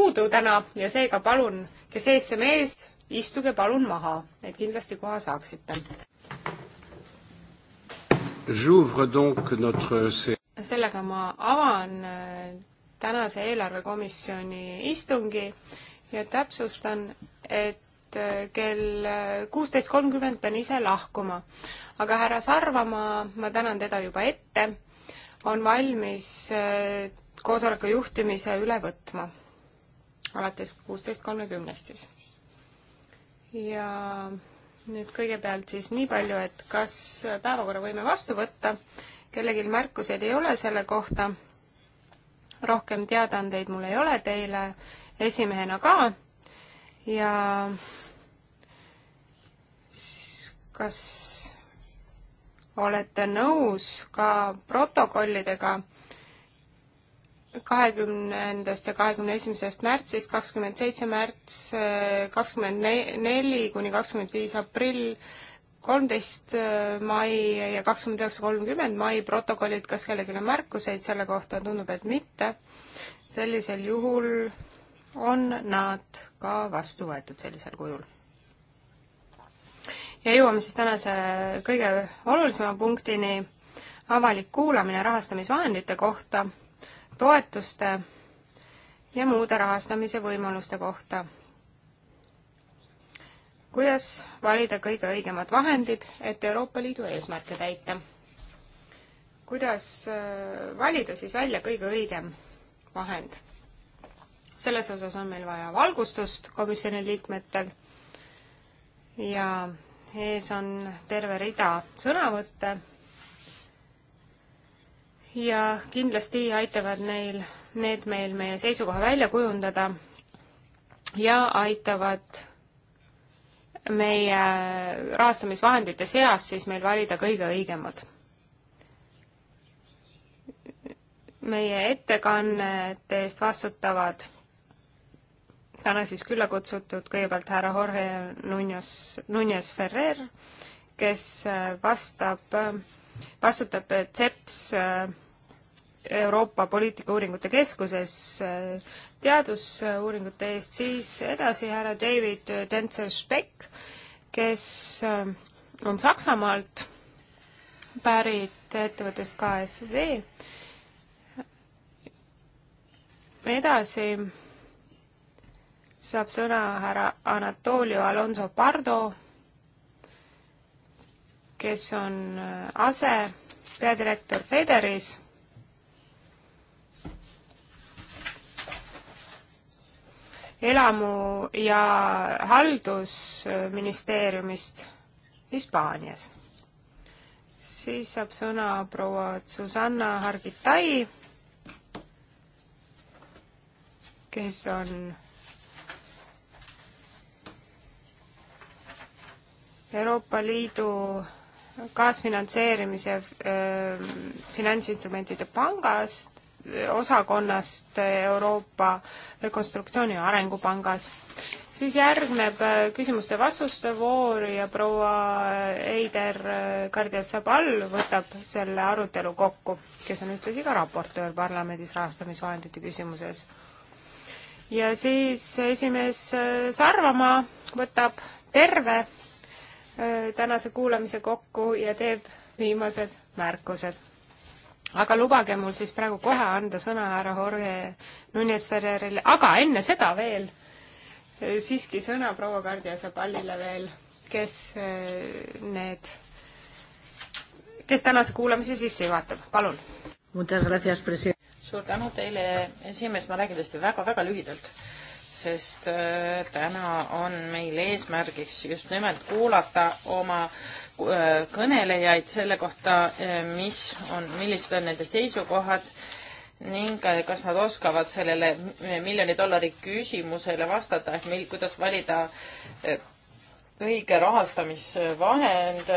puudu täna ja seega palun, kes ees, see mees, istuge palun maha, et kindlasti koha saaksite. sellega ma avan äh, tänase eelarvekomisjoni istungi ja täpsustan, et äh, kell äh, kuusteist kolmkümmend pean ise lahkuma. aga härra Sarvamaa, ma tänan teda juba ette, on valmis koosoleku juhtimise üle võtma alates kuusteist kolmekümnest siis. ja nüüd kõigepealt siis nii palju, et kas päevakorra võime vastu võtta, kellelgi märkuseid ei ole selle kohta, rohkem teadaandeid mul ei ole teile, esimehena ka ja kas olete nõus ka protokollidega kahekümnendast ja kahekümne esimesest märtsist, kakskümmend seitse märts, kakskümmend neli kuni kakskümmend viis aprill, kolmteist äh, mai ja kakskümmend üheksa, kolmkümmend mai protokollid, kas kellelgi on märkuseid selle kohta, tundub, et mitte. sellisel juhul on nad ka vastu võetud sellisel kujul. ja jõuame siis tänase kõige olulisema punktini, avalik kuulamine rahastamisvahendite kohta toetuste ja muude rahastamise võimaluste kohta. kuidas valida kõige õigemad vahendid, et Euroopa Liidu eesmärke täita? kuidas äh, valida siis välja kõige õigem vahend? selles osas on meil vaja valgustust komisjoni liikmetel ja ees on terve rida sõnavõtte ja kindlasti aitavad neil, need meil meie seisukoha välja kujundada ja aitavad meie rahastamisvahendite seas siis meil valida kõige õigemad. meie ettekannete eest vastutavad täna siis külla kutsutud kõigepealt härra Jorge Nunez, Nunez Ferrer, kes vastab äh, vastutab CEPS äh, Euroopa Poliitikauuringute Keskuses äh, teadusuuringute eest, siis edasi härra David Dentzer-Speck, kes äh, on Saksamaalt pärit ettevõttest KFV. edasi saab sõna härra Anatolio Alonso Pardo, kes on äh, ase peadirektor Federis. elamu- ja haldusministeeriumist Hispaanias. siis saab sõna proua Susanna Hargitai, kes on Euroopa Liidu kaasfinantseerimise äh, finantsinstrumentide pangast, osakonnast Euroopa Rekonstruktsiooni ja Arengupangas. siis järgneb küsimuste-vastuste voor ja proua Eider Kardias-Sabal võtab selle arutelu kokku, kes on ühtlasi ka raportöör parlamendis rahastamisvahendite küsimuses. ja siis esimees Sarvamaa võtab terve Äh, tänase kuulamise kokku ja teeb viimased märkused. aga lubage mul siis praegu kohe anda sõna härra Jorge Nunes Ferrerile, aga enne seda veel äh, siiski sõna proua Kardia Saballile veel, kes äh, need, kes tänase kuulamise sisse juhatab, palun. suur tänu teile, esimees, ma räägin tõesti väga-väga lühidalt sest äh, täna on meil eesmärgiks just nimelt kuulata oma äh, kõnelejaid selle kohta, äh, mis on, millised on nende seisukohad ning kas nad oskavad sellele miljoni dollari küsimusele vastata, et mil, kuidas valida õige rahastamisvahend,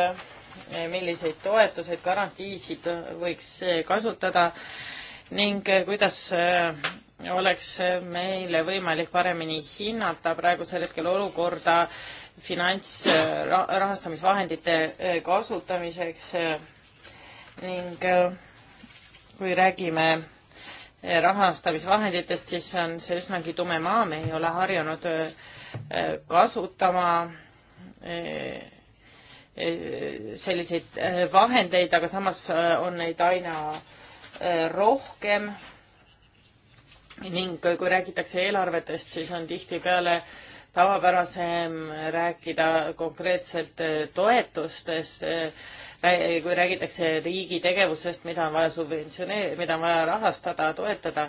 milliseid toetuseid, garantiisid võiks kasutada ning kuidas oleks meile võimalik paremini hinnata praegusel hetkel olukorda finants rahastamisvahendite eh, kasutamiseks eh, ning eh, kui räägime rahastamisvahenditest, siis on see üsnagi tume maa, me ei ole harjunud kasutama selliseid vahendeid, aga samas on neid aina rohkem ning kui räägitakse eelarvetest, siis on tihtipeale tavapärasem rääkida konkreetselt äh, toetustest, äh, kui räägitakse riigi tegevusest, mida on vaja subventsioneerida, mida on vaja rahastada, toetada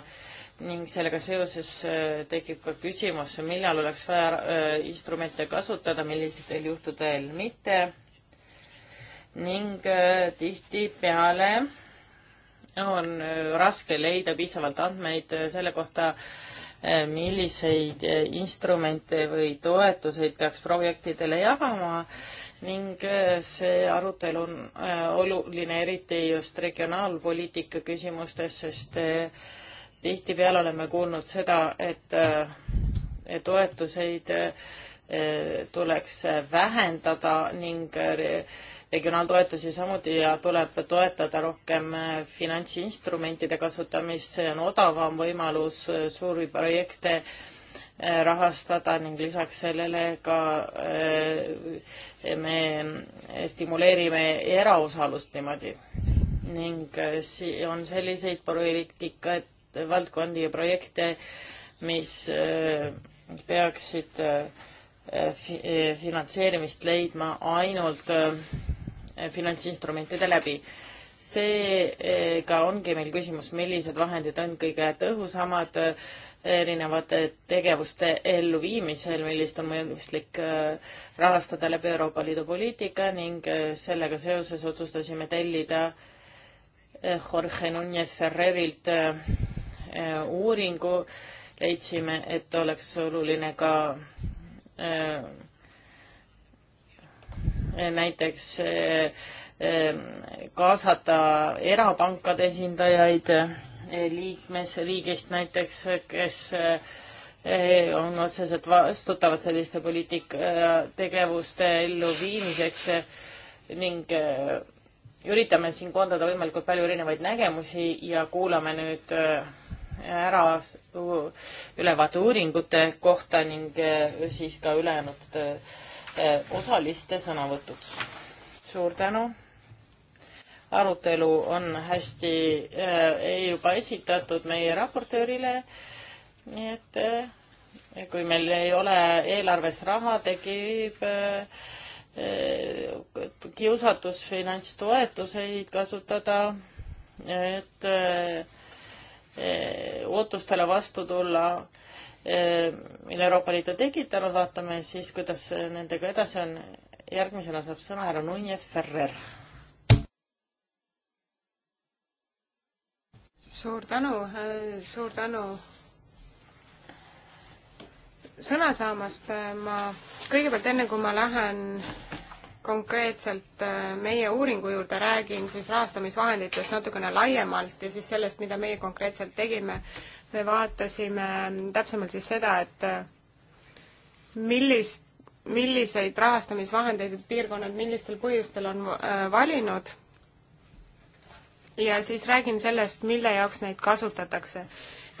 ning sellega seoses äh, tekib ka küsimus, millal oleks vaja instrumente kasutada, millistel juhtudel mitte. ning tihtipeale on äh, raske leida piisavalt andmeid äh, selle kohta, äh, milliseid instrumente või toetuseid peaks projektidele jagama ning see arutelu on oluline eriti just regionaalpoliitika küsimustes, sest tihtipeale oleme kuulnud seda, et toetuseid tuleks vähendada ning regionaaltoetusi samuti ja tuleb toetada rohkem äh, finantsinstrumentide kasutamist, see on odavam võimalus äh, suuri projekte äh, rahastada ning lisaks sellele ka me stimuleerime eraosalust niimoodi. ning on selliseid poliitikaid, valdkondi ja projekte, mis peaksid äh, finantseerimist leidma ainult äh, finantsinstrumentide läbi. seega ongi meil küsimus, millised vahendid on kõige tõhusamad äh, erinevate tegevuste elluviimisel, millist on mõistlik äh, rahastada läbi Euroopa Liidu poliitika ning sellega seoses otsustasime tellida Jorge Nunez Ferrerilt uuringu, leidsime, et oleks oluline ka Äh, äh, näiteks äh, kaasata erapankade esindajaid liikmesriigist näiteks, kes on otseselt vastutavad selliste poliitikategevuste elluviimiseks ning üritame siin koondada võimalikult palju erinevaid nägemusi ja kuulame nüüd ära ülevaate uuringute kohta ning eh, siis ka ülejäänud eh, osaliste sõnavõtud. suur tänu. arutelu on hästi eh, juba esitatud meie raportöörile, nii et kui meil ei ole eelarves raha, tekib kiusatus finantstoetuseid kasutada, et Eh, ootustele vastu tulla, eh, mille Euroopa Liit on tekitanud, vaatame siis, kuidas nendega edasi on. järgmisena saab sõna härra Nunez Ferrer. suur tänu, eh, suur tänu sõna saamast. ma kõigepealt, enne kui ma lähen konkreetselt äh, meie uuringu juurde räägin siis rahastamisvahenditest natukene laiemalt ja siis sellest, mida meie konkreetselt tegime. me vaatasime ähm, täpsemalt siis seda, et äh, millist, milliseid rahastamisvahendeid piirkonnad millistel põhjustel on äh, valinud ja siis räägin sellest, mille jaoks neid kasutatakse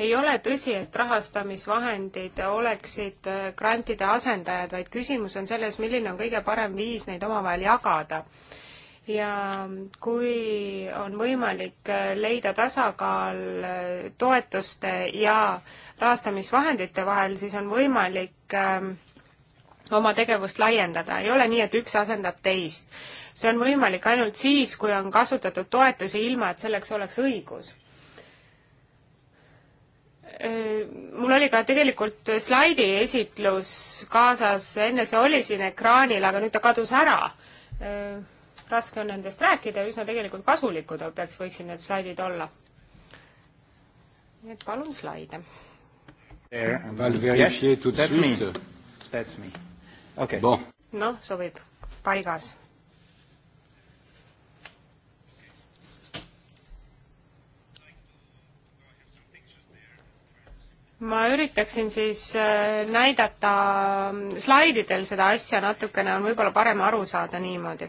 ei ole tõsi, et rahastamisvahendid oleksid äh, grantide asendajad, vaid küsimus on selles, milline on kõige parem viis neid omavahel jagada ja kui on võimalik äh, leida tasakaal äh, toetuste ja rahastamisvahendite vahel, siis on võimalik ähm, oma tegevust laiendada, ei ole nii, et üks asendab teist. see on võimalik ainult siis, kui on kasutatud toetusi, ilma et selleks oleks õigus Äh, mul oli ka tegelikult slaidi esitlus kaasas, enne see oli siin ekraanil, aga nüüd ta kadus ära. Äh, raske on nendest rääkida, üsna tegelikult kasulikud peaks, võiksid need slaidid olla. nii et palun slaide. noh, sobib, paigas ma üritaksin siis äh, näidata mm, slaididel seda asja natukene, on võib-olla parem aru saada niimoodi.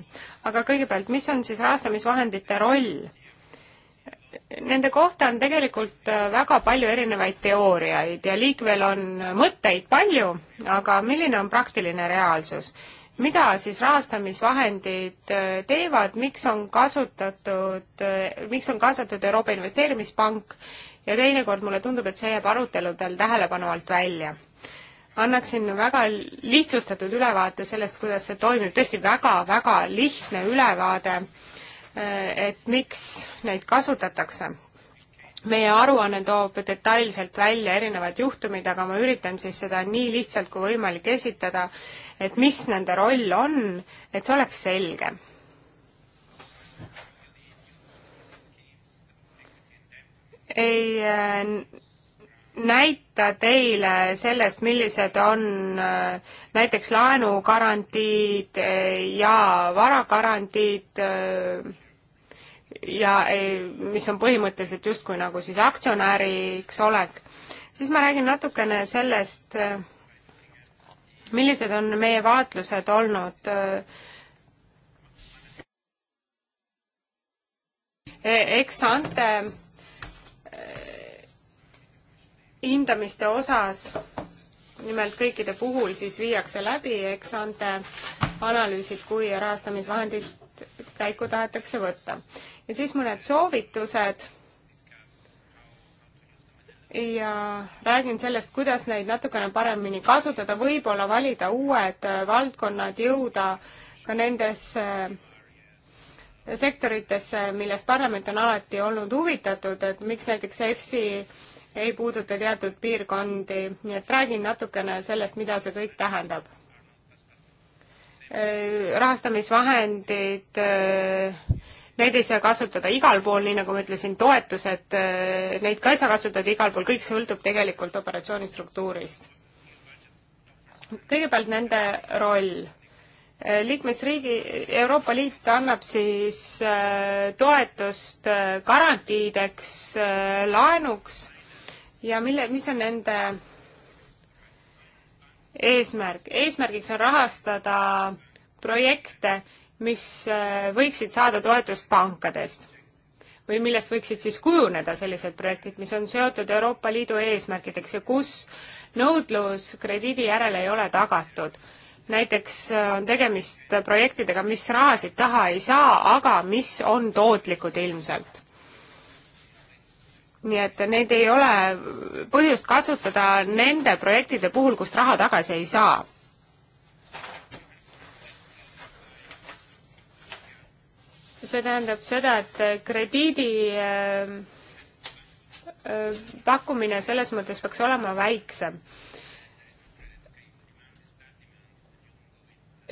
aga kõigepealt, mis on siis rahastamisvahendite roll? Nende kohta on tegelikult äh, väga palju erinevaid teooriaid ja liikvel on mõtteid palju, aga milline on praktiline reaalsus? mida siis rahastamisvahendid äh, teevad, miks on kasutatud, miks on kaasatud Euroopa Investeerimispank ja teinekord mulle tundub, et see jääb aruteludel tähelepanu alt välja. annaksin väga lihtsustatud ülevaate sellest, kuidas see toimib, tõesti väga-väga lihtne ülevaade, äh, et miks neid kasutatakse meie aruanne toob detailselt välja erinevad juhtumid, aga ma üritan siis seda nii lihtsalt kui võimalik esitada, et mis nende roll on, et see oleks selge. ei äh, näita teile sellest, millised on äh, näiteks laenugarantiid äh, ja varagarantiid ja mis on põhimõtteliselt justkui nagu siis aktsionäriks olek, siis ma räägin natukene sellest, millised on meie vaatlused olnud eks ante hindamiste osas, nimelt kõikide puhul siis viiakse läbi eksante analüüsid, kui rahastamisvahendid käiku tahetakse võtta. ja siis mõned soovitused ja räägin sellest, kuidas neid natukene paremini kasutada, võib-olla valida uued valdkonnad, jõuda ka nendesse sektoritesse, millest parlament on alati olnud huvitatud, et miks näiteks EFSI ei puuduta teatud piirkondi, nii et räägin natukene sellest, mida see kõik tähendab. Äh, rahastamisvahendid, äh, neid ei saa kasutada igal pool, nii nagu ma ütlesin, toetused, äh, neid ka ei saa kasutada igal pool, kõik sõltub tegelikult operatsiooni struktuurist. kõigepealt nende roll liikmesriigi, Euroopa Liit annab siis toetust garantiideks, laenuks ja mille, mis on nende eesmärk? eesmärgiks on rahastada projekte, mis äh, võiksid saada toetust pankadest või millest võiksid siis kujuneda sellised projektid, mis on seotud Euroopa Liidu eesmärkideks ja kus nõudlus krediidi järele ei ole tagatud. näiteks äh, on tegemist projektidega, mis rahasid taha ei saa, aga mis on tootlikud ilmselt nii et neid ei ole põhjust kasutada nende projektide puhul, kust raha tagasi ei saa. see tähendab seda, et krediidi äh, äh, pakkumine selles mõttes peaks olema väiksem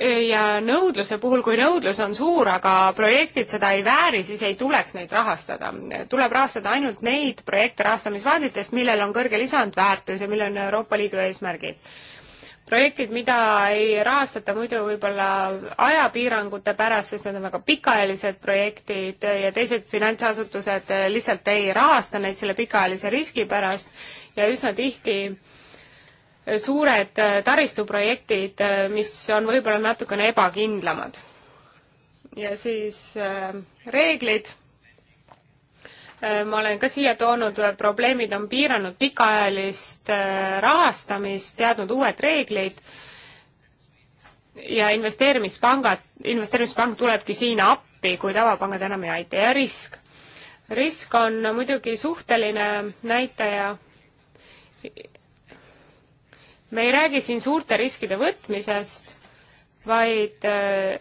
ja nõudluse puhul, kui nõudlus on suur, aga projektid seda ei vääri, siis ei tuleks neid rahastada. tuleb rahastada ainult neid projekte rahastamisvahenditest, millel on kõrge lisandväärtus ja millel on Euroopa Liidu eesmärgid. projektid, mida ei rahastata muidu võib-olla ajapiirangute pärast, sest need on väga pikaajalised projektid ja teised finantsasutused lihtsalt ei rahasta neid selle pikaajalise riski pärast ja üsna tihti suured äh, taristuprojektid, äh, mis on võib-olla natukene ebakindlamad. ja siis äh, reeglid, ma olen ka siia toonud, probleemid on piiranud pikaajalist rahastamist, seadnud uued reeglid ja investeerimispangad, investeerimispank tulebki siin appi, kui tavapangad enam ei aita ja risk. risk on muidugi suhteline näitaja me ei räägi siin suurte riskide võtmisest, vaid äh,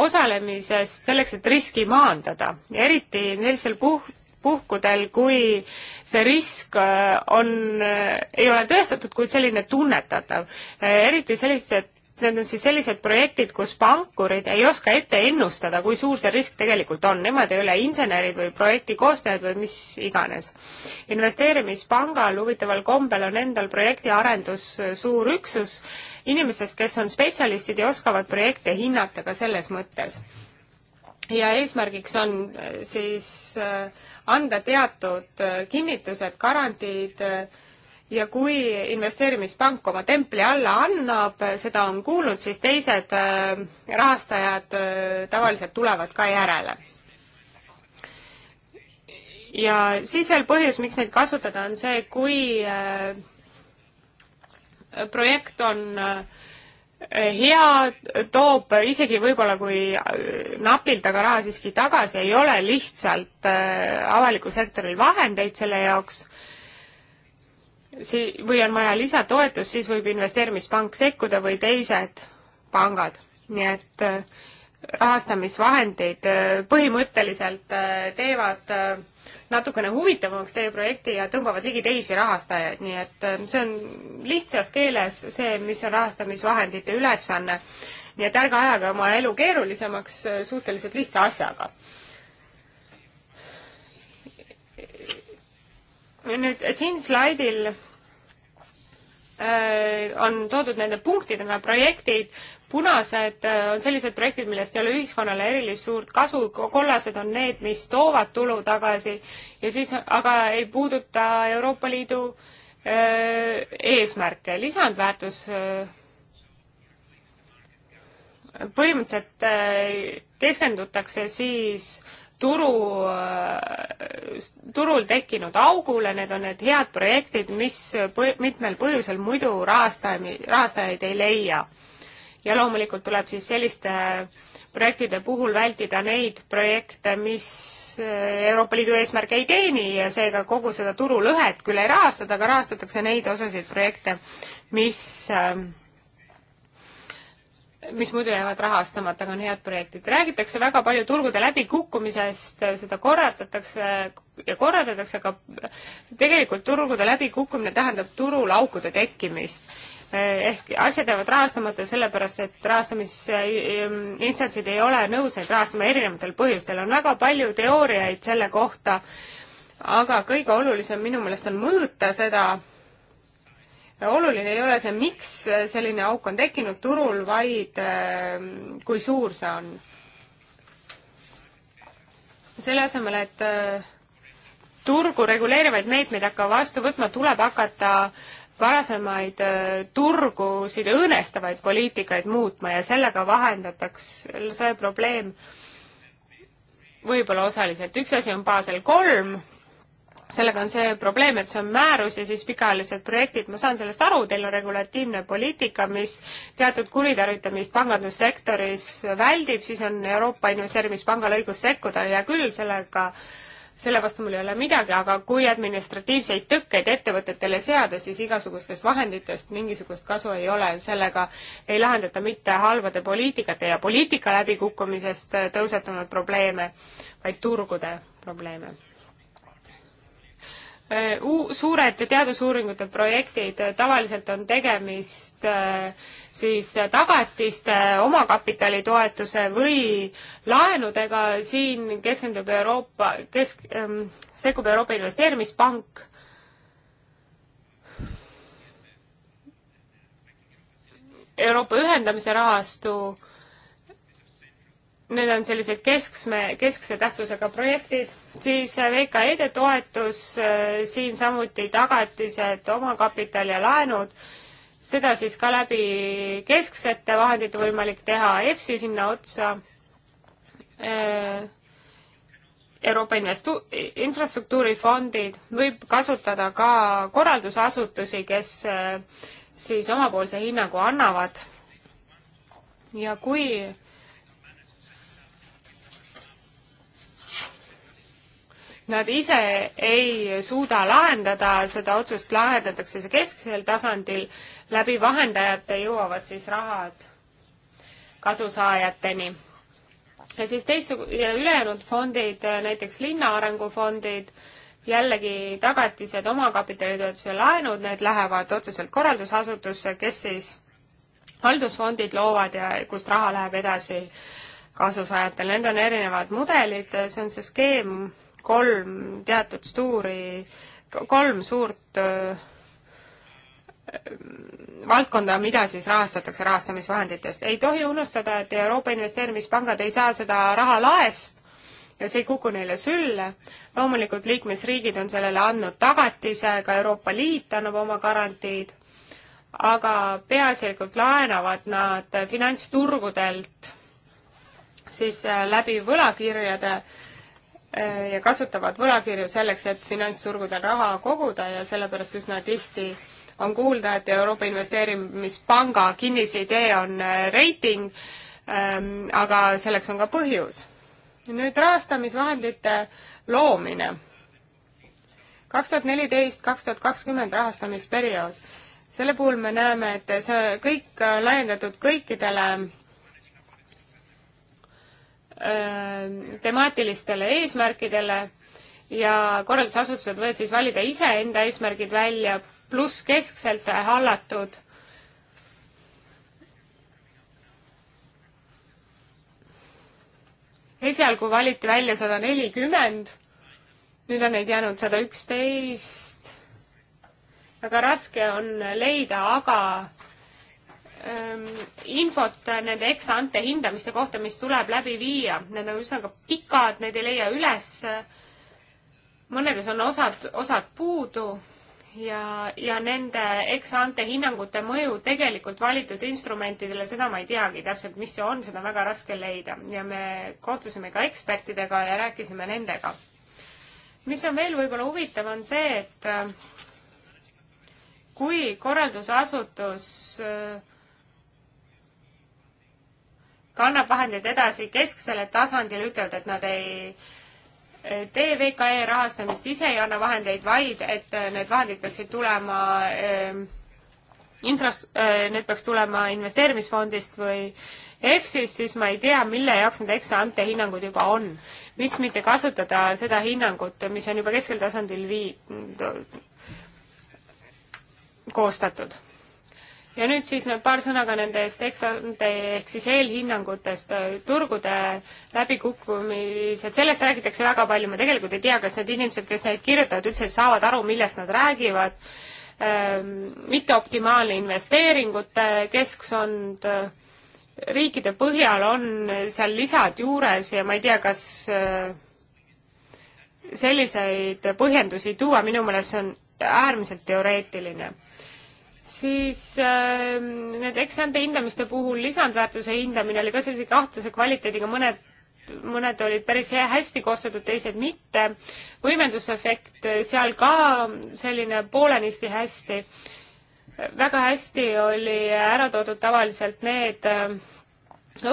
osalemisest selleks, et riski maandada ja eriti sellisel puh-, puhkudel, kui see risk äh, on, äh, ei ole tõestatud, kuid selline tunnetatav. eriti sellised Need on siis sellised projektid, kus pankurid ei oska ette ennustada, kui suur see risk tegelikult on, nemad ei ole insenerid või projekti koostajad või mis iganes. investeerimispangal huvitaval kombel on endal projekti arendus äh, suur üksus inimestest, kes on spetsialistid ja oskavad projekte hinnata ka selles mõttes ja eesmärgiks on äh, siis äh, anda teatud kinnitused, garantiid äh, ja kui investeerimispank oma templi alla annab, seda on kuulnud, siis teised äh, rahastajad äh, tavaliselt tulevad ka järele. ja siis veel põhjus, miks neid kasutada, on see, kui äh, projekt on hea, toob isegi võib-olla, kui napilt, aga raha siiski tagasi, ei ole lihtsalt avalikul sektoril vahendeid selle jaoks si-, või on vaja lisatoetust, siis võib investeerimispank sekkuda või teised pangad. nii et äh, rahastamisvahendid äh, põhimõtteliselt äh, teevad natukene huvitavamaks teie projekti ja tõmbavad ligi teisi rahastajaid, nii et see on lihtsas keeles see, mis on rahastamisvahendite ülesanne. nii et ärge ajage oma elu keerulisemaks suhteliselt lihtsa asjaga nüüd siin slaidil Äh, on toodud nende punktidena projektid, punased äh, on sellised projektid, millest ei ole ühiskonnale erilist suurt kasu, kollased on need, mis toovad tulu tagasi ja siis aga ei puuduta Euroopa Liidu äh, eesmärke, lisandväärtus põhimõtteliselt keskendutakse siis äh, turu, äh, turul tekkinud augule, need on need head projektid, mis põh, mitmel põhjusel muidu rahastajami, rahastajaid ei leia. ja loomulikult tuleb siis selliste projektide puhul vältida neid projekte, mis äh, Euroopa Liidu eesmärke ei teeni ja seega kogu seda turulõhet küll ei rahastada, aga rahastatakse neid osasid projekte, mis äh, mis muidu jäävad rahastamata, aga on head projektid. räägitakse väga palju turgude läbikukkumisest, seda korratatakse ja korraldatakse, aga tegelikult turgude läbikukkumine tähendab turul aukude tekkimist. ehk asjad jäävad rahastamata sellepärast, et rahastamisinstantsid ei ole nõus neid rahastama erinevatel põhjustel. on väga palju teooriaid selle kohta, aga kõige olulisem minu meelest on mõõta seda, oluline ei ole see, miks selline auk on tekkinud turul, vaid ähm, kui suur see on. selle asemel, et äh, turgu reguleerivaid meetmeid hakka vastu võtma, tuleb hakata varasemaid äh, turgusid õõnestavaid poliitikaid muutma ja sellega vahendataks see probleem võib-olla osaliselt. üks asi on Basel kolm sellega on see probleem, et see on määrus ja siis pikaajalised projektid, ma saan sellest aru, teil on regulatiivne poliitika, mis teatud kuritarvitamist pangandussektoris väldib, siis on Euroopa Investeerimispangal õigus sekkuda, hea küll, sellega, selle vastu mul ei ole midagi, aga kui administratiivseid tõkkeid ettevõtetele seada, siis igasugustest vahenditest mingisugust kasu ei ole, sellega ei lahendata mitte halbade poliitikate ja poliitika läbikukkumisest tõusetunud probleeme, vaid turgude probleeme Äh, suured teadusuuringute projektid, äh, tavaliselt on tegemist äh, siis tagatiste, omakapitali toetuse või laenudega, siin keskendub Euroopa, kesk- ähm,, sekkub Euroopa Investeerimispank Euroopa ühendamise rahastu need on sellised kesksme, keskse tähtsusega projektid, siis VKE-de toetus, äh, siin samuti tagatised, omakapital ja laenud, seda siis ka läbi kesksete vahendite võimalik teha, EFSI sinna otsa, äh, Euroopa investu-, infrastruktuurifondid, võib kasutada ka korraldusasutusi, kes äh, siis omapoolse hinnangu annavad ja kui nad ise ei suuda lahendada, seda otsust lahendatakse see kesksel tasandil, läbi vahendajate jõuavad siis rahad kasusaajateni. ja siis teistsugune, ülejäänud fondid, näiteks linnaarengufondid, jällegi tagatised, omakapitalitoetuse laenud, need lähevad otseselt korraldusasutusse, kes siis haldusfondid loovad ja kust raha läheb edasi kasusaajatele. Need on erinevad mudelid, see on see skeem, kolm teatud suuri, kolm suurt valdkonda, mida siis rahastatakse rahastamisvahenditest. ei tohi unustada, et Euroopa Investeerimispangad ei saa seda raha laest ja see ei kuku neile sülle. loomulikult liikmesriigid on sellele andnud tagatise, ka Euroopa Liit annab oma garantiid, aga peaasjalikult laenavad nad finantsturgudelt siis äh, läbi võlakirjade äh, Äh, ja kasutavad võlakirju selleks, et finantsturgudel raha koguda ja sellepärast üsna tihti on kuulda, et Euroopa Investeerimispanga kinnisidee on äh, reiting, ähm, aga selleks on ka põhjus. nüüd rahastamisvahendite loomine. kaks tuhat neliteist, kaks tuhat kakskümmend rahastamisperiood. selle puhul me näeme, et see kõik äh, laiendatud kõikidele Ähm, temaatilistele eesmärkidele ja korraldusasutused võivad siis valida iseenda eesmärgid välja, pluss keskselt hallatud esialgu valiti välja sada nelikümmend, nüüd on neid jäänud sada üksteist. väga raske on leida aga Ähm, infot nende ex-ante hindamiste kohta, mis tuleb läbi viia. Need on üsna pikad, neid ei leia üles. mõnedes on osad, osad puudu ja, ja nende ex-ante hinnangute mõju tegelikult valitud instrumentidele, seda ma ei teagi täpselt, mis see on, seda on väga raske leida ja me kohtusime ka ekspertidega ja rääkisime nendega. mis on veel võib-olla huvitav, on see, et äh, kui korraldusasutus äh, kannab vahendeid edasi kesksele tasandile, ütlevad, et nad ei tee VKE rahastamist, ise ei anna vahendeid, vaid et äh, need vahendid peaksid tulema äh, infras- äh,, need peaks tulema investeerimisfondist või EFSist, siis ma ei tea, mille jaoks need ex-ante hinnangud juba on. miks mitte kasutada seda hinnangut, mis on juba keskel tasandil vii-, koostatud ja nüüd siis paar sõna ka nendest eksante ehk siis eelhinnangutest, äh, turgude läbikukkumised, sellest räägitakse väga palju, ma tegelikult ei tea, kas need inimesed, kes neid kirjutavad, üldse saavad aru, millest nad räägivad, ähm, mitteoptimaalne investeeringute keskkond, äh, riikide põhjal on seal lisad juures ja ma ei tea, kas äh, selliseid põhjendusi tuua, minu meelest see on äärmiselt teoreetiline siis äh, need eksante hindamiste puhul lisandväärtuse hindamine oli ka sellise kahtlase kvaliteediga, mõned, mõned olid päris hästi koostatud, teised mitte. võimendusefekt äh, seal ka selline poolenisti hästi. väga hästi oli ära toodud tavaliselt need äh,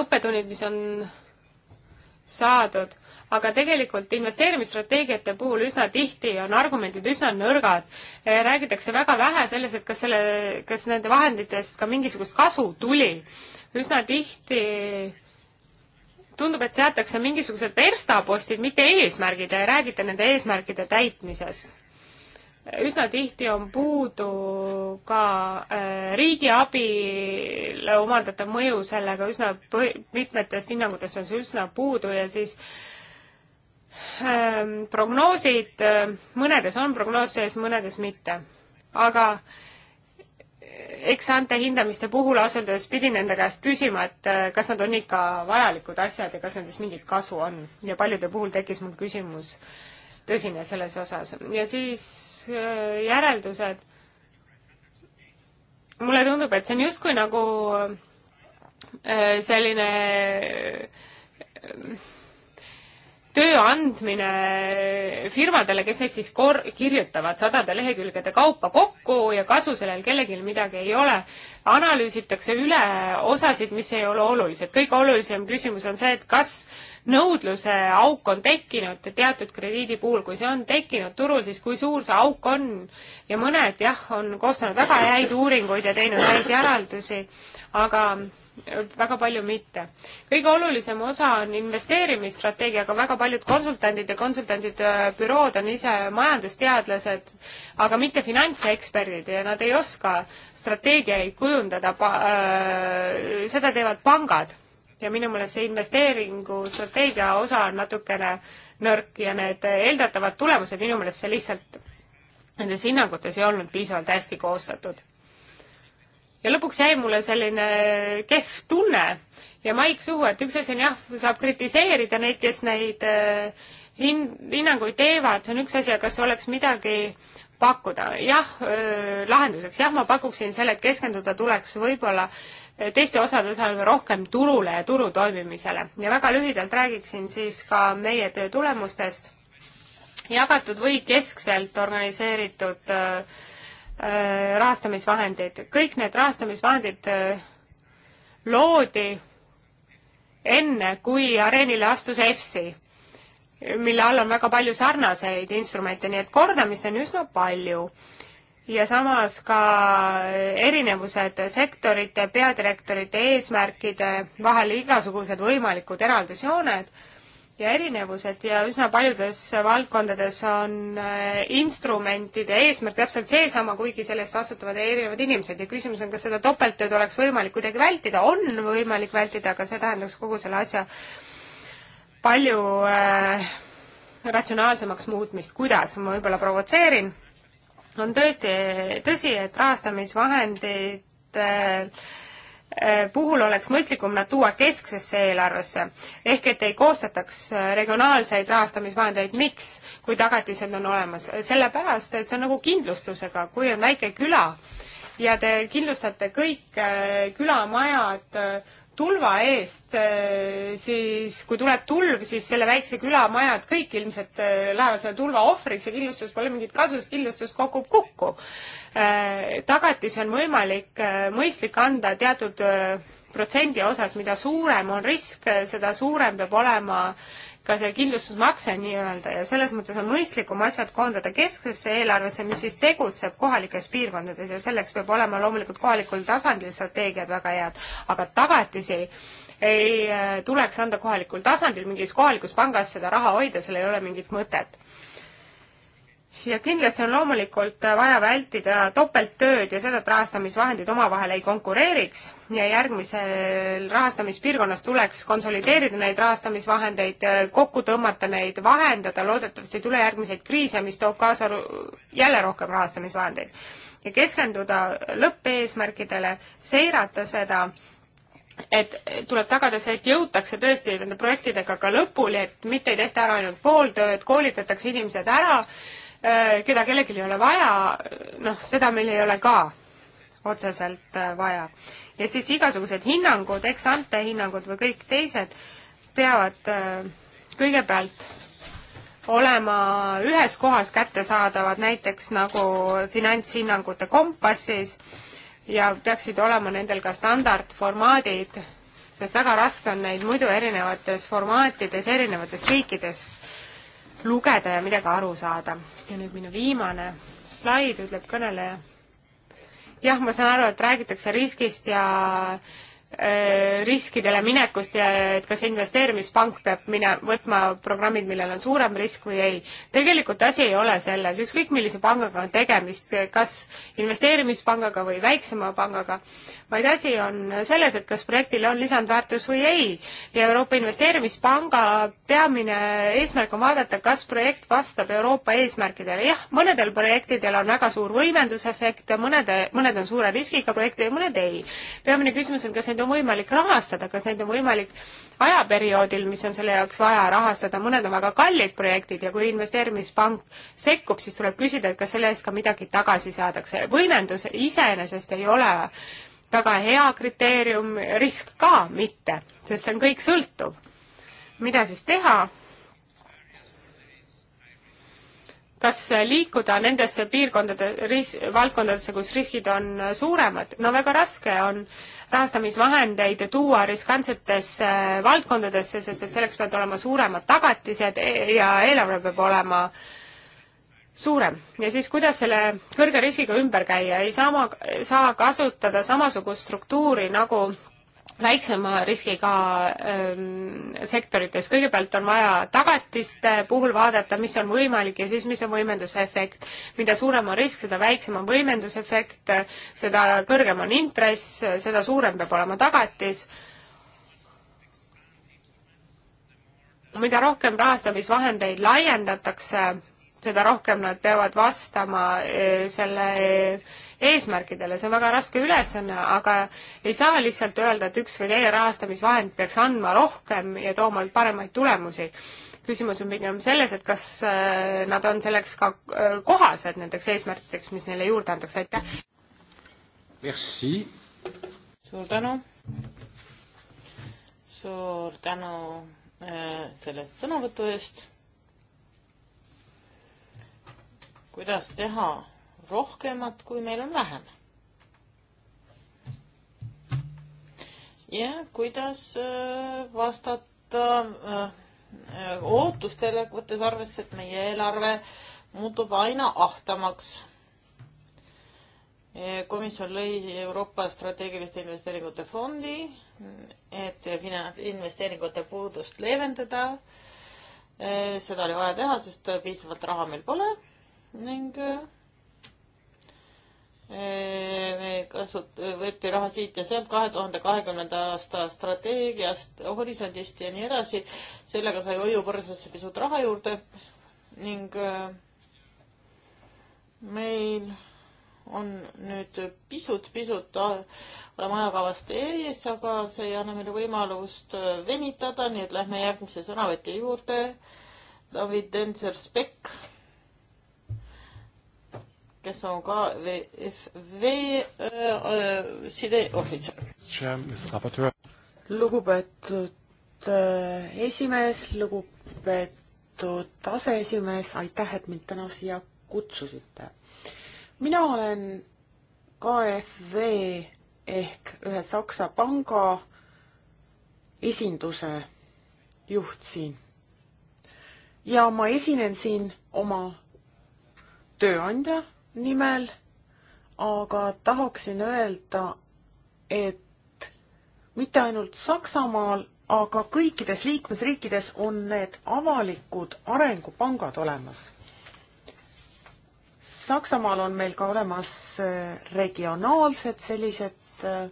õppetunnid, mis on saadud aga tegelikult investeerimisstrateegiate puhul üsna tihti on argumendid üsna nõrgad. Eh, räägitakse väga vähe sellest, et kas selle, kas nende vahenditest ka mingisugust kasu tuli. üsna tihti tundub, et seatakse mingisugused verstapostid, mitte eesmärgid ja ei räägita nende eesmärkide täitmisest üsna tihti on puudu ka äh, riigiabile omandatav mõju sellega üsna põh-, mitmetest hinnangutest on see üsna puudu ja siis Ähm, prognoosid, ähm, mõnedes on prognoos sees, mõnedes mitte. aga äh, eks ante hindamiste puhul ausalt öeldes pidin enda käest küsima, et äh, kas nad on ikka vajalikud asjad ja kas nendest mingit kasu on ja paljude puhul tekkis mul küsimus tõsine selles osas ja siis äh, järeldused. mulle tundub, et see on justkui nagu selline töö andmine firmadele, kes neid siis kor-, kirjutavad sadade lehekülgede kaupa kokku ja kasu sellel kellelgi midagi ei ole. analüüsitakse üle osasid, mis ei ole olulised. kõige olulisem küsimus on see, et kas nõudluse auk on tekkinud teatud krediidi puhul, kui see on tekkinud turul, siis kui suur see auk on ja mõned jah, on koostanud väga häid uuringuid ja teinud häid järeldusi, aga väga palju mitte. kõige olulisem osa on investeerimisstrateegia, aga väga paljud konsultandid ja konsultandide äh, bürood on ise majandusteadlased, aga mitte finantseksperdid ja nad ei oska strateegiaid kujundada, äh, seda teevad pangad. ja minu meelest see investeeringustrateegia osa on natukene nõrk ja need eeldatavad tulemused, minu meelest see lihtsalt nendes hinnangutes ei olnud piisavalt hästi koostatud ja lõpuks jäi mulle selline kehv tunne ja maik suhu, et üks asi on jah, saab kritiseerida neid, kes neid äh, hin-, hinnanguid teevad, see on üks asi, aga kas oleks midagi pakkuda, jah, äh, lahenduseks, jah, ma pakuksin selle, et keskenduda tuleks võib-olla äh, teiste osade osal rohkem turule ja turu toimimisele ja väga lühidalt räägiksin siis ka meie töö tulemustest. jagatud või keskselt organiseeritud äh, Äh, rahastamisvahendid, kõik need rahastamisvahendid äh, loodi enne, kui areenile astus EFSI, mille all on väga palju sarnaseid instrumente, nii et kordamist on üsna palju. ja samas ka erinevused sektorite, peadirektorite eesmärkide vahel, igasugused võimalikud eraldusjooned ja erinevused ja üsna paljudes valdkondades on äh, instrumentide eesmärk täpselt seesama, kuigi selle eest vastutavad erinevad inimesed ja küsimus on, kas seda topelttööd oleks võimalik kuidagi vältida, on võimalik vältida, aga see tähendaks kogu selle asja palju äh, ratsionaalsemaks muutmist, kuidas, ma võib-olla provotseerin, on tõesti tõsi, et rahastamisvahendid äh, Äh, puhul oleks mõistlikum nad tuua kesksesse eelarvesse, ehk et ei koostataks äh, regionaalseid rahastamisvahendeid, miks, kui tagatised on olemas, sellepärast et see on nagu kindlustusega, kui on väike küla ja te kindlustate kõik äh, külamajad, tulva eest, eh, siis kui tuleb tulv, siis selle väikse küla majad kõik ilmselt eh, lähevad selle tulva ohvriks ja kindlustus pole mingit kasu, sest kindlustus kogub kokku. Eh, tagatis on võimalik mõistlik anda teatud protsendi osas, mida suurem on risk, seda suurem peab olema ka see kindlustusmakse nii-öelda ja selles mõttes on mõistlikum asjad koondada kesksesse eelarvesse, mis siis tegutseb kohalikes piirkondades ja selleks peab olema loomulikult kohalikul tasandil strateegiad väga head, aga tagatisi ei äh, tuleks anda kohalikul tasandil, mingis kohalikus pangas seda raha hoida, sellel ei ole mingit mõtet ja kindlasti on loomulikult vaja vältida topelttööd ja seda, et rahastamisvahendid omavahel ei konkureeriks ja järgmisel rahastamispiirkonnas tuleks konsolideerida neid rahastamisvahendeid, kokku tõmmata neid, vahendada loodetavasti ei tule järgmiseid kriise, mis toob kaasa jälle rohkem rahastamisvahendeid. ja keskenduda lõppeesmärkidele, seirata seda, et tuleb tagada see, et jõutakse tõesti nende projektidega ka lõpuni, et mitte ei tehta ära ainult pool tööd, koolitatakse inimesed ära Äh, keda kellelgi ei ole vaja, noh, seda meil ei ole ka otseselt äh, vaja. ja siis igasugused hinnangud, ex-ante hinnangud või kõik teised peavad äh, kõigepealt olema ühes kohas kättesaadavad, näiteks nagu finantshinnangute kompassis ja peaksid olema nendel ka standardformaadid, sest väga raske on neid muidu erinevates formaatides erinevatest riikidest lugeda ja midagi aru saada. ja nüüd minu viimane slaid, ütleb kõneleja. jah, ma saan aru, et räägitakse riskist ja äh, riskidele minekust ja et kas investeerimispank peab mine-, võtma programmid, millel on suurem risk või ei. tegelikult asi ei ole selles, ükskõik millise pangaga on tegemist, kas investeerimispangaga või väiksema pangaga äh,, vaid asi on selles, et kas projektile on lisandväärtus või ei. ja Euroopa Investeerimispanga peamine eesmärk on vaadata, kas projekt vastab Euroopa eesmärkidele. jah, mõnedel projektidel on väga suur võimendusefekt, mõnede, mõned on suure riskiga projektid ja mõned ei. peamine küsimus on, kas neid on võimalik rahastada, kas neid on võimalik ajaperioodil, mis on selle jaoks vaja rahastada, mõned on väga kallid projektid ja kui investeerimispank sekkub, siis tuleb küsida, et kas selle eest ka midagi tagasi saadakse. võimendus iseenesest ei ole väga hea kriteerium, risk ka mitte, sest see on kõik sõltuv. mida siis teha? kas liikuda nendesse piirkondade, ris-, valdkondadesse, kus riskid on suuremad? no väga raske on rahastamisvahendeid tuua riskantsetesse valdkondadesse, sest et selleks peavad olema suuremad tagatised e-, ja eelarve peab olema äh, suurem ja siis kuidas selle kõrge riskiga ümber käia, ei saa, saa kasutada samasugust struktuuri nagu väiksema riskiga ähm, sektorites, kõigepealt on vaja tagatiste puhul vaadata, mis on võimalik ja siis, mis on võimendusefekt. mida suurem on risk, seda väiksem on võimendusefekt, seda kõrgem on intress, seda suurem peab olema tagatis. mida rohkem rahastamisvahendeid laiendatakse, seda rohkem nad peavad vastama eh, selle eesmärkidele, see on väga raske ülesanne, aga ei saa lihtsalt öelda, et üks või teine rahastamisvahend peaks andma rohkem ja tooma paremaid tulemusi. küsimus on pigem selles, et kas eh, nad on selleks ka eh, kohased nendeks eesmärkideks, mis neile juurde antakse, aitäh! Merci! suur tänu! suur tänu äh, selle sõnavõtu eest kuidas teha rohkemat, kui meil on vähem. ja kuidas äh, vastata äh, ootustele, võttes arvesse, et meie eelarve muutub aina ahtamaks. Äh, komisjon lõi Euroopa strateegiliste investeeringute fondi, et investeeringute puudust leevendada. seda oli vaja teha, sest piisavalt raha meil pole ning äh, äh, kasut-, võeti raha siit ja sealt kahe tuhande kahekümnenda aasta strateegiast, horisondist ja nii edasi. sellega sai hoiupõrsasse pisut raha juurde ning äh, meil on nüüd pisut-pisut, oleme ajakavast ees, aga see ei anna meile võimalust venitada, nii et lähme järgmise sõnavõtja juurde. David Denser-Spekk kes on ka VFV äh, äh, sideohvitser. lugupeetud äh, esimees, lugupeetud aseesimees, aitäh, et mind täna siia kutsusite. mina olen KFV ehk ühe Saksa panga esinduse juht siin. ja ma esinen siin oma tööandja nimel, aga tahaksin öelda, et mitte ainult Saksamaal, aga kõikides liikmesriikides on need avalikud arengupangad olemas. Saksamaal on meil ka olemas äh, regionaalsed sellised äh,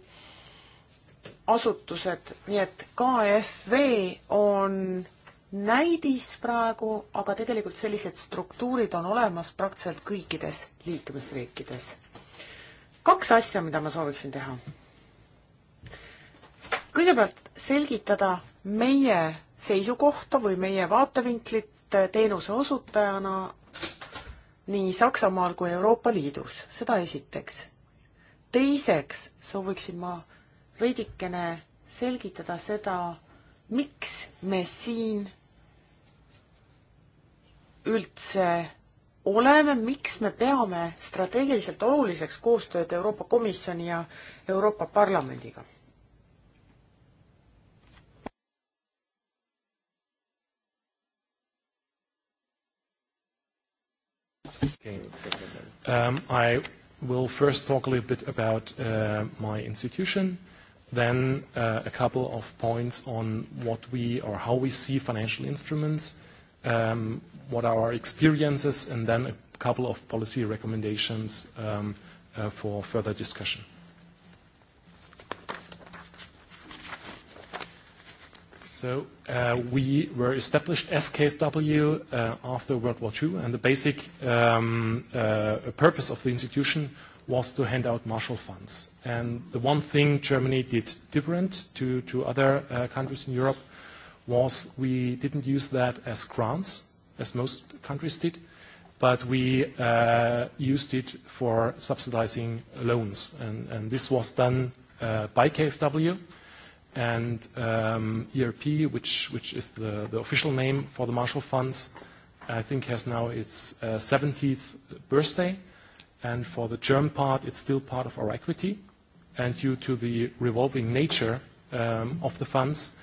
asutused, nii et KFV on näidis praegu, aga tegelikult sellised struktuurid on olemas praktiliselt kõikides liikmesriikides. kaks asja, mida ma sooviksin teha. kõigepealt selgitada meie seisukohta või meie vaatevinklit teenuse osutajana nii Saksamaal kui Euroopa Liidus, seda esiteks. teiseks sooviksin ma veidikene selgitada seda, miks me siin üldse oleme, miks me peame strateegiliselt oluliseks koostööd Euroopa Komisjoni ja Euroopa Parlamendiga? Okay. Um, I will first talk a little bit about uh, my institution, then uh, a couple of points on what we or how we see financial instruments, um, what are our experiences, and then a couple of policy recommendations um, uh, for further discussion. So uh, we were established as KFW uh, after World War II, and the basic um, uh, purpose of the institution was to hand out Marshall funds. And the one thing Germany did different to, to other uh, countries in Europe was we didn't use that as grants, as most countries did, but we uh, used it for subsidizing loans. And, and this was done uh, by KfW and um, ERP, which, which is the, the official name for the Marshall Funds, I think has now its uh, 70th birthday. And for the German part, it's still part of our equity. And due to the revolving nature um, of the funds,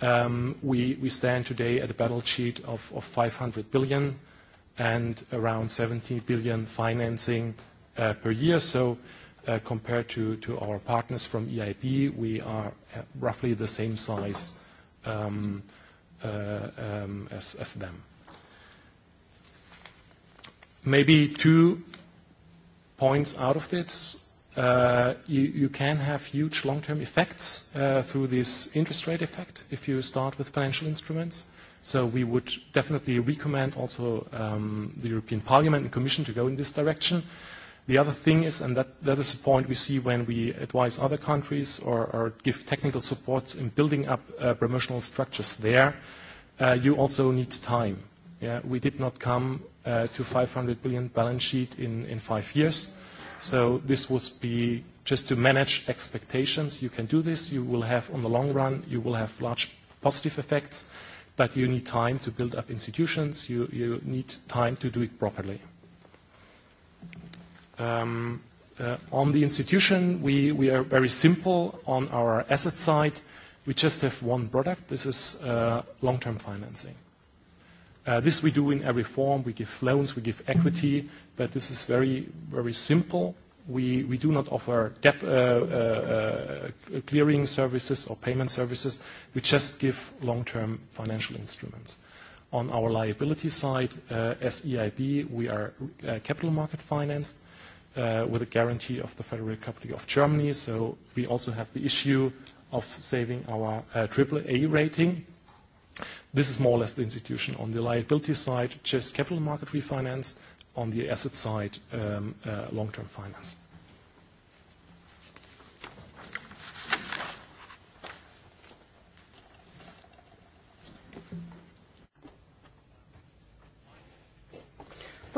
Um, we, we stand today at a balance sheet of, of 500 billion and around 70 billion financing uh, per year. So, uh, compared to, to our partners from EIB, we are roughly the same size um, uh, um, as, as them. Maybe two points out of this uh, you, you can have huge long-term effects uh, through this interest rate effect if you start with financial instruments. So we would definitely recommend also um, the European Parliament and Commission to go in this direction. The other thing is, and that, that is a point we see when we advise other countries or, or give technical support in building up uh, promotional structures there, uh, you also need time. Yeah, we did not come uh, to 500 billion balance sheet in, in five years. Uh, So this would be just to manage expectations. You can do this. You will have, on the long run, you will have large positive effects, but you need time to build up institutions. You, you need time to do it properly. Um, uh, on the institution, we, we are very simple on our asset side. We just have one product. This is uh, long-term financing. Uh, this we do in every form. We give loans, we give equity, but this is very, very simple. We, we do not offer debt uh, uh, uh clearing services or payment services. We just give long-term financial instruments. On our liability side, uh, as EIB, we are uh, capital market financed with a guarantee of the Federal Republic of Germany. So we also have the issue of saving our AAA rating This is more or less the institution. On the liability side, just capital market refinance. On the asset side, um, uh, long-term finance.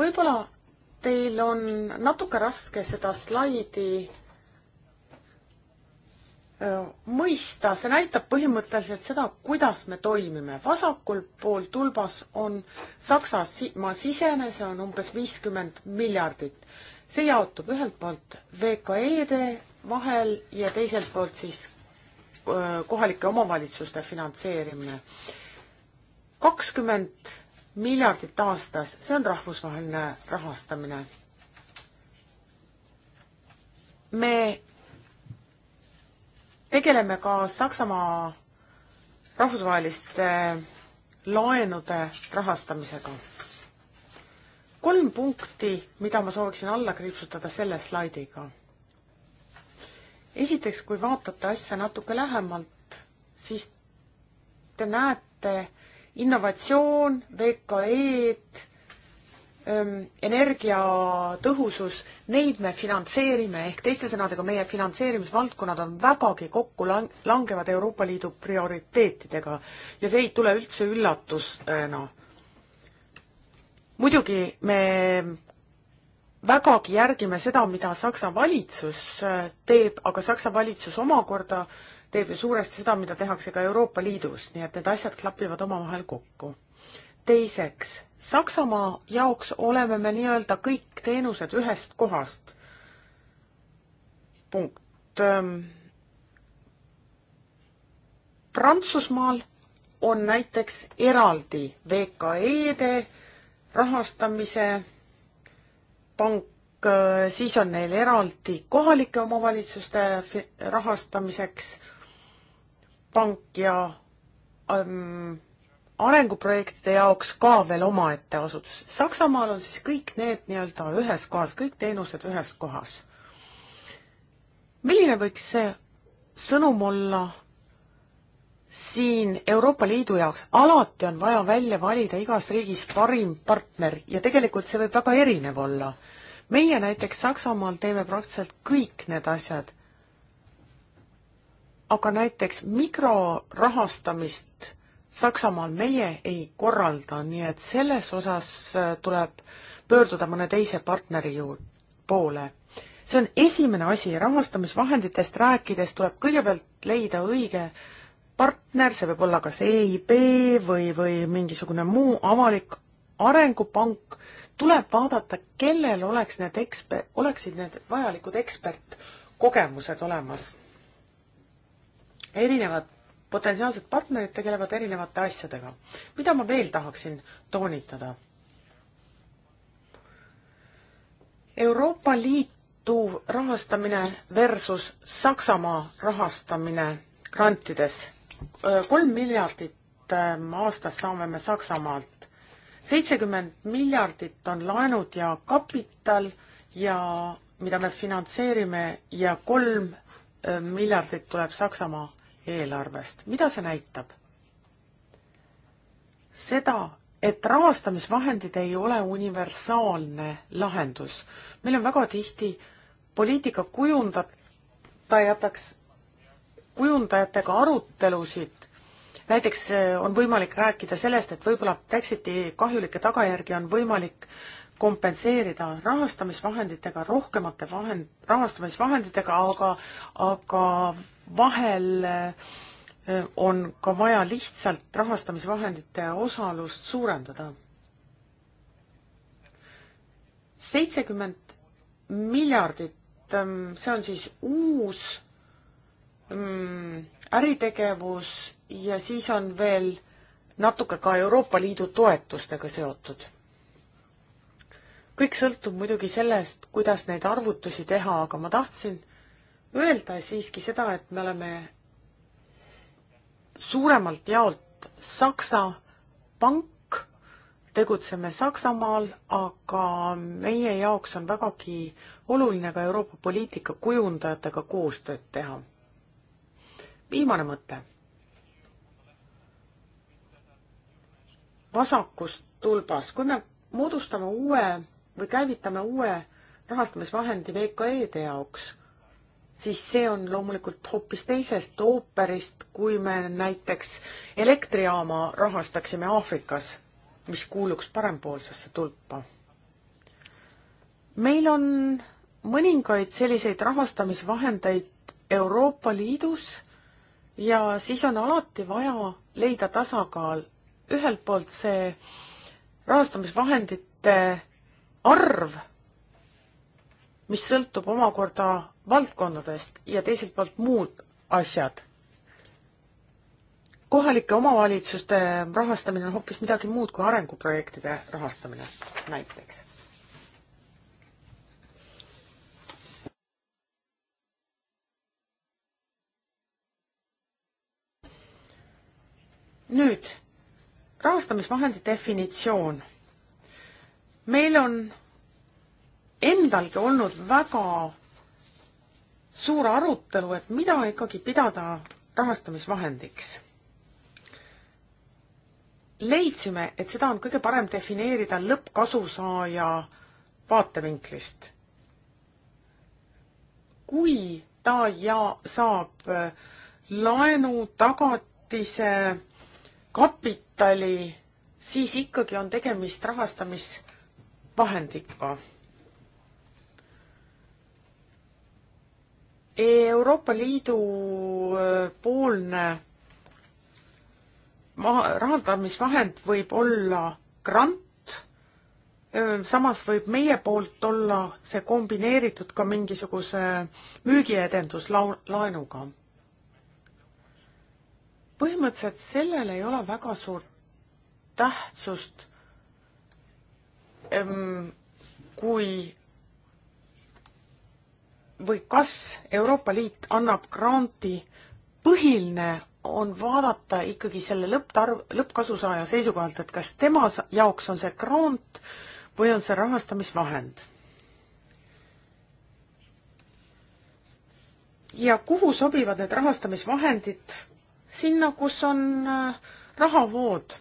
võib-olla teil on natuke raske seda slaidi mõista, see näitab põhimõtteliselt seda, kuidas me toimime. vasakul pool tulbas on Saksamaa sisene, see on umbes viiskümmend miljardit. see jaotub ühelt poolt VKE-de vahel ja teiselt poolt siis kohalike omavalitsuste finantseerimine. kakskümmend miljardit aastas, see on rahvusvaheline rahastamine. me tegeleme ka Saksamaa rahvusvaheliste eh, laenude rahastamisega. kolm punkti, mida ma sooviksin alla kriipsutada selle slaidiga. esiteks, kui vaatate asja natuke lähemalt, siis te näete innovatsioon, VKE-d energiatõhusus, neid me finantseerime, ehk teiste sõnadega, meie finantseerimisvaldkonnad on vägagi kokku lang-, langevad Euroopa Liidu prioriteetidega ja see ei tule üldse üllatusena no.. muidugi me vägagi järgime seda, mida Saksa valitsus äh, teeb, aga Saksa valitsus omakorda teeb ju suuresti seda, mida tehakse ka Euroopa Liidus, nii et need asjad klapivad omavahel kokku teiseks, Saksamaa jaoks oleme me nii-öelda kõik teenused ühest kohast. punkt. Prantsusmaal on näiteks eraldi VKE-de rahastamise pank, siis on neil eraldi kohalike omavalitsuste rahastamiseks pank ja ähm, arenguprojektide jaoks ka veel omaette asutus. Saksamaal on siis kõik need nii-öelda ühes kohas, kõik teenused ühes kohas. milline võiks see sõnum olla siin Euroopa Liidu jaoks? alati on vaja välja valida igas riigis parim partner ja tegelikult see võib väga erinev olla. meie näiteks Saksamaal teeme praktiliselt kõik need asjad aga näiteks mikrorahastamist Saksamaal meie ei korralda, nii et selles osas äh, tuleb pöörduda mõne teise partneri ju-, poole. see on esimene asi, rahastamisvahenditest rääkides tuleb kõigepealt leida õige partner, see võib olla kas EIB või, või mingisugune muu avalik arengupank, tuleb vaadata, kellel oleks need eksper-, oleksid need vajalikud ekspertkogemused olemas. erinevad potentsiaalsed partnerid tegelevad erinevate asjadega. mida ma veel tahaksin toonitada? Euroopa Liitu rahastamine versus Saksamaa rahastamine grantides. kolm miljardit ähm, aastas saame me Saksamaalt. seitsekümmend miljardit on laenud ja kapital ja mida me finantseerime ja kolm äh, miljardit tuleb Saksamaa eelarvest. mida see näitab? seda, et rahastamisvahendid ei ole universaalne lahendus. meil on väga tihti poliitika kujundajateks, kujundajatega arutelusid, näiteks eh, on võimalik rääkida sellest, et võib-olla Brexiti kahjulikke tagajärgi on võimalik kompenseerida rahastamisvahenditega, rohkemate vahend, rahastamisvahenditega, aga, aga vahel äh, on ka vaja lihtsalt rahastamisvahendite osalust suurendada. seitsekümmend miljardit, ähm, see on siis uus mm, äritegevus ja siis on veel natuke ka Euroopa Liidu toetustega seotud kõik sõltub muidugi sellest, kuidas neid arvutusi teha, aga ma tahtsin öelda siiski seda, et me oleme suuremalt jaolt Saksa pank, tegutseme Saksamaal, aga meie jaoks on vägagi oluline ka Euroopa poliitika kujundajatega koostööd teha. viimane mõte. vasakust tulbas, kui me moodustame uue või käivitame uue rahastamisvahendi VKE-de jaoks siis see on loomulikult hoopis teisest ooperist, kui me näiteks elektrijaama rahastaksime Aafrikas, mis kuuluks parempoolsesse tulpa. meil on mõningaid selliseid rahastamisvahendeid Euroopa Liidus ja siis on alati vaja leida tasakaal. ühelt poolt see rahastamisvahendite arv, mis sõltub omakorda valdkondadest ja teiselt poolt muud asjad. kohalike omavalitsuste rahastamine on hoopis midagi muud kui arenguprojektide rahastamine näiteks. nüüd rahastamisvahendi definitsioon. meil on endalgi olnud väga suur arutelu, et mida ikkagi pidada rahastamisvahendiks. leidsime, et seda on kõige parem defineerida lõppkasusaaja vaatevinklist. kui ta ja saab äh, laenu, tagatise, kapitali, siis ikkagi on tegemist rahastamisvahendiga Euroopa Liidu äh, poolne maha, rahandamisvahend võib olla grant, äh, samas võib meie poolt olla see kombineeritud ka mingisuguse müügiedenduslaenuga. põhimõtteliselt sellel ei ole väga suurt tähtsust, ähm, kui või kas Euroopa Liit annab granti, põhiline on vaadata ikkagi selle lõpptarv, lõppkasusaaja seisukohalt, et kas tema jaoks on see grant või on see rahastamisvahend. ja kuhu sobivad need rahastamisvahendid? sinna, kus on äh, rahavood.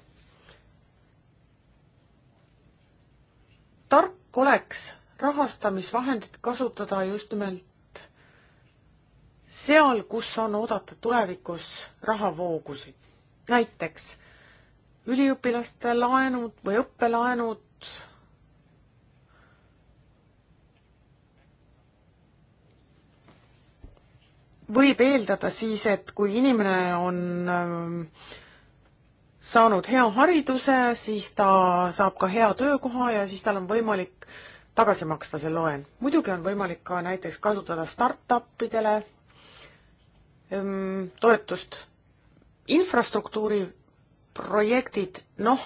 tark oleks rahastamisvahendit kasutada just nimelt seal, kus on oodata tulevikus rahavoogusid. näiteks üliõpilaste laenud või õppelaenud, võib eeldada siis, et kui inimene on ähm, saanud hea hariduse, siis ta saab ka hea töökoha ja siis tal on võimalik tagasi maksta see loen. muidugi on võimalik ka näiteks kasutada startupidele Ehm, toetust. infrastruktuuri projektid, noh,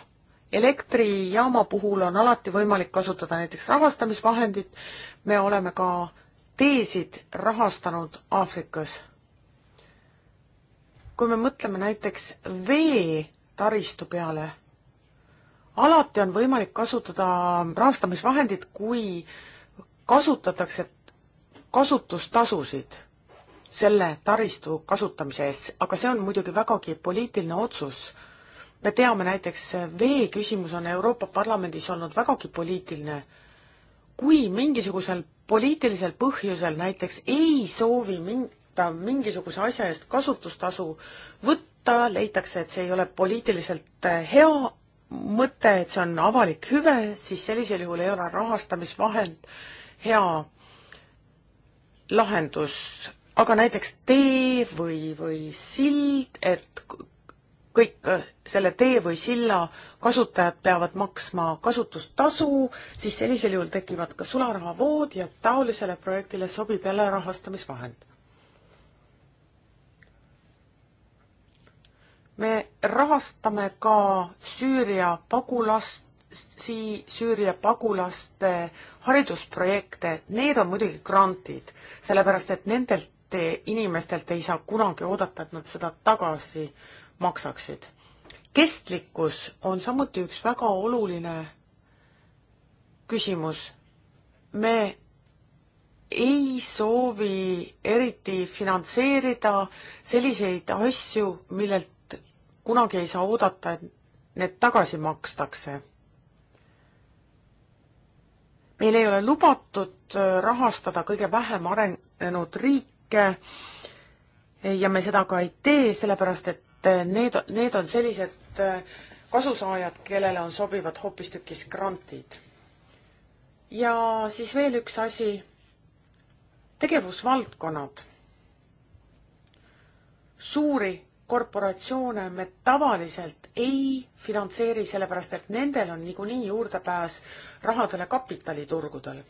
elektrijaama puhul on alati võimalik kasutada näiteks rahastamisvahendit, me oleme ka teesid rahastanud Aafrikas. kui me mõtleme näiteks veetaristu peale, alati on võimalik kasutada rahastamisvahendit, kui kasutatakse kasutustasusid selle taristu kasutamise eest, aga see on muidugi vägagi poliitiline otsus. me teame näiteks, vee küsimus on Euroopa Parlamendis olnud vägagi poliitiline. kui mingisugusel poliitilisel põhjusel näiteks ei soovi minta mingisuguse asja eest kasutustasu võtta, leitakse, et see ei ole poliitiliselt äh, hea mõte, et see on avalik hüve, siis sellisel juhul ei ole rahastamisvahend hea lahendus aga näiteks tee või, või sild, et kõik äh, selle tee või silla kasutajad peavad maksma kasutustasu, siis sellisel juhul tekivad ka sularahavood ja taolisele projektile sobib jälle rahastamisvahend. me rahastame ka Süüria pagulasi, Süüria pagulaste haridusprojekte, need on muidugi grantid, sellepärast et nendelt et inimestelt ei saa kunagi oodata, et nad seda tagasi maksaksid. kestlikkus on samuti üks väga oluline küsimus. me ei soovi eriti finantseerida selliseid asju, millelt kunagi ei saa oodata, et need tagasi makstakse meil ei ole lubatud rahastada kõige vähem arenenud riike, ja me seda ka ei tee, sellepärast et need, need on sellised äh, kasusaajad, kellele on sobivad hoopistükkis grantid. ja siis veel üks asi, tegevusvaldkonnad. suuri korporatsioone me tavaliselt ei finantseeri, sellepärast et nendel on niikuinii juurdepääs rahadele kapitaliturgudel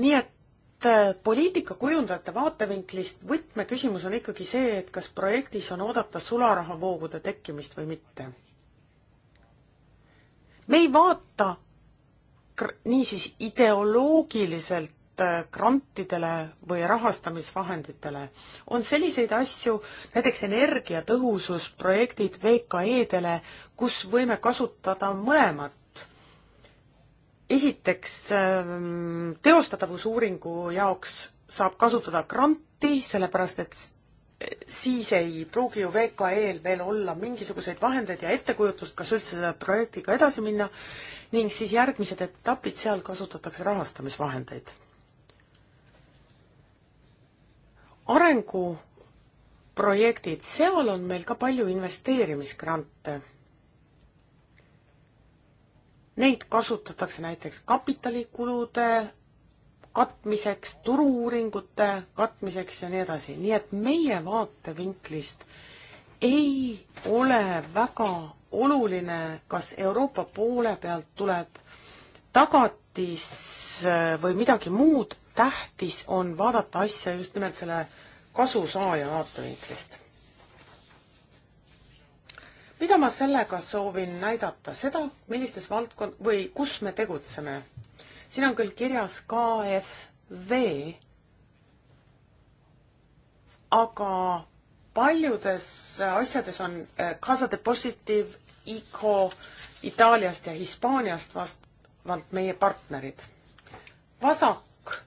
nii et äh, poliitika kujundajate vaatevinklist võtmeküsimus on ikkagi see, et kas projektis on oodata sularahavoogude tekkimist või mitte. me ei vaata niisiis ideoloogiliselt äh, grantidele või rahastamisvahenditele. on selliseid asju, näiteks energiatõhususprojektid VKE-dele, kus võime kasutada mõlemat esiteks, ähm, teostatavusuuringu jaoks saab kasutada granti, sellepärast et siis ei pruugi ju VKE-l veel olla mingisuguseid vahendeid ja ettekujutust, kas üldse selle projektiga edasi minna ning siis järgmised etapid, seal kasutatakse rahastamisvahendeid. arenguprojektid, seal on meil ka palju investeerimisgrante Neid kasutatakse näiteks kapitalikulude katmiseks, turu-uuringute katmiseks ja nii edasi, nii et meie vaatevinklist ei ole väga oluline, kas Euroopa poole pealt tuleb tagatis äh, või midagi muud, tähtis on vaadata asja just nimelt selle kasusaaja vaatevinklist mida ma sellega soovin näidata, seda, millistes valdkond- või kus me tegutseme. siin on küll kirjas KFV, aga paljudes asjades on eh, Casa de Positive, ICO Itaaliast ja Hispaaniast vastavalt meie partnerid. vasak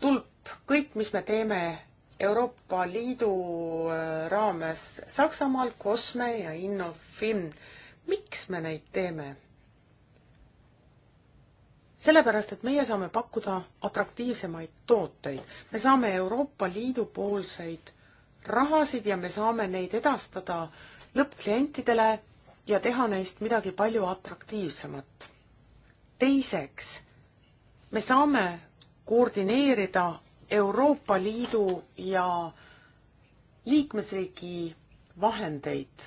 tulp, kõik, mis me teeme Euroopa Liidu äh, raames Saksamaal Cosme ja Innofilm. miks me neid teeme? sellepärast, et meie saame pakkuda atraktiivsemaid tooteid, me saame Euroopa Liidu poolseid rahasid ja me saame neid edastada lõppklientidele ja teha neist midagi palju atraktiivsemat. teiseks, me saame koordineerida Euroopa Liidu ja liikmesriigi vahendeid.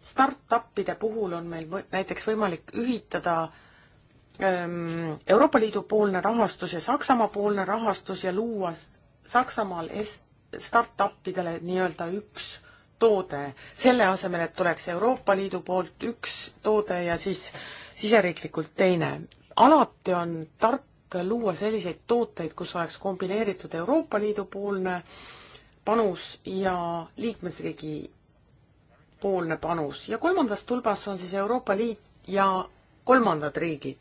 Startupide puhul on meil või, näiteks võimalik ühitada ähm, Euroopa Liidu poolne rahastus ja Saksamaa poolne rahastus ja luua Saksamaal startupidele nii-öelda üks toode, selle asemel, et tuleks Euroopa Liidu poolt üks toode ja siis siseriiklikult teine. alati on tark luua selliseid tooteid, kus oleks kombineeritud Euroopa Liidu poolne panus ja liikmesriigi poolne panus ja kolmandas tulbas on siis Euroopa Liit ja kolmandad riigid.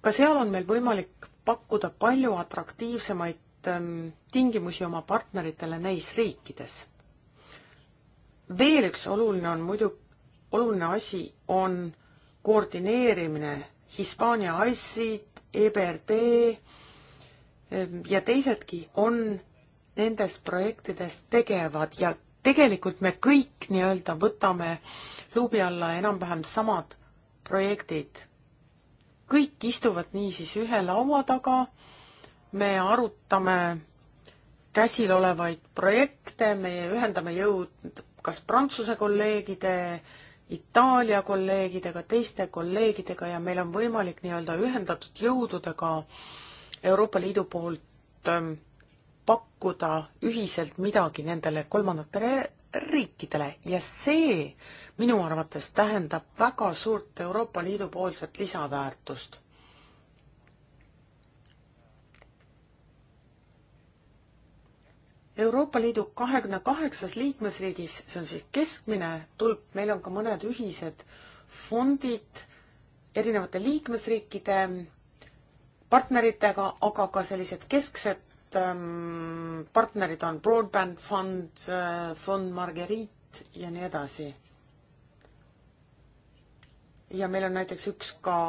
ka seal on meil võimalik pakkuda palju atraktiivsemaid ähm, tingimusi oma partneritele neis riikides. veel üks oluline on muidu, oluline asi on koordineerimine Hispaania ICI EBRD ehm, ja teisedki on nendes projektides tegevad ja tegelikult me kõik nii-öelda võtame luubi alla enam-vähem samad projektid. kõik istuvad niisiis ühe laua taga, me arutame käsil olevaid projekte, me ühendame jõud kas Prantsuse kolleegide äh, Itaalia kolleegidega, teiste kolleegidega ja meil on võimalik nii-öelda ühendatud jõududega Euroopa Liidu poolt ähm, pakkuda ühiselt midagi nendele kolmandatele riikidele ja see minu arvates tähendab väga suurt Euroopa Liidu poolset lisaväärtust. Euroopa Liidu kahekümne kaheksas liikmesriigis, see on siis keskmine tulp, meil on ka mõned ühised fondid erinevate liikmesriikide partneritega, aga ka sellised kesksed ähm, partnerid on Broadband Fund äh,, Fond Marguerite ja nii edasi. ja meil on näiteks üks ka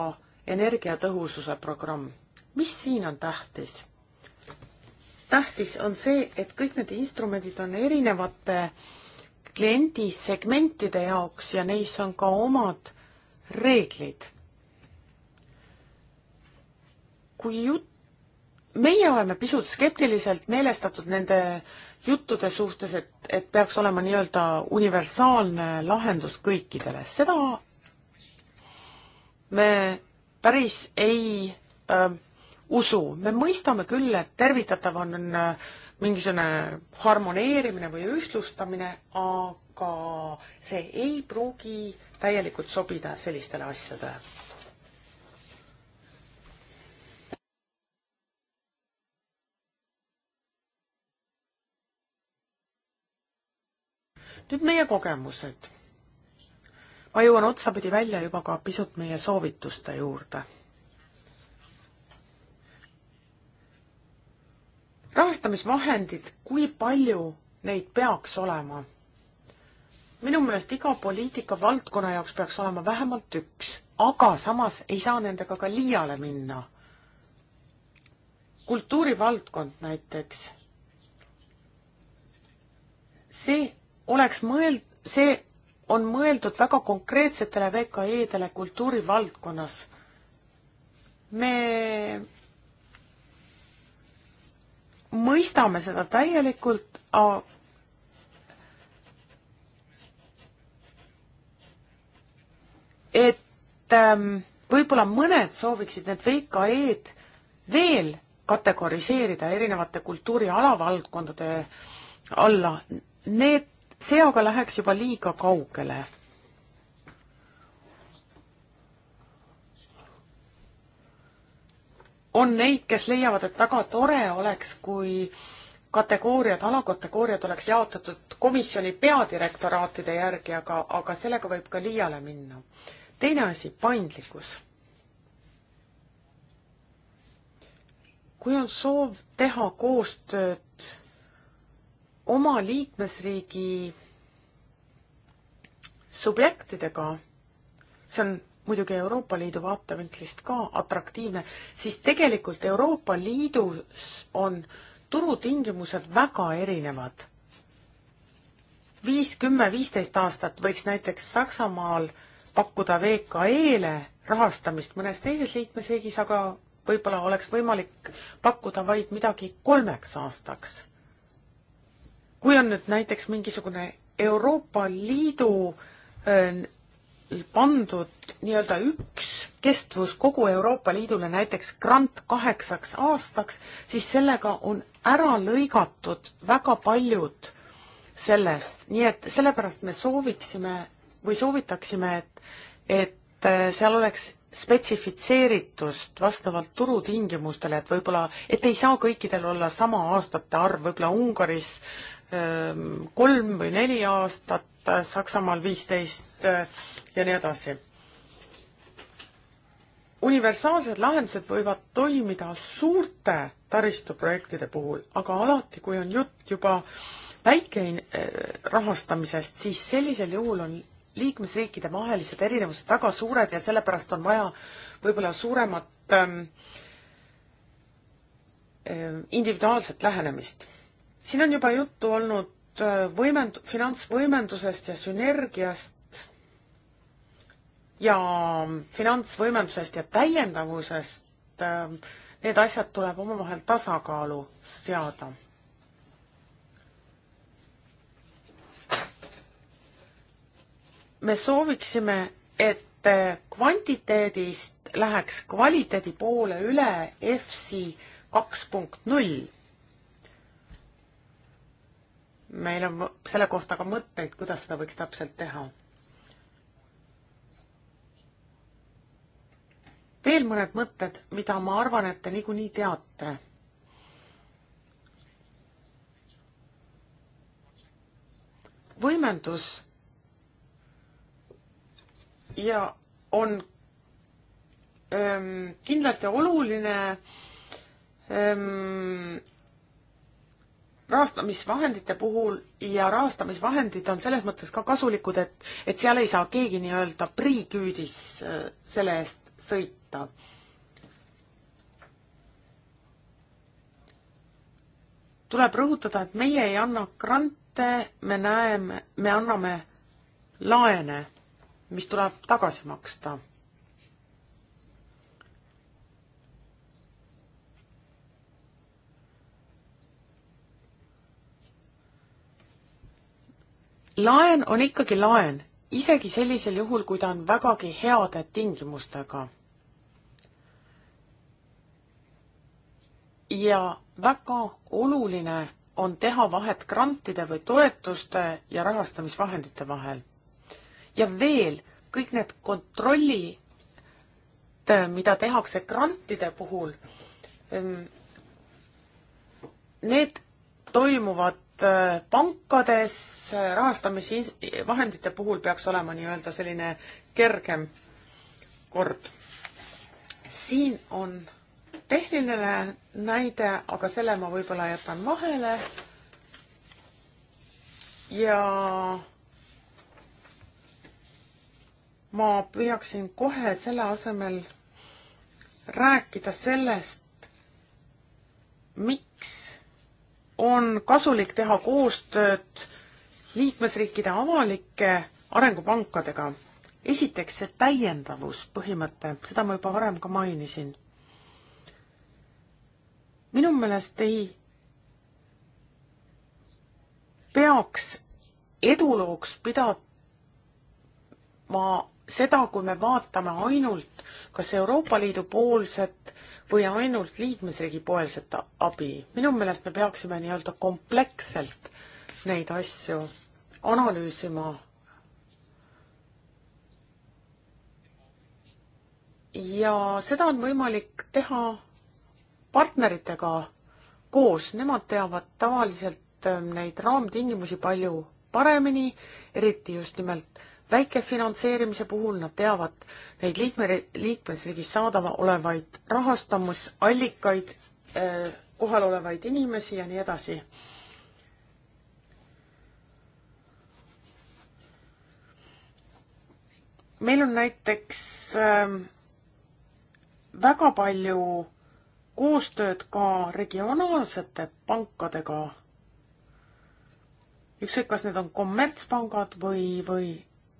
energiatõhususe programm. mis siin on tähtis? tähtis, on see, et kõik need instrumendid on erinevate kliendisegmentide jaoks ja neis on ka omad reeglid. kui jutt, meie oleme pisut skeptiliselt meelestatud nende juttude suhtes, et, et peaks olema nii-öelda universaalne lahendus kõikidele, seda me päris ei äh, usu. me mõistame küll, et tervitatav on äh, mingisugune harmoneerimine või ühtlustamine, aga see ei pruugi täielikult sobida sellistele asjadele. nüüd meie kogemused. ma jõuan otsapidi välja juba ka pisut meie soovituste juurde rahastamisvahendid, kui palju neid peaks olema? minu meelest iga poliitika valdkonna jaoks peaks olema vähemalt üks, aga samas ei saa nendega ka liiale minna. kultuurivaldkond näiteks. see oleks mõeld-, see on mõeldud väga konkreetsetele VKE-dele kultuurivaldkonnas. me mõistame seda täielikult, et ähm, võib-olla mõned sooviksid need VKE-d veel kategoriseerida erinevate kultuuri alavaldkondade alla. Need, see aga läheks juba liiga kaugele on neid, kes leiavad, et väga tore oleks, kui kategooriad, alakategooriad oleks jaotatud komisjoni peadirektoraatide järgi, aga, aga sellega võib ka liiale minna. teine asi, paindlikkus. kui on soov teha koostööd oma liikmesriigi subjektidega, see on muidugi Euroopa Liidu vaatevinklist ka atraktiivne, siis tegelikult Euroopa Liidus on turutingimused väga erinevad. viis, kümme, viisteist aastat võiks näiteks Saksamaal pakkuda VKE-le rahastamist mõnes teises liikmesriigis, aga võib-olla oleks võimalik pakkuda vaid midagi kolmeks aastaks. kui on nüüd näiteks mingisugune Euroopa Liidu äh, pandud nii-öelda üks kestvus kogu Euroopa Liidule näiteks grant kaheksaks aastaks, siis sellega on ära lõigatud väga paljud sellest, nii et sellepärast me sooviksime või soovitaksime, et, et äh, seal oleks spetsifitseeritust vastavalt turutingimustele, et võib-olla, et ei saa kõikidel olla sama aastate arv, võib-olla Ungaris öö, ähm, kolm või neli aastat, Äh, Saksamaal viisteist äh, ja nii edasi. universaalsed lahendused võivad toimida suurte taristuprojektide puhul, aga alati, kui on jutt juba väike äh, rahastamisest, siis sellisel juhul on liikmesriikide vahelised erinevused väga suured ja sellepärast on vaja võib-olla suuremat ähm, individuaalset lähenemist. siin on juba juttu olnud Äh, võimend-, finantsvõimendusest ja sünergiast ja finantsvõimendusest ja täiendavusest, äh, need asjad tuleb omavahel tasakaalu seada. me sooviksime, et äh, kvantiteedist läheks kvaliteedi poole üle EFSI kaks punkt null meil on selle kohta ka mõtteid, kuidas seda võiks täpselt teha. veel mõned mõtted, mida ma arvan, et te niikuinii teate. võimendus ja on öö, ähm, kindlasti oluline öö, ähm, rahastamisvahendite puhul ja rahastamisvahendid on selles mõttes ka kasulikud, et, et seal ei saa keegi nii-öelda priiküüdis äh, selle eest sõita. tuleb rõhutada, et meie ei anna grante, me näeme, me anname laene, mis tuleb tagasi maksta laen on ikkagi laen, isegi sellisel juhul, kui ta on vägagi heade tingimustega. ja väga oluline on teha vahet grantide või toetuste ja rahastamisvahendite vahel. ja veel, kõik need kontrollid, äh, mida tehakse grantide puhul, ähm, need toimuvad Äh, pankades äh, rahastamisvahendite puhul peaks olema nii-öelda selline kergem kord. siin on tehniline näide, aga selle ma võib-olla jätan vahele. ja ma püüaksin kohe selle asemel rääkida sellest, miks on kasulik teha koostööd liikmesriikide avalike arengupankadega. esiteks see täiendavuspõhimõte, seda ma juba varem ka mainisin. minu meelest ei peaks edulooks pidama seda, kui me vaatame ainult kas Euroopa Liidu poolset või ainult liikmesriigi poolset abi. minu meelest me peaksime nii-öelda kompleksselt neid asju analüüsima ja seda on võimalik teha partneritega koos, nemad teavad tavaliselt neid raamtingimusi palju paremini, eriti just nimelt väikefinantseerimise puhul nad teavad neid liikme, liikmesriigis saadava olevaid rahastamisallikaid, äh, kohal olevaid inimesi ja nii edasi. meil on näiteks ähm, väga palju koostööd ka regionaalsete pankadega ükskõik, kas need on kommertspangad või, või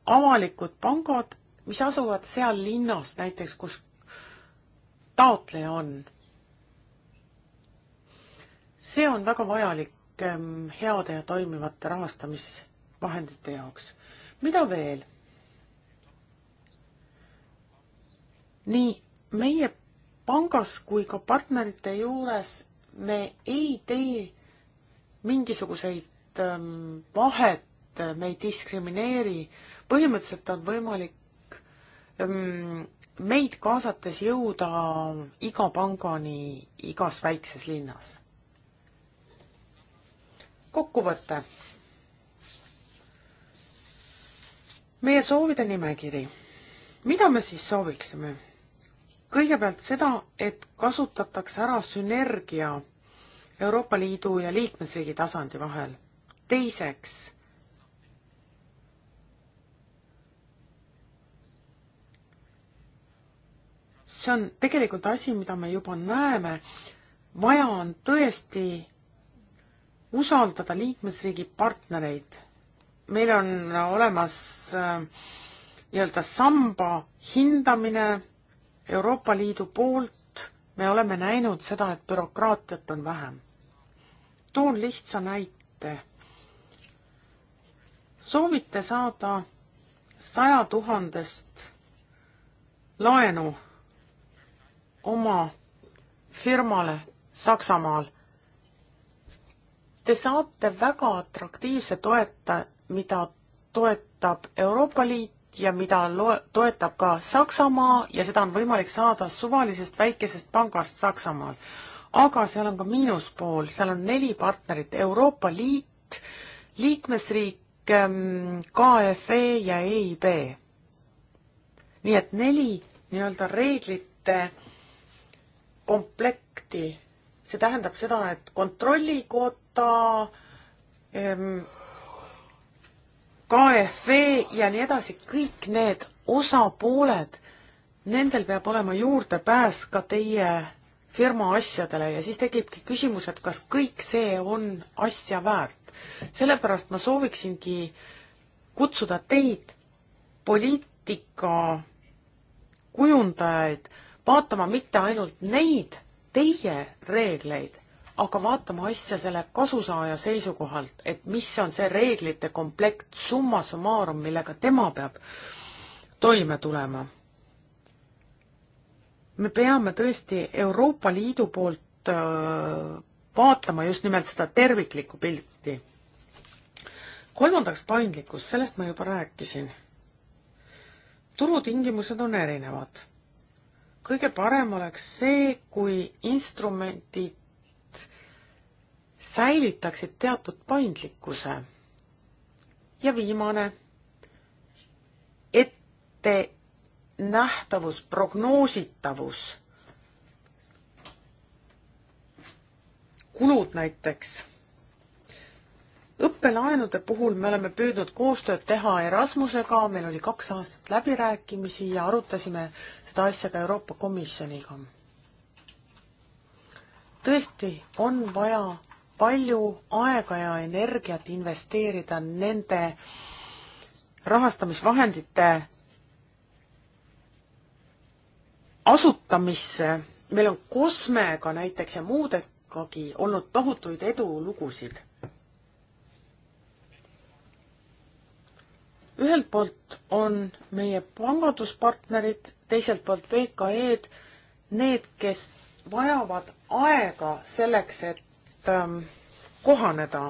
avalikud pangad, mis asuvad seal linnas näiteks, kus taotleja on. see on väga vajalik ehm, heade ja toimivate rahastamisvahendite jaoks. mida veel? nii meie pangas kui ka partnerite juures me ei tee mingisuguseid ehm, vahet, me ei diskrimineeri põhimõtteliselt on võimalik ähm, meid kaasates jõuda iga pangani igas väikses linnas. kokkuvõte. meie soovide nimekiri. mida me siis sooviksime? kõigepealt seda, et kasutatakse ära sünergia Euroopa Liidu ja liikmesriigi tasandi vahel. teiseks see on tegelikult asi, mida me juba näeme. vaja on tõesti usaldada liikmesriigi partnereid. meil on olemas äh, nii-öelda samba hindamine Euroopa Liidu poolt, me oleme näinud seda, et bürokraatiat on vähem. toon lihtsa näite. soovite saada saja tuhandest laenu oma firmale Saksamaal. Te saate väga atraktiivse toeta, mida toetab Euroopa Liit ja mida loe, toetab ka Saksamaa ja seda on võimalik saada suvalisest väikesest pangast Saksamaal. aga seal on ka miinuspool, seal on neli partnerit, Euroopa Liit, liikmesriik, ehm, KFE ja EIB. nii et neli nii-öelda reeglite komplekti. see tähendab seda, et kontrollikotta ähm,, KFV ja nii edasi, kõik need osapooled, nendel peab olema juurdepääs ka teie firma asjadele ja siis tekibki küsimus, et kas kõik see on asja väärt. sellepärast ma sooviksingi kutsuda teid poliitika kujundajaid vaatama mitte ainult neid teie reegleid, aga vaatama asja selle kasusaaja seisukohalt, et mis on see reeglite komplekt summa summarum, millega tema peab toime tulema. me peame tõesti Euroopa Liidu poolt öö, äh, vaatama just nimelt seda terviklikku pilti. kolmandaks paindlikkus, sellest ma juba rääkisin. turutingimused on erinevad kõige parem oleks see, kui instrumendid säilitaksid teatud paindlikkuse. ja viimane, ettenähtavus, prognoositavus. kulud näiteks. õppelaenude puhul me oleme püüdnud koostööd teha Erasmusega, meil oli kaks aastat läbirääkimisi ja arutasime seda asja ka Euroopa Komisjoniga. tõesti, on vaja palju aega ja energiat investeerida nende rahastamisvahendite asutamisse, meil on Kosmega näiteks ja muudegagi olnud tohutuid edulugusid ühelt poolt on meie panganduspartnerid, teiselt poolt VKE-d, need, kes vajavad aega selleks, et ähm, kohaneda.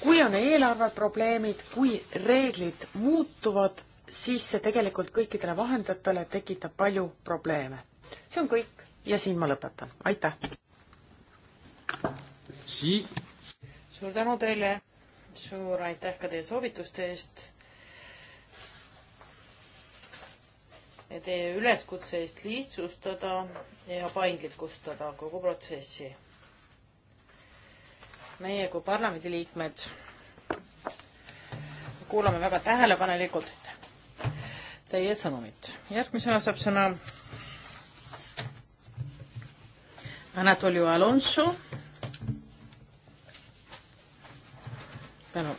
kui on eelarveprobleemid, kui reeglid muutuvad, siis see tegelikult kõikidele vahendajatele tekitab palju probleeme. see on kõik ja siin ma lõpetan, aitäh! suur tänu teile! suur aitäh ka teie soovituste eest. ja teie üleskutse eest lihtsustada ja paindlikustada kogu protsessi. meie kui parlamendiliikmed kuulame väga tähelepanelikult teie sõnumit. järgmisena saab sõna Anatolio Alonso tänu.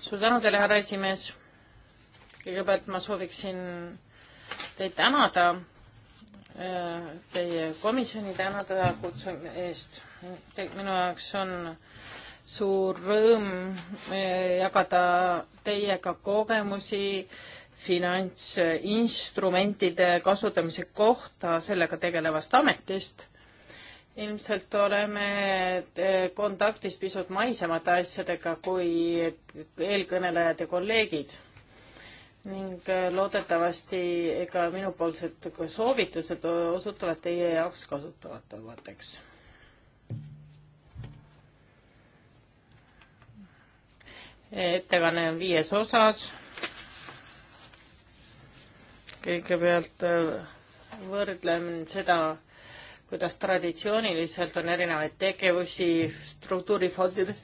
suur tänu teile, härra esimees. kõigepealt ma sooviksin teid tänada, äh, teie komisjoni tänada kutsumise eest. minu jaoks on suur rõõm äh, jagada teiega kogemusi finantsinstrumentide kasutamise kohta sellega tegelevast ametist ilmselt oleme eh, kontaktis pisut maisemate asjadega kui eelkõnelejad ja kolleegid ning eh, loodetavasti ka minupoolsed soovitused osutuvad teie jaoks kasutatavateks. ettekanne on viies osas. kõigepealt eh, võrdlen seda kuidas traditsiooniliselt on erinevaid tegevusi struktuurifondides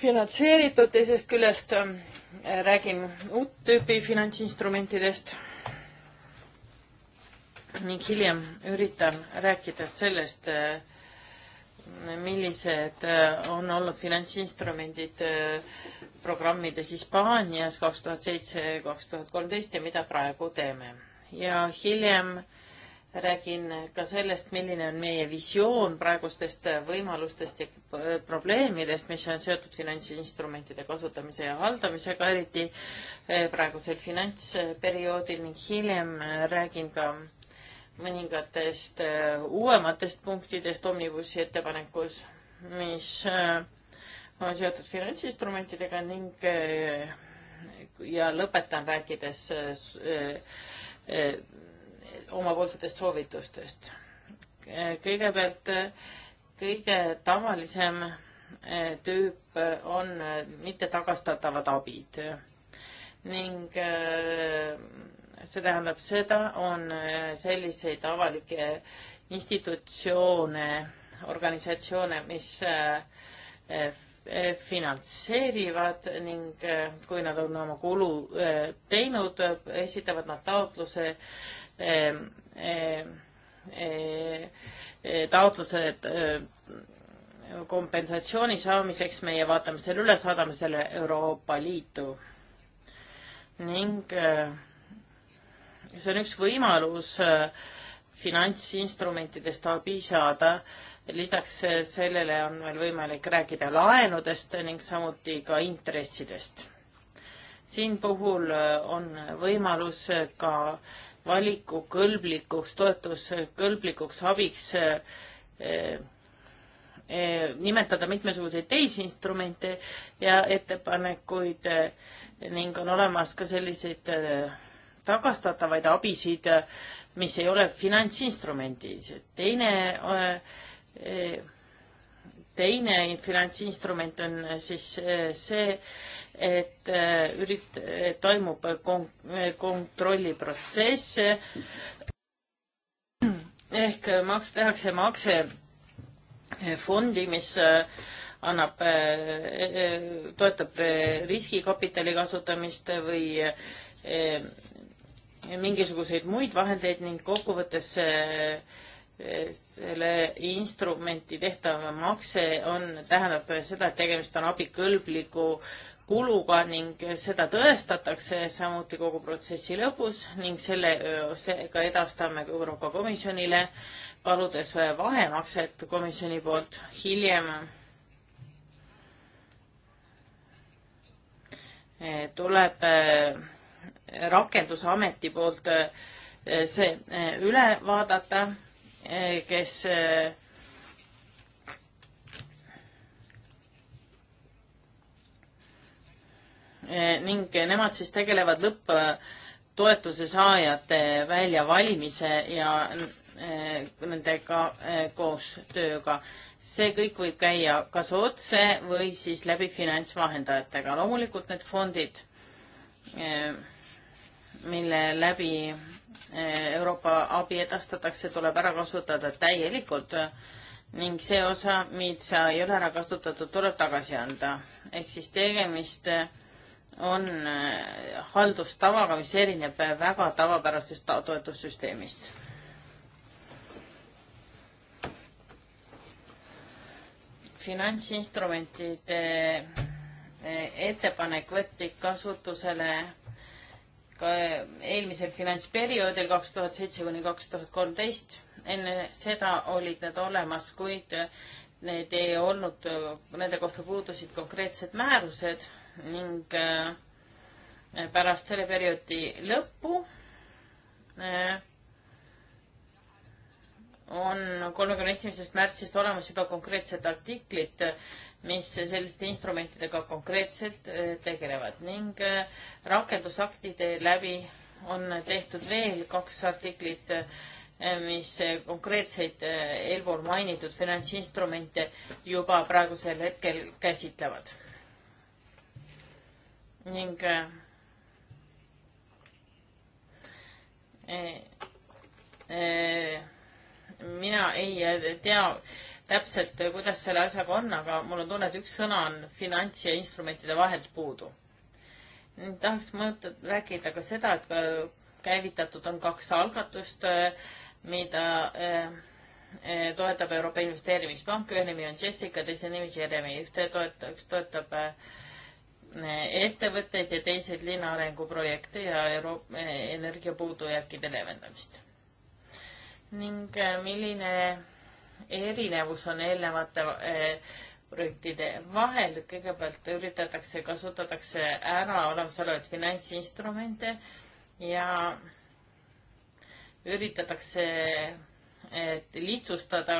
finantseeritud, teisest küljest ähm, räägin uut tüüpi finantsinstrumentidest ning hiljem üritan rääkida sellest, äh, millised äh, on olnud finantsinstrumendid äh, programmides Hispaanias kaks tuhat seitse, kaks tuhat kolmteist ja mida praegu teeme. ja hiljem äh, räägin ka sellest, milline on meie visioon praegustest võimalustest ja probleemidest, mis on seotud finantsinstrumentide kasutamise ja haldamisega, eriti eh, praegusel finantsperioodil ning hiljem eh, räägin ka mõningatest eh, uuematest punktidest Omnibussi ettepanekus, mis on seotud finantsinstrumentidega ning ja lõpetan rääkides omapoolsetest soovitustest. kõigepealt kõige tavalisem eh, tüüp on eh, mittetagastatavad abid ning eh, see tähendab seda, on selliseid avalikke institutsioone, organisatsioone, mis finantseerivad ning kui nad on oma kulu teinud, esitavad nad taotluse Ehm, ehm, eh, eh, taotlused eh, kompensatsiooni saamiseks, meie vaatame selle üle, saadame selle Euroopa Liitu. ning see on üks võimalus finantsinstrumentidest abi saada. lisaks sellele on meil võimalik rääkida laenudest ning samuti ka intressidest. siin puhul on võimalus ka äh, valikukõlblikuks, toetuskõlblikuks abiks eh, eh, nimetada mitmesuguseid teisi instrumente ja ettepanekuid eh, ning on olemas ka selliseid tagastatavaid abisid, mis ei ole finantsinstrumendis. teine teine finantsinstrument on siis eh, see, et eh, ürit-, eh, toimub kon-, kontrolliprotsess ehk maks-, tehakse makse fondi, mis annab, toetab riskikapitali kasutamist või mingisuguseid muid vahendeid ning kokkuvõttes see selle instrumenti tehtav makse on, tähendab seda, et tegemist on abikõlbliku kuluga ning seda tõestatakse samuti kogu protsessi lõpus ning selle, seega edastame Euroopa Komisjonile, paludes vahemakset komisjoni poolt hiljem. tuleb eh, rakendusameti poolt eh, see eh, üle vaadata Eh, kes eh, eh, ning nemad siis tegelevad lõpptoetuse saajate väljavalimise ja nendega koostööga. see kõik võib käia kas otse või siis läbi finantsvahendajatega. loomulikult need fondid, mille läbi Euroopa abi edastatakse, tuleb ära kasutada täielikult ning see osa, mis ei ole ära kasutatud, tuleb tagasi anda. ehk siis tegemist on äh, haldustavaga, mis erineb väga tavapärasest toetussüsteemist. finantsinstrumentide äh, ettepanek võeti kasutusele ka eelmisel finantsperioodil kaks tuhat seitse kuni kaks tuhat kolmteist. enne seda olid need olemas, kuid need ei olnud, nende kohta puudusid konkreetsed määrused ning äh, pärast selle perioodi lõppu äh, on kolmekümne esimesest märtsist olemas juba konkreetsed artiklid mis selliste instrumentidega konkreetselt äh, tegelevad ning äh, rakendusaktide läbi on tehtud veel kaks artiklit, äh, mis konkreetseid eelpool mainitud finantsinstrumente juba praegusel hetkel käsitlevad. ning mina ei tea täpselt, äh, kuidas selle asjaga on, aga mul on tunne, et üks sõna on finants ja instrumentide vahelt puudu. tahaks mõõta, rääkida ka seda, et käivitatud on kaks algatust, äh, mida äh, toetab Euroopa Investeerimispank, ühe nimi on Jessica, teise nimi Jeremy, ühte toetaks, toetab ettevõtteid ja teised linna arenguprojekte ja Euroopa energiapuudujääkide leevendamist. ning milline erinevus on eelnevate eh, projektide vahel, kõigepealt üritatakse, kasutatakse ära olemasolevaid finantsinstrumente ja üritatakse et lihtsustada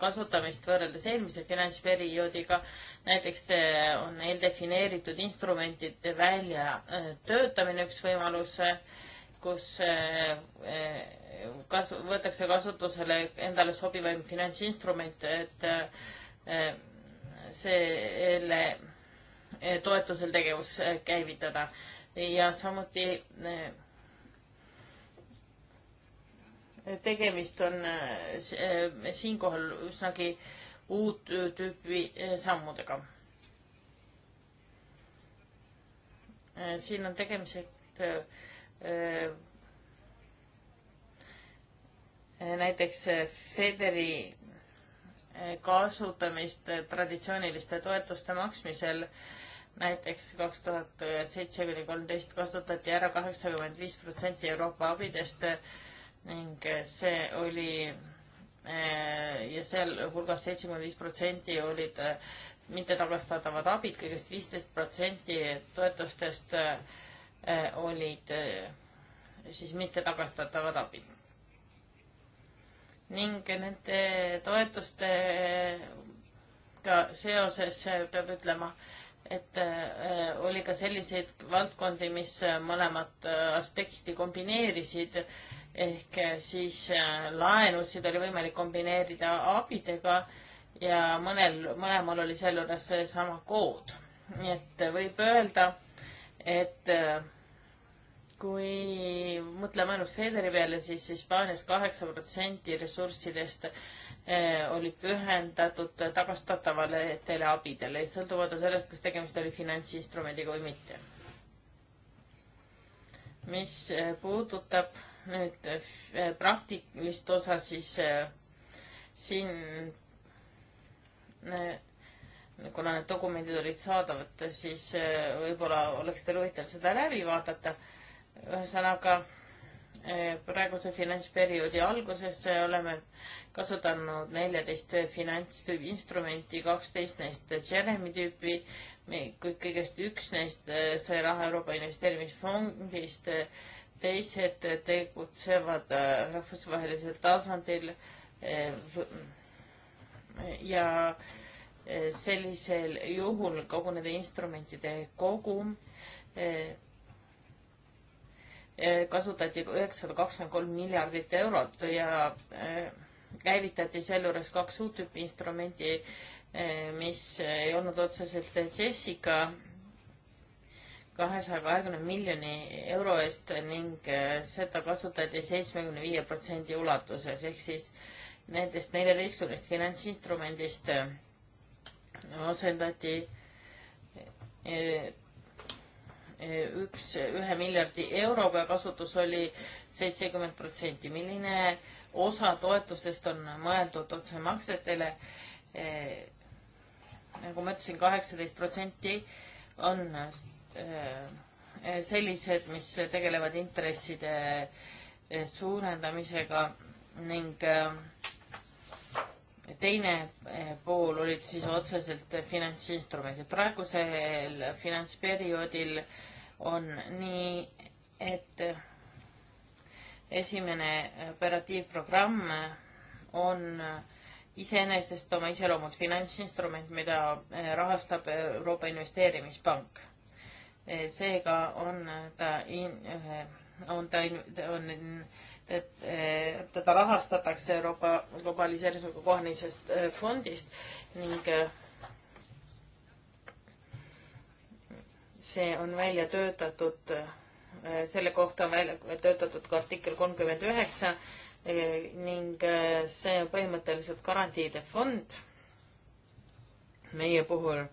kasutamist võrreldes eelmise finantsperioodiga. näiteks eh, on eeldefineeritud instrumentide väljatöötamine üks võimalus kus eh, eh, kas-, võetakse kasutusele endale sobivaim finantsinstrument, et eh, selle toetusel tegevus käivitada ja samuti tegemist on siinkohal üsnagi uut tüüpi sammudega. siin on tegemised Äh, näiteks äh, Federi äh, kasutamist traditsiooniliste toetuste maksmisel. näiteks kaks tuhat seitse kuni kolmteist kasutati ära kaheksakümmend viis protsenti Euroopa abidest ning see oli ja sealhulgas seitsekümmend viis protsenti olid mittetagastatavad abid kõigest, kõigest viisteist protsenti toetustest äh, Äh, olid äh, siis mitte tagastatavad abid. ning nende toetustega seoses peab ütlema, et äh, oli ka selliseid valdkondi, mis mõlemat aspekti kombineerisid, ehk siis laenusid oli võimalik kombineerida abidega ja mõnel, mõlemal oli sealjuures seesama kood. nii et võib öelda, et äh, kui mõtleme ainult Federi peale, siis Hispaanias kaheksa protsenti ressurssidest äh, oli pühendatud tagastatavatele abidele, sõltumata sellest, kas tegemist oli finantsinstrumendiga või mitte. mis äh, puudutab nüüd praktilist osa, siis siin kuna need dokumendid olid saadavad, siis eh, võib-olla oleks teil huvitav seda läbi vaadata. ühesõnaga eh, praeguse finantsperioodi alguses eh, oleme kasutanud neljateist finantsinstrumenti, kaksteist neist Jeremy tüüpi, kuid kõigest üks neist sai raha Euroopa Investeerimisfondist, teised tegutsevad rahvusvahelisel tasandil ja äh, sellisel juhul kogu nende instrumentide kogum kasutati üheksasada kakskümmend kolm miljardit eurot ja äh, käivitati sealjuures kaks uut tüüpi instrumenti, äh, mis ei olnud otseselt Jessica kahesaja kahekümne miljoni euro eest ning äh, seda kasutati seitsmekümne viie protsendi ulatuses ehk siis nendest neljateistkümnest finantsinstrumendist asendati e, e, üks, ühe miljardi euroga, kasutus oli seitsekümmend protsenti. milline osa toetusest on mõeldud otsemaksetele? E, nagu ma ütlesin, kaheksateist protsenti on sellised, mis tegelevad intresside suurendamisega ning teine eh, pool olid siis otseselt finantsinstrumendid. praegusel finantsperioodil on nii, et esimene operatiivprogramm on iseenesest oma iseloomult finantsinstrument, mida eh, rahastab Euroopa Investeerimispank. Eh, seega on ta in, on ta, on et teda rahastatakse Euroopa globaliseerimisega kohanemisest äh, fondist ning äh, see on välja töötatud, äh, selle kohta on välja töötatud ka artikkel kolmkümmend üheksa ning see on põhimõtteliselt garantiide fond. meie puhul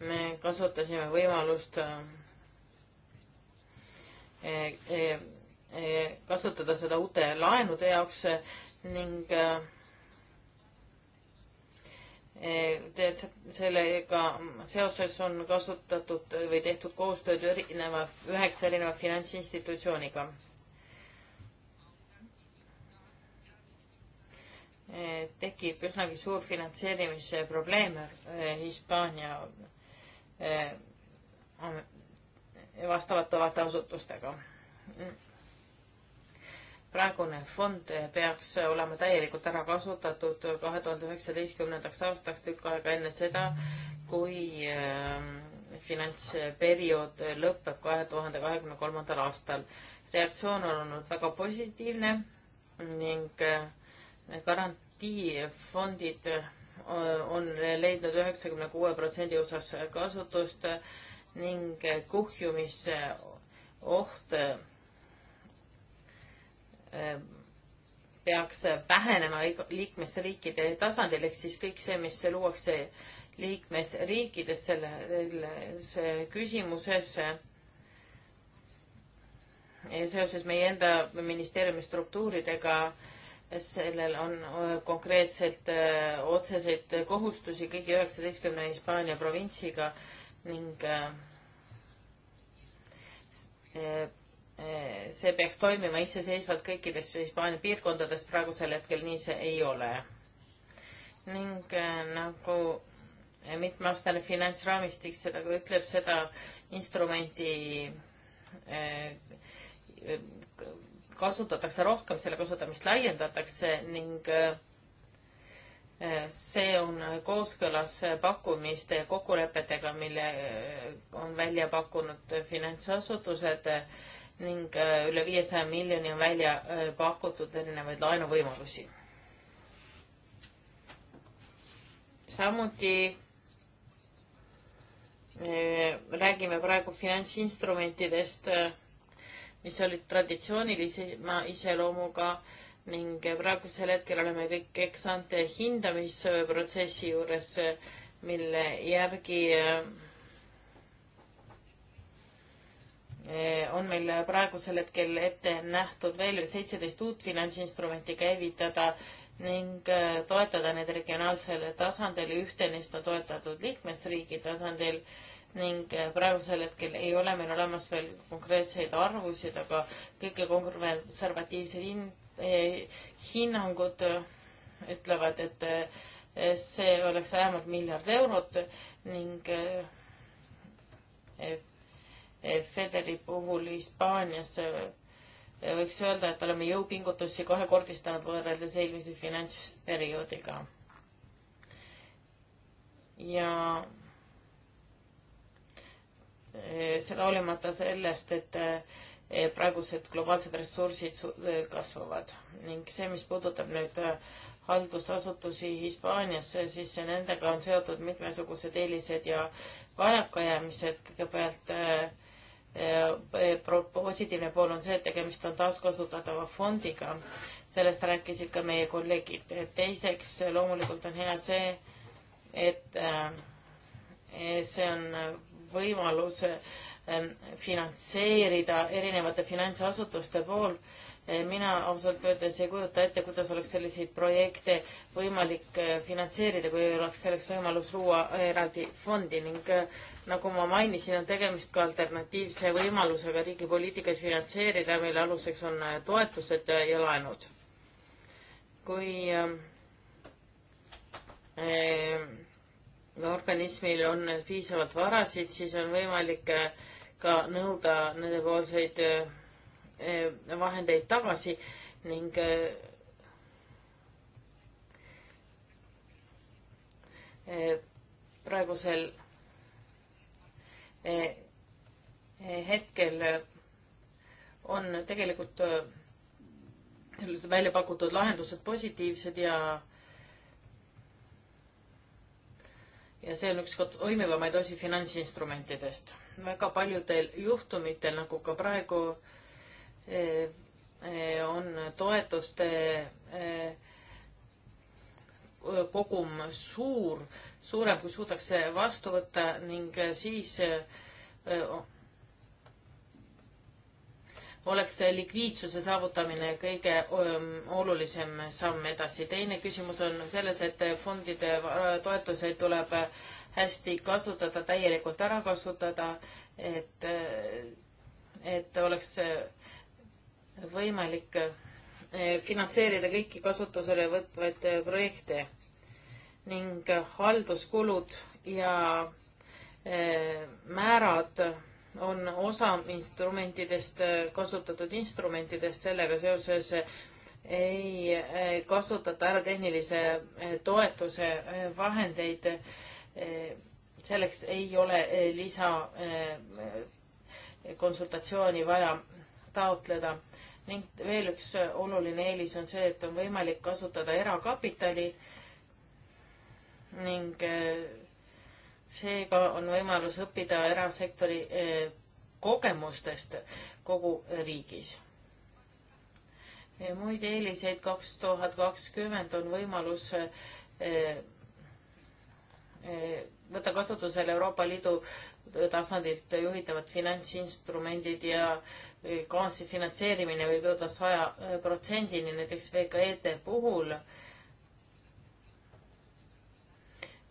me kasutasime võimalust Eh, kasutada seda uute laenude jaoks eh, ning eh, tead, sellega seoses on kasutatud või tehtud koostööd erineva, üheksa erineva finantsinstitutsiooniga. tekib üsnagi suur finantseerimise probleem Hispaania vastavate vaateasutustega praegune fond peaks olema täielikult ära kasutatud kahe tuhande üheksateistkümnendaks aastaks tükk aega enne seda, kui ähm, finantsperiood lõpeb kahe tuhande kahekümne kolmandal aastal. reaktsioon on olnud väga positiivne ning äh, garantiifondid äh, on leidnud üheksakümne kuue protsendi osas kasutust ning äh, kuhjumise oht peaks vähenema liikmesriikide tasandil, ehk siis kõik see, mis luuakse liikmesriikides selles küsimuses seoses meie enda ministeeriumi struktuuridega sellel on äh, konkreetselt äh, otseseid kohustusi kõigi üheksateistkümne Hispaania provintsiga ning äh, Eh, see peaks toimima iseseisvalt kõikides Hispaania piirkondades, praegusel hetkel nii see ei ole. ning eh, nagu mitmeaastane finantsraamistik seda ka ütleb, seda instrumenti eh, kasutatakse rohkem, selle kasutamist laiendatakse ning see on kooskõlas pakkumiste ja kokkulepetega, mille on välja pakkunud finantsasutused ning äh, üle viiesaja miljoni on välja äh, pakutud erinevaid laenuvõimalusi. samuti äh, räägime praegu finantsinstrumentidest, mis olid traditsioonilisema iseloomuga ning praegusel hetkel oleme kõik eksante hindamisprotsessi juures, mille järgi Eh, on meil praegusel hetkel ette nähtud veel seitseteist uut finantsinstrumenti käivitada ning eh, toetada need regionaalsel tasandil, ühte neist on toetatud liikmesriigi tasandil ning eh, praegusel hetkel ei ole meil olemas veel konkreetseid arvusid, aga kõige konservatiivsed hin-, hinnangud ütlevad, et see oleks vähemalt miljard eurot ning et Federi puhul Hispaanias eh, võiks öelda, et oleme jõupingutusi kahekordistanud võrreldes eelmise finantsperioodiga. ja eh, seda hoolimata sellest, et eh, praegused globaalsed ressursid kasvavad ning see, mis puudutab nüüd haldusasutusi Hispaanias, siis nendega on seotud mitmesugused eelised ja vajakajäämised. kõigepealt äh, Äh, äh, positiivne pool on see, et tegemist on taaskasutatava fondiga. sellest rääkisid ka meie kolleegid. teiseks loomulikult on hea see, et äh, see on võimalus finantseerida erinevate finantsasutuste poolt mina ausalt öeldes ei kujuta ette, kuidas oleks selliseid projekte võimalik finantseerida, kui ei oleks selleks võimalus luua eraldi fondi ning nagu ma mainisin, on tegemist ka alternatiivse võimalusega riigi poliitikaid finantseerida, mille aluseks on äh, toetused ja laenud. kui äh, organismil on piisavalt varasid, siis on võimalik äh, ka nõuda nendepoolseid äh, äh, vahendeid tagasi ning äh, praegusel Eh, eh, hetkel eh, on tegelikult välja pakutud lahendused positiivsed ja ja see on üks toimivamaid osi finantsinstrumentidest. väga paljudel juhtumitel, nagu ka praegu, on toetuste kogum suur suurem, kui suutakse vastu võtta ning siis äh, oleks likviidsuse saavutamine kõige ähm, olulisem samm edasi. teine küsimus on selles, et fondide toetuseid tuleb äh, hästi kasutada, täielikult ära kasutada, et, äh, et oleks võimalik finantseerida kõiki kasutusele võtvaid projekte ning halduskulud ja eh, määrad on osa instrumentidest, kasutatud instrumentidest, sellega seoses ei eh, kasutata ära tehnilise eh, toetuse vahendeid. selleks ei ole lisakonsultatsiooni vaja taotleda ning veel üks oluline eelis on see, et on võimalik kasutada erakapitali ning eh, seega on võimalus õppida erasektori eh, kogemustest kogu riigis. muid eeliseid kaks tuhat kakskümmend on võimalus eh, võtta kasutusele Euroopa Liidu tasandilt juhitavad finantsinstrumendid ja kaasfinantseerimine võib jõuda saja protsendini näiteks VKE-de puhul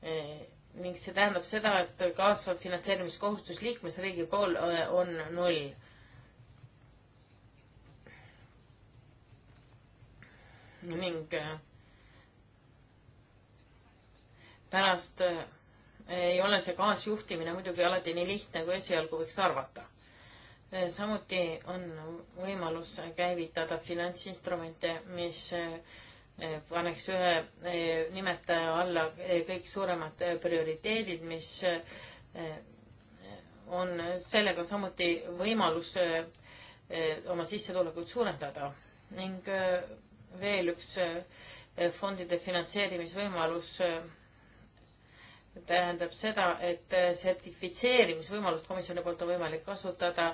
Eh, ning see tähendab seda, et kaasav finantseerimiskohustus liikmesriigi pool eh, on null. ning eh, pärast ei ole see kaasjuhtimine muidugi alati nii lihtne, kui esialgu võiks arvata. samuti on võimalus käivitada finantsinstrumente, mis paneks ühe eh, nimetaja alla eh, kõik suuremad eh, prioriteedid, mis on sellega samuti võimalus oma sissetulekuid suurendada ning veel üks fondide finantseerimisvõimalus tähendab seda, et sertifitseerimisvõimalust komisjoni poolt on võimalik kasutada,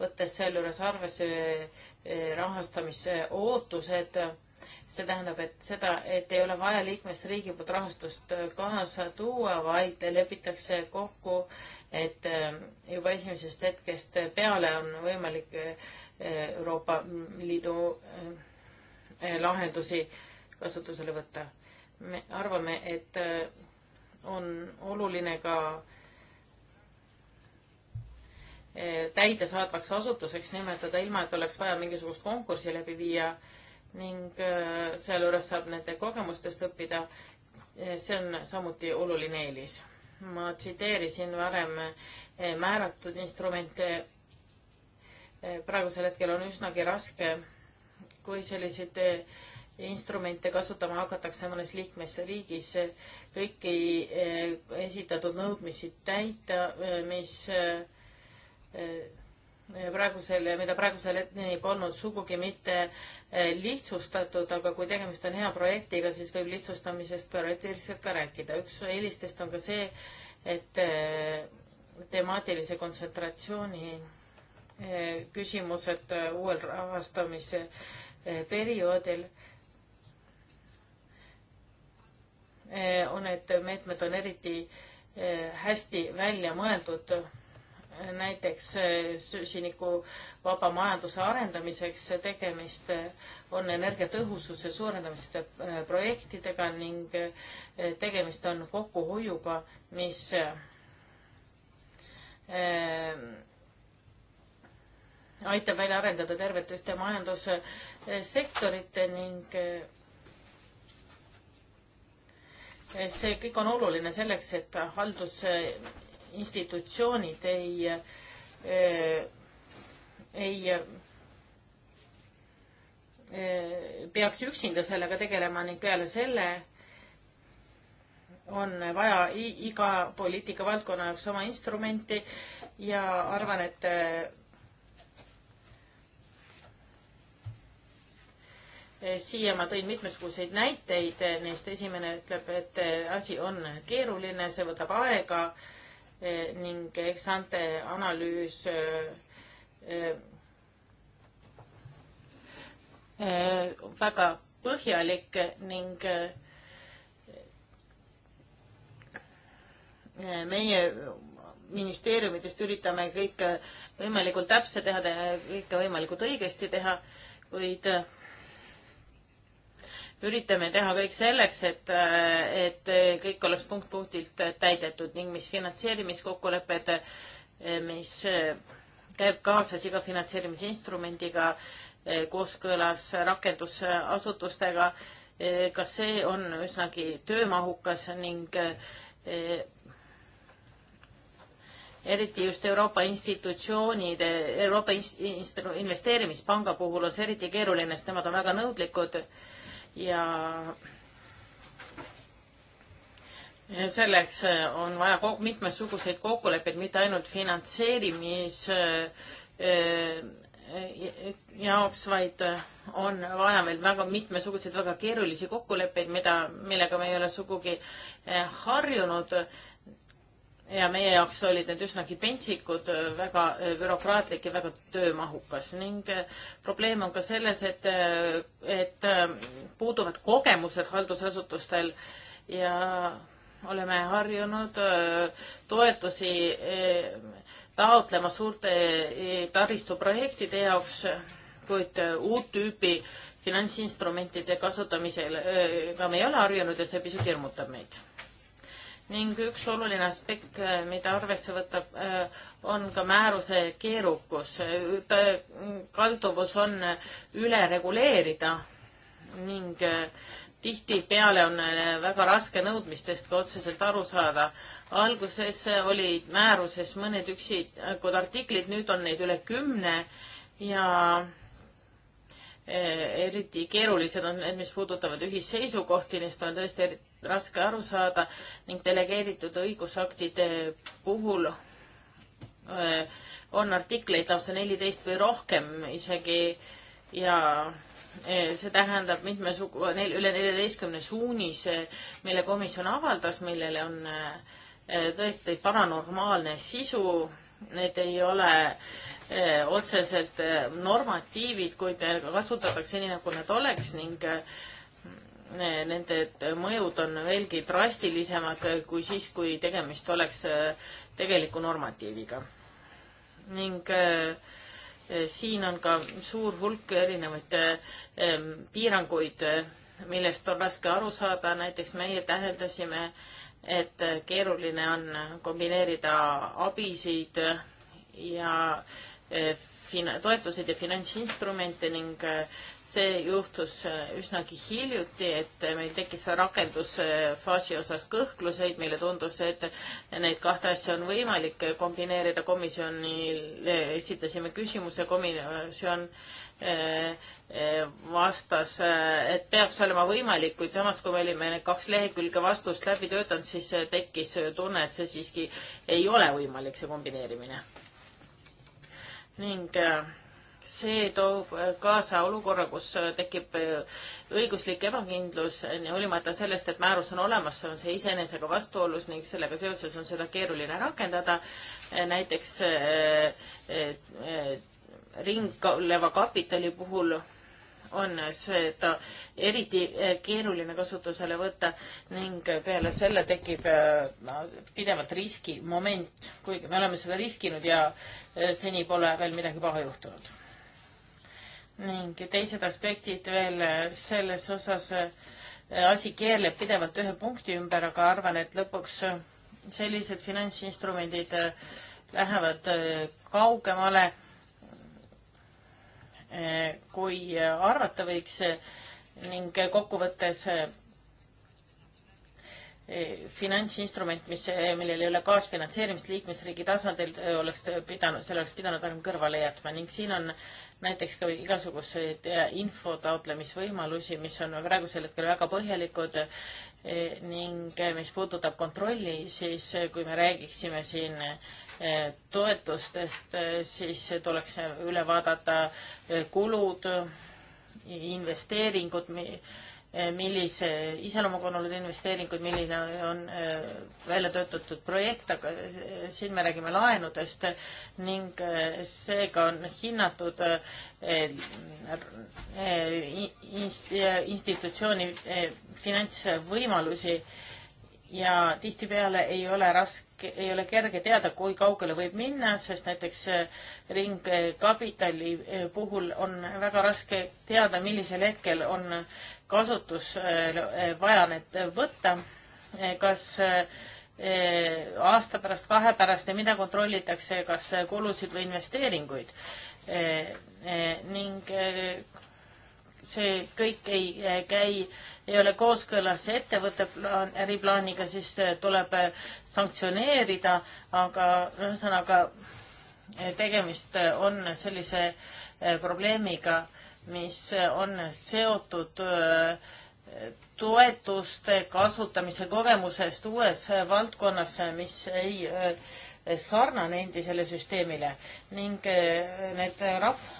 võttes sealjuures arvesse rahastamise ootused see tähendab, et seda, et ei ole vaja liikmesriigi poolt rahastust kaasa tuua, vaid lepitakse kokku, et eh, juba esimesest hetkest peale on võimalik eh, Euroopa Liidu eh, lahendusi kasutusele võtta. me arvame, et on oluline ka täidesaadvaks asutuseks nimetada, ilma et oleks vaja mingisugust konkurssi läbi viia äh, ning äh, sealjuures saab nende kogemustest õppida. Äh, see on samuti oluline eelis. ma tsiteerisin varem äh, määratud instrumente. praegusel hetkel on üsnagi raske, kui selliseid instrumente kasutama hakatakse mõnes liikmesriigis, kõiki esitatud nõudmisi täita, mis praegusel, mida praegusel hetkeni polnud sugugi mitte eh, lihtsustatud, aga kui tegemist on hea projektiga, siis võib lihtsustamisest prioriteetselt ka rääkida. üks eelistest on ka see, et eh, temaatilise kontsentratsiooni eh, küsimused uuel rahastamise perioodil on, et meetmed on eriti hästi välja mõeldud näiteks eh, süsinikuvaba majanduse arendamiseks tegemist eh, on energiatõhususe suurendamise eh, projektidega ning tegemist on kokkuhoiuga, mis aitab välja arendada tervet ühte majandussektorit ning see kõik on oluline selleks, et haldus institutsioonid ei, eh, ei eh, peaks üksinda sellega tegelema ning peale selle on vaja iga poliitika valdkonna jaoks oma instrumenti ja arvan, et eh, siia ma tõin mitmesuguseid näiteid, neist esimene ütleb, et asi on keeruline, see võtab aega Eh, ning eksante analüüs eh, eh, väga põhjalik ning meie ministeeriumidest üritame kõike võimalikult täpse teha, kõike võimalikult õigesti teha, kuid üritame teha kõik selleks, et, et kõik oleks punkt-punktilt täidetud ning mis finantseerimiskokkulepped, mis käib kaasas iga finantseerimisinstrumendiga kooskõlas rakendusasutustega, ka see on üsnagi töömahukas ning eriti just Euroopa institutsioonide, Euroopa Investeerimispanga puhul on see eriti keeruline, sest nemad on väga nõudlikud äh, ja ja selleks äh, on vaja mitmesuguseid kokkuleppeid, mitte ainult finantseerimis äh, äh, jaoks, vaid on vaja veel väga mitmesuguseid väga keerulisi kokkuleppeid, mida, millega me ei ole sugugi harjunud ja meie jaoks olid need üsnagi pentsikud, väga äh, bürokraatlik ja väga töömahukas ning äh, probleem on ka selles, et, äh, et puuduvad kogemused haldusasutustel ja oleme harjunud toetusi taotlema suurte taristuprojektide jaoks, kuid uut tüüpi finantsinstrumentide kasutamisel ka me ei ole harjunud ja see pisut hirmutab meid ning üks oluline aspekt, äh, mida arvesse võtta, äh, on ka määruse keerukus. Äh, kalduvus on üle reguleerida ning tihtipeale on väga raske nõudmistest ka otseselt aru saada. alguses olid määruses mõned üksikud artiklid, nüüd on neid üle kümne ja Eh, eriti keerulised on need, mis puudutavad ühisseisukohti, neist on tõesti raske aru saada ning delegeeritud õigusaktide puhul eh, on artikleid lausa neliteist või rohkem isegi ja eh, see tähendab mitmesugu-, üle neljateistkümne suunise, mille komisjon avaldas, millele on tõesti paranormaalne sisu, need ei ole Eh, otsesed eh, normatiivid, kuid kasutatakse nii, nagu need oleks ning eh, nende mõjud on veelgi drastilisemad kui siis, kui tegemist oleks tegeliku normatiiviga. ning siin on ka suur hulk erinevaid piiranguid, millest on raske aru saada, näiteks meie täheldasime, et keeruline on kombineerida abisid ja äh, Eh, toetuseid ja finantsinstrumente ning eh, see juhtus eh, üsnagi hiljuti, et meil tekkis rakendusfaasi osas kõhkluseid, meile tundus, et neid kahte asja on võimalik kombineerida. komisjonile esitasime küsimuse, komisjon vastas, et peaks olema võimalik, kuid samas, kui me olime need kaks lehekülge vastust läbi töötanud, siis tekkis tunne, et see siiski ei ole võimalik, see kombineerimine ning äh, see toob kaasa olukorra, kus äh, tekib äh, õiguslik ebakindlus, hoolimata sellest, et määrus on olemas, on see iseenesega vastuolus ning sellega seoses on seda keeruline rakendada. näiteks ringleva kapitali puhul on seda eriti eh, keeruline kasutusele võtta ning peale selle tekib eh, pidevalt riskimoment, kuigi me oleme seda riskinud ja eh, seni pole veel midagi paha juhtunud. ning teised aspektid veel selles osas, asi keerleb pidevalt ühe punkti ümber, aga arvan, et lõpuks sellised finantsinstrumendid lähevad kaugemale Eh, kui arvata võiks eh, ning kokkuvõttes eh, finantsinstrument, mis, millel ei ole kaasfinantseerimist liikmesriigi tasandil, oleks pidanud, selle oleks pidanud ainult kõrvale jätma ning siin on näiteks ka igasuguseid info taotlemisvõimalusi, mis on praegusel hetkel väga põhjalikud ning mis puudutab kontrolli, siis kui me räägiksime siin eh, toetustest, eh, siis tuleks üle vaadata eh, kulud, investeeringud, Eh, millise iseloomuga on olnud investeeringuid, milline on eh, välja töötatud projekt, aga eh, siin me räägime laenudest ning seega on hinnatud institutsiooni finantsvõimalusi ja tihtipeale ei ole raske, ei ole kerge teada, kui kaugele võib minna, sest näiteks ringkapitali puhul on väga raske teada, millisel hetkel on kasutusele eh, vaja need võtta, eh, kas eh, aasta pärast, kahe pärast ja mida kontrollitakse, kas kulusid või investeeringuid. ning see kõik ei käi, ei ole kooskõlas ettevõtte plaan, äriplaaniga, siis tuleb sanktsioneerida, aga ühesõnaga tegemist on sellise probleemiga mis on seotud äh, toetuste kasutamise kogemusest uues valdkonnas, mis ei äh, sarnane endisele süsteemile ning äh, need rahv-,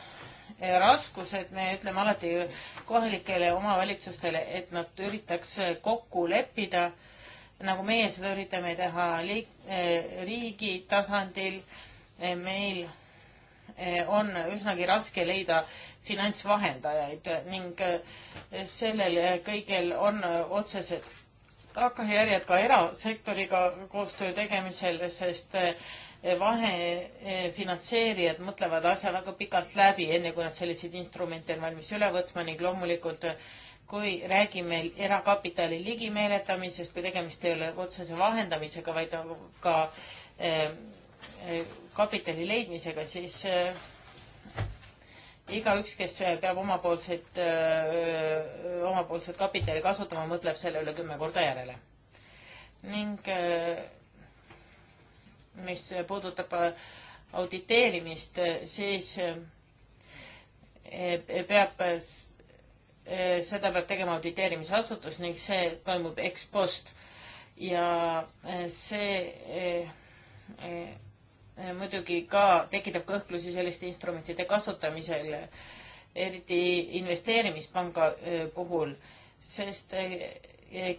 raskused, me ütleme alati kohalikele omavalitsustele, et nad üritaks kokku leppida, nagu meie seda üritame teha liik-, riigi tasandil, meil Eh, on üsnagi raske leida finantsvahendajaid ning eh, sellel eh, kõigel on otsesed takkajärjed ka erasektoriga koostöö tegemisel, sest vahefinantseerijad mõtlevad asja väga pikalt läbi, enne kui nad selliseid instrumente on valmis üle võtma ning loomulikult kui räägime erakapitali ligimeeletamisest, kui tegemist ei ole otsese vahendamisega, vaid ka eh, kapitali leidmisega, siis äh, igaüks, kes peab omapoolseid, äh, omapoolset kapitali kasutama, mõtleb selle üle kümme korda järele. ning äh, mis puudutab auditeerimist, siis peab, seda peab tegema auditeerimisasutus ning see toimub ex post ja see Eh, muidugi ka tekitab kõhklusi selliste instrumentide kasutamisel, eriti investeerimispanga eh, puhul, sest eh,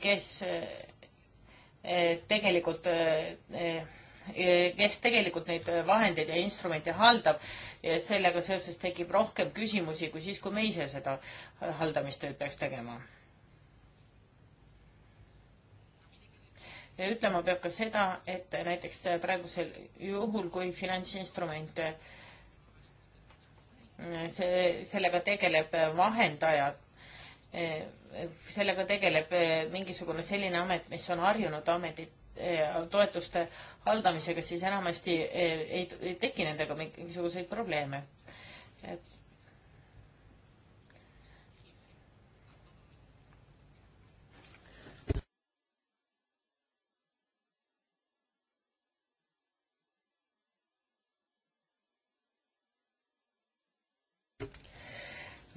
kes tegelikult, kes tegelikult neid vahendeid ja instrumente haldab, sellega seoses tekib rohkem küsimusi kui siis, kui me ise seda haldamistööd peaks tegema ja ütlema peab ka seda, et näiteks praegusel juhul, kui finantsinstrumente see, sellega tegeleb vahendaja, sellega tegeleb mingisugune selline amet, mis on harjunud ametit, toetuste haldamisega, siis enamasti ei, ei, ei teki nendega mingisuguseid probleeme.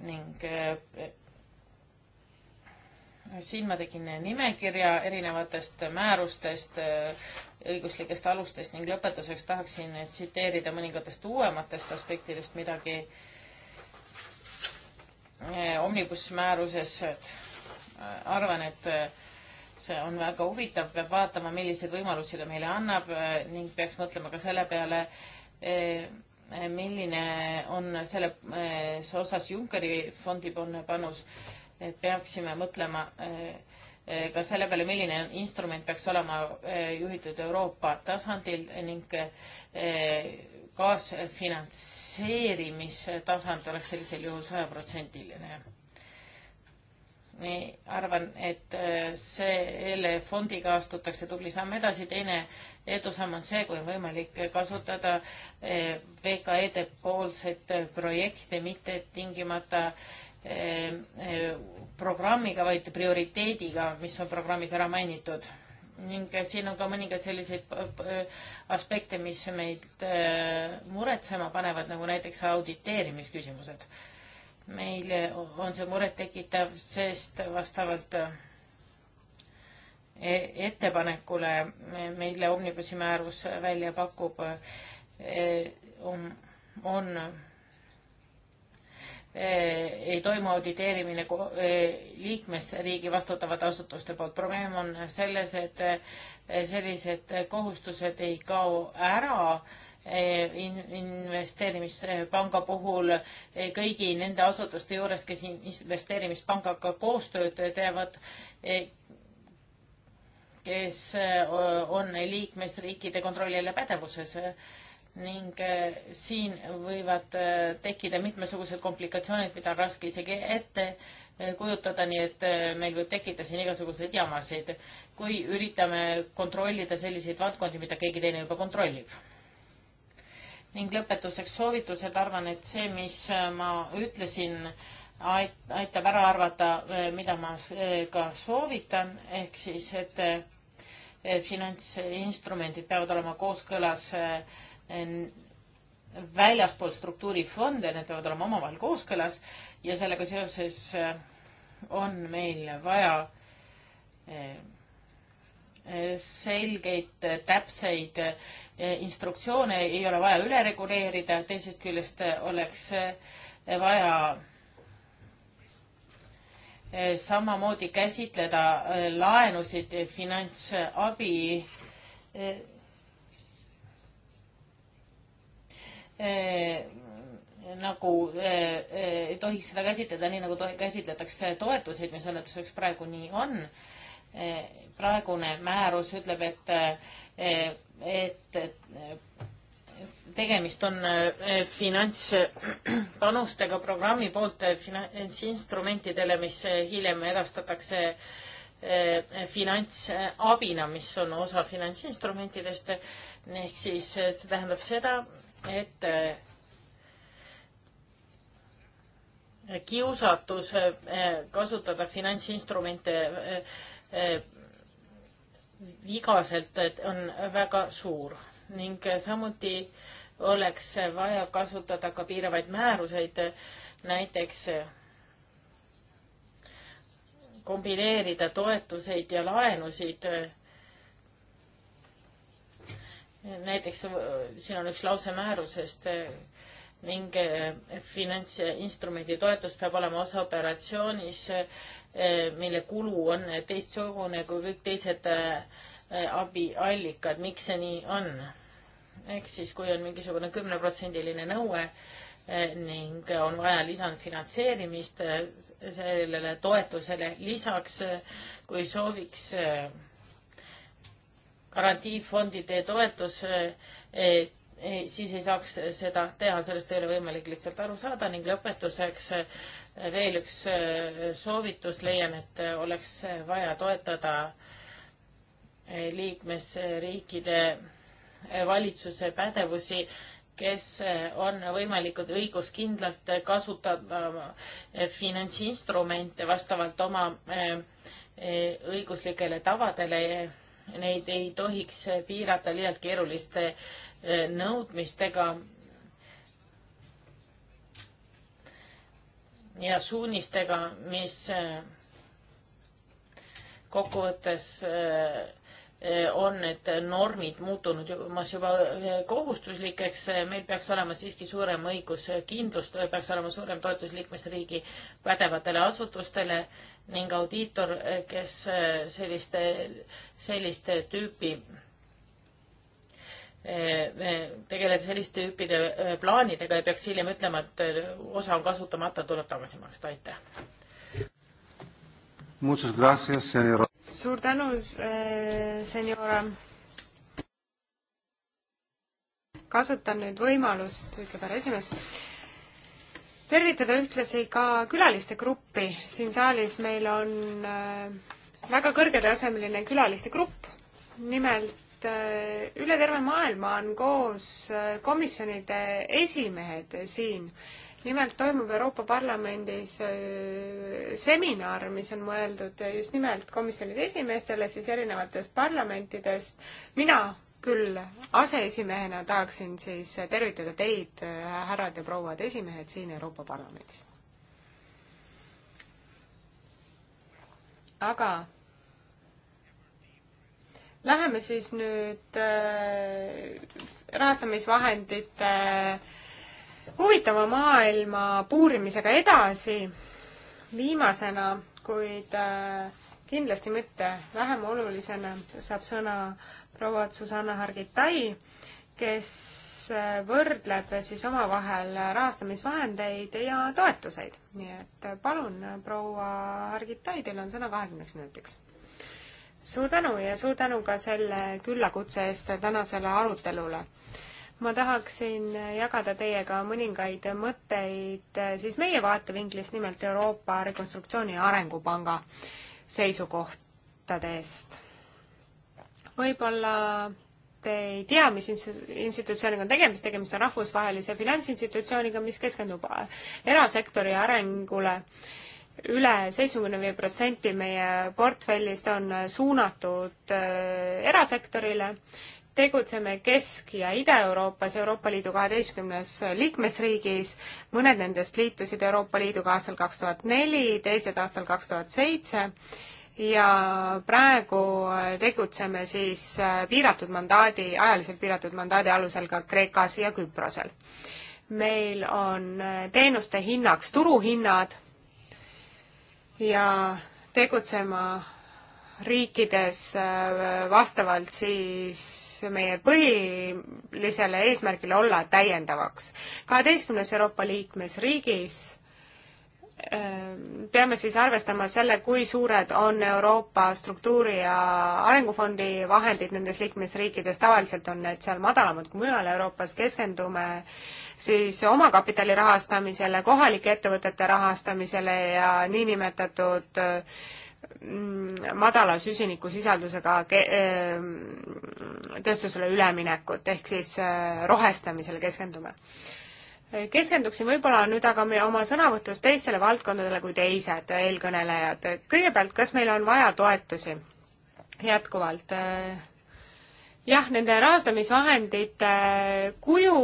ning äh, siin ma tegin nimekirja erinevatest määrustest, äh, õiguslikest alustest ning lõpetuseks tahaksin äh, tsiteerida mõningatest uuematest aspektidest midagi omnibus määruses, et arvan, et see on väga huvitav, peab vaatama, milliseid võimalusi ta meile annab ning peaks mõtlema ka selle peale, Eh, milline on selles eh, osas Junckeri fondipoolne panus, et peaksime mõtlema eh, ka selle peale, milline instrument peaks olema juhitud Euroopa tasandil ning kaasfinantseerimistasand oleks sellisel juhul sajaprotsendiline nii arvan, et äh, selle fondiga astutakse tubli samm edasi, teine edusamm on see, kui on võimalik kasutada äh, VKE-de poolseid projekte, mitte tingimata äh, programmiga, vaid prioriteediga, mis on programmis ära mainitud. ning siin on ka mõningaid selliseid aspekte, mis meid muretsema panevad, nagu näiteks auditeerimisküsimused meile on see murettekitav, sest vastavalt eh, ettepanekule, mille Omnibussi määrus välja pakub, eh, um, on, on eh, ei toimu auditeerimine liikmesriigi vastutavate asutuste poolt. probleem on selles, et sellised kohustused ei kao ära Eh, investeerimispanga puhul eh, kõigi nende asutuste juures, kes investeerimispangaga koostööd teevad, eh, kes on liikmesriikide kontrolli alla pädevuses ning siin võivad tekkida mitmesugused komplikatsioonid, mida on raske isegi ette kujutada, nii et meil võib tekkida siin igasuguseid jamasid, kui üritame kontrollida selliseid valdkondi, mida keegi teine juba kontrollib ning lõpetuseks soovitused, arvan, et see, mis äh, ma ütlesin, aitab ära arvata, äh, mida ma äh, ka soovitan, ehk siis, et finantsinstrumendid peavad olema kooskõlas väljaspool struktuurifonde, need peavad olema omavahel kooskõlas ja sellega seoses on meil vaja selgeid, täpseid eh, instruktsioone, ei ole vaja üle reguleerida, teisest küljest oleks eh, vaja eh, samamoodi käsitleda laenusid, finantsabi nagu ei tohiks seda käsitleda nii, nagu käsitletakse toetuseid, mis õnnetuseks praegu nii on praegune määrus ütleb, et, et tegemist on äh, finantspanustega programmi poolt finantsinstrumentidele, mis hiljem edastatakse äh, finantsabina, mis on osa finantsinstrumentidest. ehk siis äh, see tähendab seda, et kiusatus kasutada finantsinstrumente vigaselt on väga suur ning samuti oleks vaja kasutada ka piiravaid määruseid, näiteks kombineerida toetuseid ja laenusid. näiteks siin on üks lause määrusest ning finantsinstrumendi toetus peab olema osa operatsioonis Eh, mille kulu on teistsugune kui kõik teised eh, abiallikad, miks see nii on? ehk siis, kui on mingisugune kümneprotsendiline nõue eh, ning on vaja lisandfinantseerimist sellele toetusele lisaks, kui sooviks garantiifondide toetus, siis ei saaks seda teha, sellest ei ole võimalik lihtsalt aru saada ning lõpetuseks veel üks äh, soovitus, leian, et äh, oleks vaja toetada äh, liikmesriikide valitsuse pädevusi, kes on võimalikud õiguskindlalt kasutada finantsinstrumente vastavalt oma õiguslikele tavadele. Neid ei tohiks piirata liialt keeruliste nõudmistega ja suunistega, mis äh, kokkuvõttes äh, äh, on need normid muutunud juba kohustuslikeks, meil peaks olema siiski suurem õiguskindlus, peaks olema suurem toetus liikmesriigi pädevatele asutustele ning audiitor, kes selliste, selliste tüüpi tegeleda selliste tüüpide äh, plaanidega ja peaks hiljem ütlema, et äh, osa on kasutamata, tuleb tagasi maksta, aitäh. suur tänu, äh, senora. kasutan nüüd võimalust, ütleb härra esimees, tervitada ühtlasi ka külaliste gruppi. siin saalis meil on väga kõrgetasemeline külaliste grupp, nimelt et äh, üle terve maailma on koos äh, komisjonide esimehed siin. nimelt toimub Euroopa Parlamendis äh, seminar, mis on mõeldud just nimelt komisjonide esimeestele siis erinevatest parlamentidest. mina küll aseesimehena tahaksin siis tervitada teid, härrad ja prouad esimehed siin Euroopa Parlamendis. aga Läheme siis nüüd äh, rahastamisvahendite äh, huvitava maailma puurimisega edasi. viimasena, kuid äh, kindlasti mitte vähem olulisena, saab sõna proua Susanna Hargitai, kes võrdleb siis omavahel rahastamisvahendeid ja toetuseid. nii et palun, proua Hargitai, teil on sõna kahekümneks minutiks suur tänu ja suur tänu ka selle küllakutse eest tänasele arutelule. ma tahaksin jagada teiega mõningaid mõtteid siis meie vaatevinklist, nimelt Euroopa Rekonstruktsiooni ja Arengupanga seisukohtadest. võib-olla te ei tea, mis institutsiooniga on tegemist, tegemist on rahvusvahelise finantsinstitutsiooniga, mis keskendub erasektori arengule üle seitsmekümne viie protsenti meie portfellist on suunatud äh, erasektorile. tegutseme Kesk- ja Ida-Euroopas, Euroopa Liidu kaheteistkümnes liikmesriigis, mõned nendest liitusid Euroopa Liiduga aastal kaks tuhat neli, teised aastal kaks tuhat seitse ja praegu äh, tegutseme siis äh, piiratud mandaadi, ajaliselt piiratud mandaadi alusel ka Kreekas ja Küprosel. meil on teenuste hinnaks turuhinnad ja tegutsema riikides äh, vastavalt siis meie põhilisele eesmärgile olla täiendavaks. kaheteistkümnes Euroopa liikmesriigis Ehm, peame siis arvestama selle, kui suured on Euroopa struktuuri- ja arengufondi vahendid nendes liikmesriikides, tavaliselt on need seal madalamad kui mujal Euroopas, keskendume siis omakapitali rahastamisele, kohalike ettevõtete rahastamisele ja niinimetatud mm, madala süsinikusisaldusega ehm, tööstusele üleminekut ehk siis eh, rohestamisele keskendume keskenduksin võib-olla nüüd aga oma sõnavõtus teistele valdkondadele kui teised eelkõnelejad. kõigepealt, kas meil on vaja toetusi jätkuvalt? jah, nende rahastamisvahendite kuju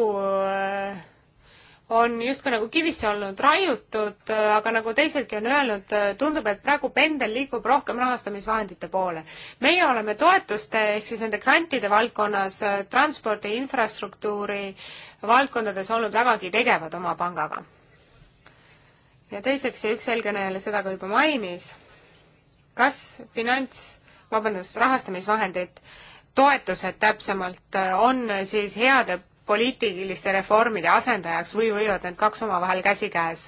on justkui nagu kivisse olnud raiutud, äh, aga nagu teisedki on öelnud, äh, tundub, et praegu pendel liigub rohkem rahastamisvahendite poole. meie oleme toetuste ehk siis nende grantide valdkonnas äh, transpordi infrastruktuuri valdkondades olnud vägagi tegevad oma pangaga. ja teiseks, ja üks eelkõneleja seda ka juba mainis, kas finants, vabandust, rahastamisvahendid toetused täpsemalt on siis heade poliitiliste reformide asendajaks või võivad need kaks omavahel käsikäes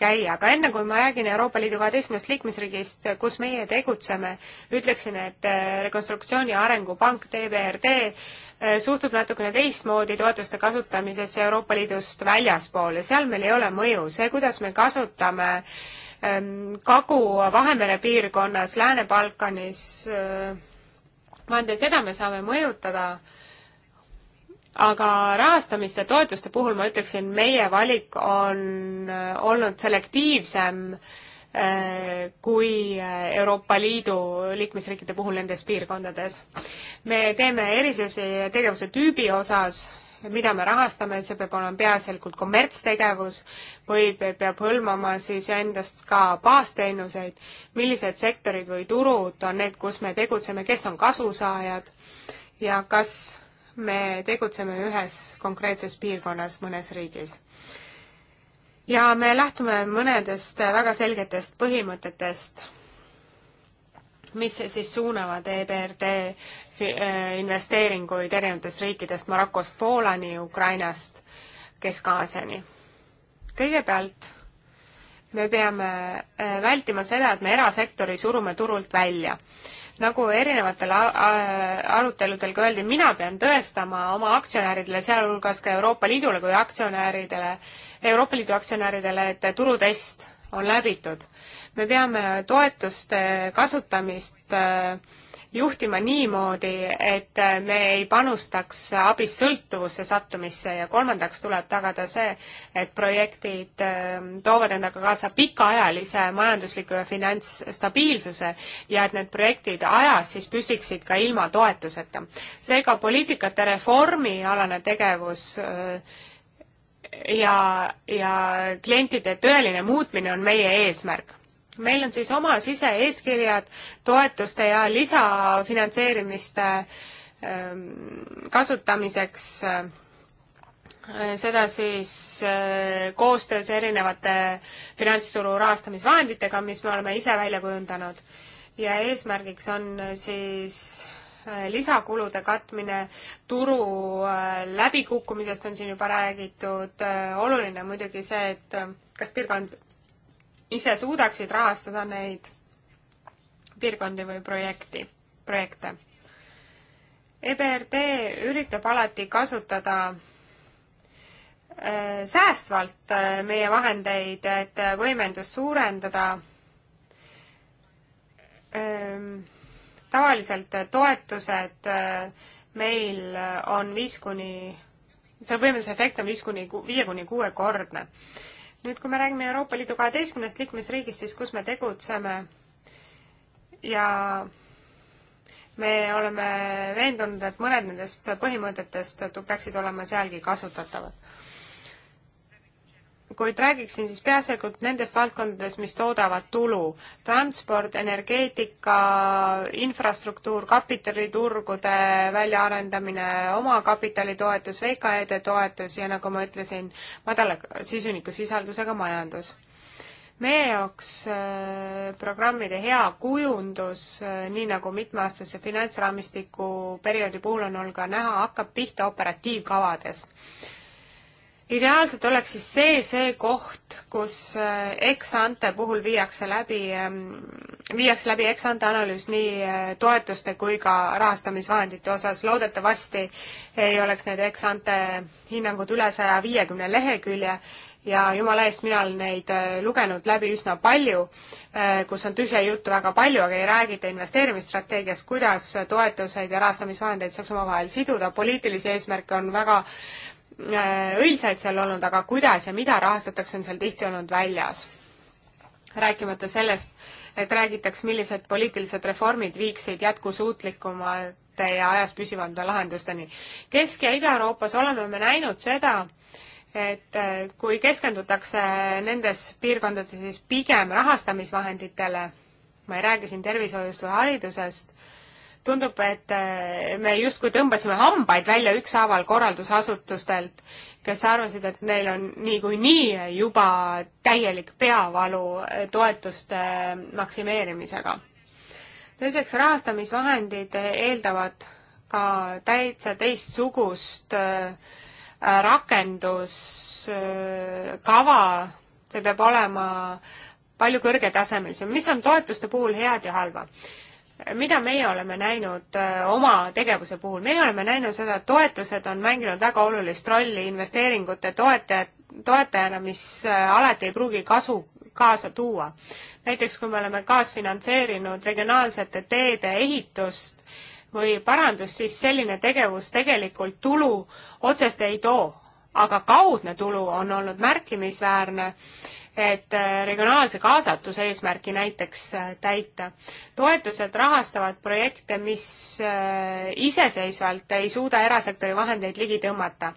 käia, aga enne kui ma räägin Euroopa Liidu kaheteistkümnest liikmesriigist, kus meie tegutseme, ütleksin, et äh, Rekonstruktsiooni Arengupank, TBRD, äh, suhtub natukene teistmoodi toetuste kasutamisesse Euroopa Liidust väljaspool ja seal meil ei ole mõju. see, kuidas me kasutame ähm, Kagu-Vahemere piirkonnas, Lääne-Balkanis, äh, ma arvan, et seda me saame mõjutada äh, aga rahastamiste toetuste puhul ma ütleksin, meie valik on äh, olnud selektiivsem äh, kui äh, Euroopa Liidu liikmesriikide puhul nendes piirkondades. me teeme erisusi tegevuse tüübi osas, mida me rahastame, see peab olema peaasjalikult kommertstegevus või peab hõlmama siis endast ka baasteenuseid, millised sektorid või turud on need, kus me tegutseme, kes on kasusaajad ja kas me tegutseme ühes konkreetses piirkonnas mõnes riigis. ja me lähtume mõnedest väga selgetest põhimõtetest, mis siis suunavad EBRD eh, investeeringuid erinevatest riikidest Marokost Poolani, Ukrainast Kesk-Aasiani. kõigepealt me peame eh, vältima seda, et me erasektori surume turult välja nagu erinevatel aruteludel ka öeldi, mina pean tõestama oma aktsionäridele, sealhulgas ka Euroopa Liidule kui aktsionäridele, Euroopa Liidu aktsionäridele, et turutest on läbitud. me peame toetuste kasutamist äh, juhtima niimoodi, et me ei panustaks abist sõltuvusse sattumisse ja kolmandaks tuleb tagada see, et projektid ähm, toovad endaga kaasa pikaajalise majandusliku ja finantsstabiilsuse ja et need projektid ajas siis püsiksid ka ilma toetuseta. seega poliitikate reformi alane tegevus äh, ja, ja klientide tõeline muutmine on meie eesmärk meil on siis oma sise-eeskirjad toetuste ja lisafinantseerimiste ähm, kasutamiseks, äh, seda siis äh, koostöös erinevate finantsturu rahastamisvahenditega, mis me oleme ise välja kujundanud. ja eesmärgiks on siis äh, lisakulude katmine, turu läbikukkumisest on siin juba räägitud, oluline on muidugi see, et kas piirkond ise suudaksid rahastada neid piirkondi või projekti, projekte. EBRD üritab alati kasutada äh, säästvalt äh, meie vahendeid, et äh, võimendust suurendada. Ähm, tavaliselt toetused meil on viis kuni, see võimendusefekt on viis kuni, viie kuni kuuekordne nüüd, kui me räägime Euroopa Liidu kaheteistkümnest liikmesriigist, siis kus me tegutseme ja me oleme veendunud, et mõned nendest põhimõtetest peaksid olema sealgi kasutatavad kuid räägiksin siis peaasjalikult nendest valdkondadest, mis toodavad tulu. transport, energeetika, infrastruktuur, kapitaliturgude väljaarendamine, omakapitalitoetus, VKE-de toetus ja nagu ma ütlesin, madala süsinikusisaldusega majandus meie jaoks äh, programmide hea kujundus, äh, nii nagu mitmeaastase finantsraamistiku perioodi puhul on olnud ka näha, hakkab pihta operatiivkavadest ideaalselt oleks siis see, see koht, kus äh, ex-ante puhul viiakse läbi, ähm, viiakse läbi ex-ante analüüs nii äh, toetuste kui ka rahastamisvahendite osas. loodetavasti ei oleks need ex-ante hinnangud üle saja viiekümne lehekülje ja jumala eest, mina olen neid äh, lugenud läbi üsna palju, kus on tühja juttu väga palju, aga ei räägita investeerimisstrateegiast, kuidas toetuseid ja rahastamisvahendeid saaks omavahel siduda, poliitilisi eesmärke on väga Äh, õilsaid seal olnud, aga kuidas ja mida rahastatakse, on seal tihti olnud väljas. rääkimata sellest, et räägitaks, millised poliitilised reformid viiksid jätkusuutlikumate ja ajas püsivamate lahendusteni. Kesk- ja Ida-Euroopas oleme me näinud seda, et äh, kui keskendutakse nendes piirkondades siis pigem rahastamisvahenditele, ma ei räägi siin tervishoiust või haridusest, tundub, et äh, me justkui tõmbasime hambaid välja ükshaaval korraldusasutustelt, kes arvasid, et neil on niikuinii nii juba täielik peavalu äh, toetuste äh, maksimeerimisega. teiseks, rahastamisvahendid eeldavad ka täitsa teistsugust rakenduskava, see peab olema palju kõrgetasemelisem, mis on toetuste puhul head ja halva mida meie oleme näinud äh, oma tegevuse puhul, meie oleme näinud seda, et toetused on mänginud väga olulist rolli investeeringute toetajad, toetajana, mis äh, alati ei pruugi kasu kaasa tuua. näiteks kui me oleme kaasfinantseerinud regionaalsete teede ehitust või parandust, siis selline tegevus tegelikult tulu otsest ei too, aga kaudne tulu on olnud märkimisväärne et äh, regionaalse kaasatuse eesmärki näiteks äh, täita. toetused rahastavad projekte, mis äh, iseseisvalt ei suuda erasektori vahendeid ligi tõmmata.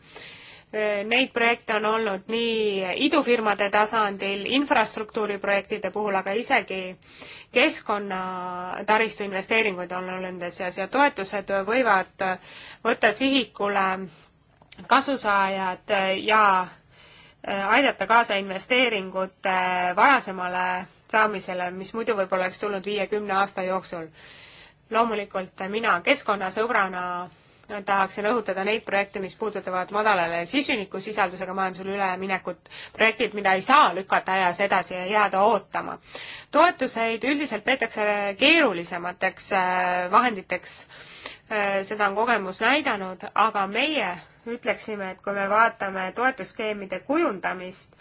Neid projekte on olnud nii idufirmade tasandil, infrastruktuuriprojektide puhul, aga isegi keskkonna taristu investeeringuid on olnud nende seas ja toetused võivad võtta sihikule kasusaajad ja Äh, aidata kaasa investeeringute varasemale saamisele, mis muidu võib-olla oleks tulnud viie-kümne aasta jooksul. loomulikult mina keskkonnasõbrana tahaksin rõhutada neid projekte, mis puudutavad madalale süsinikusisaldusega majandusele üleminekut, projektid, mida ei saa lükata ajas edasi ja jääda ootama. toetuseid üldiselt peetakse keerulisemateks äh, vahenditeks, äh, seda on kogemus näidanud, aga meie ütleksime, et kui me vaatame toetusskeemide kujundamist,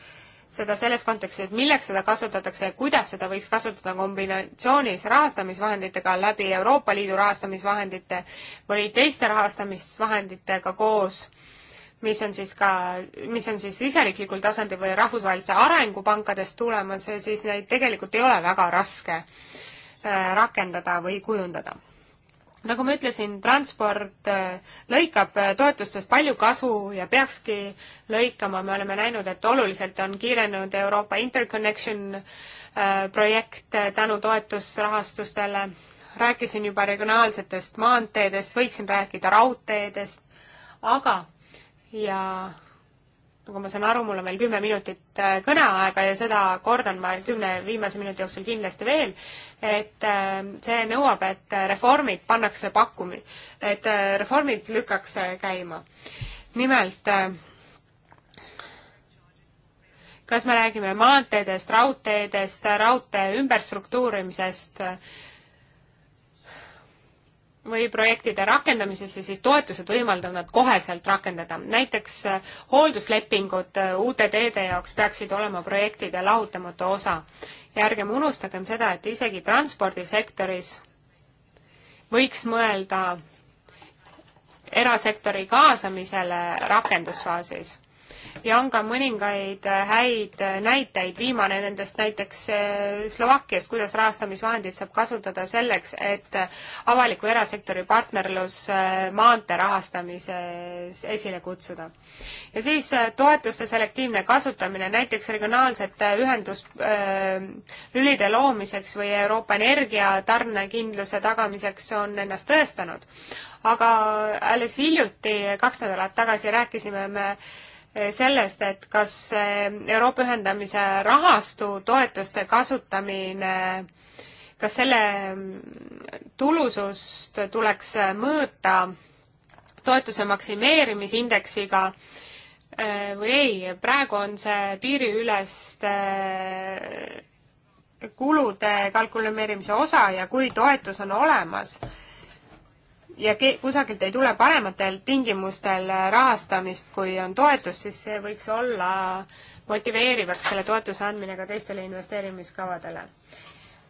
seda selles kontekstis, et milleks seda kasutatakse ja kuidas seda võiks kasutada kombinatsioonis rahastamisvahenditega läbi Euroopa Liidu rahastamisvahendite või teiste rahastamisvahenditega koos, mis on siis ka, mis on siis siseriiklikul tasandil või rahvusvaheliste arengupankadest tulemas, siis neid tegelikult ei ole väga raske äh, rakendada või kujundada nagu ma ütlesin, transport äh, lõikab äh, toetustest palju kasu ja peakski lõikama, me oleme näinud, et oluliselt on kiirenenud Euroopa Interconnection äh, projekt tänu toetusrahastustele, rääkisin juba regionaalsetest maanteedest, võiksin rääkida raudteedest, aga ja nagu ma saan aru, mul on veel kümme minutit äh, kõneaega ja seda kordan ma kümne viimase minuti jooksul kindlasti veel, et äh, see nõuab, et reformid pannakse pakkumi, et äh, reformid lükkaks käima. nimelt, kas me räägime maanteedest, raudteedest, raudtee ümberstruktuurimisest, või projektide rakendamisesse, siis toetused võimaldavad koheselt rakendada. näiteks äh, hoolduslepingud äh, uute teede jaoks peaksid olema projektide lahutamatu osa. ja ärgem unustagem seda, et isegi transpordisektoris võiks mõelda erasektori kaasamisele rakendusfaasis ja on ka mõningaid äh, häid äh, näiteid, viimane nendest näiteks äh, Slovakkias, kuidas rahastamisvahendid saab kasutada selleks, et avaliku erasektori partnerlus maantee rahastamises esile kutsuda. ja siis toetuste selektiivne kasutamine, näiteks regionaalsete ühenduslülide loomiseks või Euroopa energiatarnekindluse tagamiseks on ennast tõestanud aga alles hiljuti, kaks nädalat tagasi rääkisime me Eh, sellest, et kas eh, Euroopa ühendamise rahastu toetuste kasutamine, kas selle mm, tulusust tuleks eh, mõõta toetuse maksimeerimisindeksiga või ei, praegu on see piiriüleste kulude kalkuleerimise osa ja kui toetus on olemas, ja ke-, kusagilt ei tule parematel tingimustel rahastamist, kui on toetus, siis see võiks olla motiveerivaks selle toetuse andmine ka teistele investeerimiskavadele.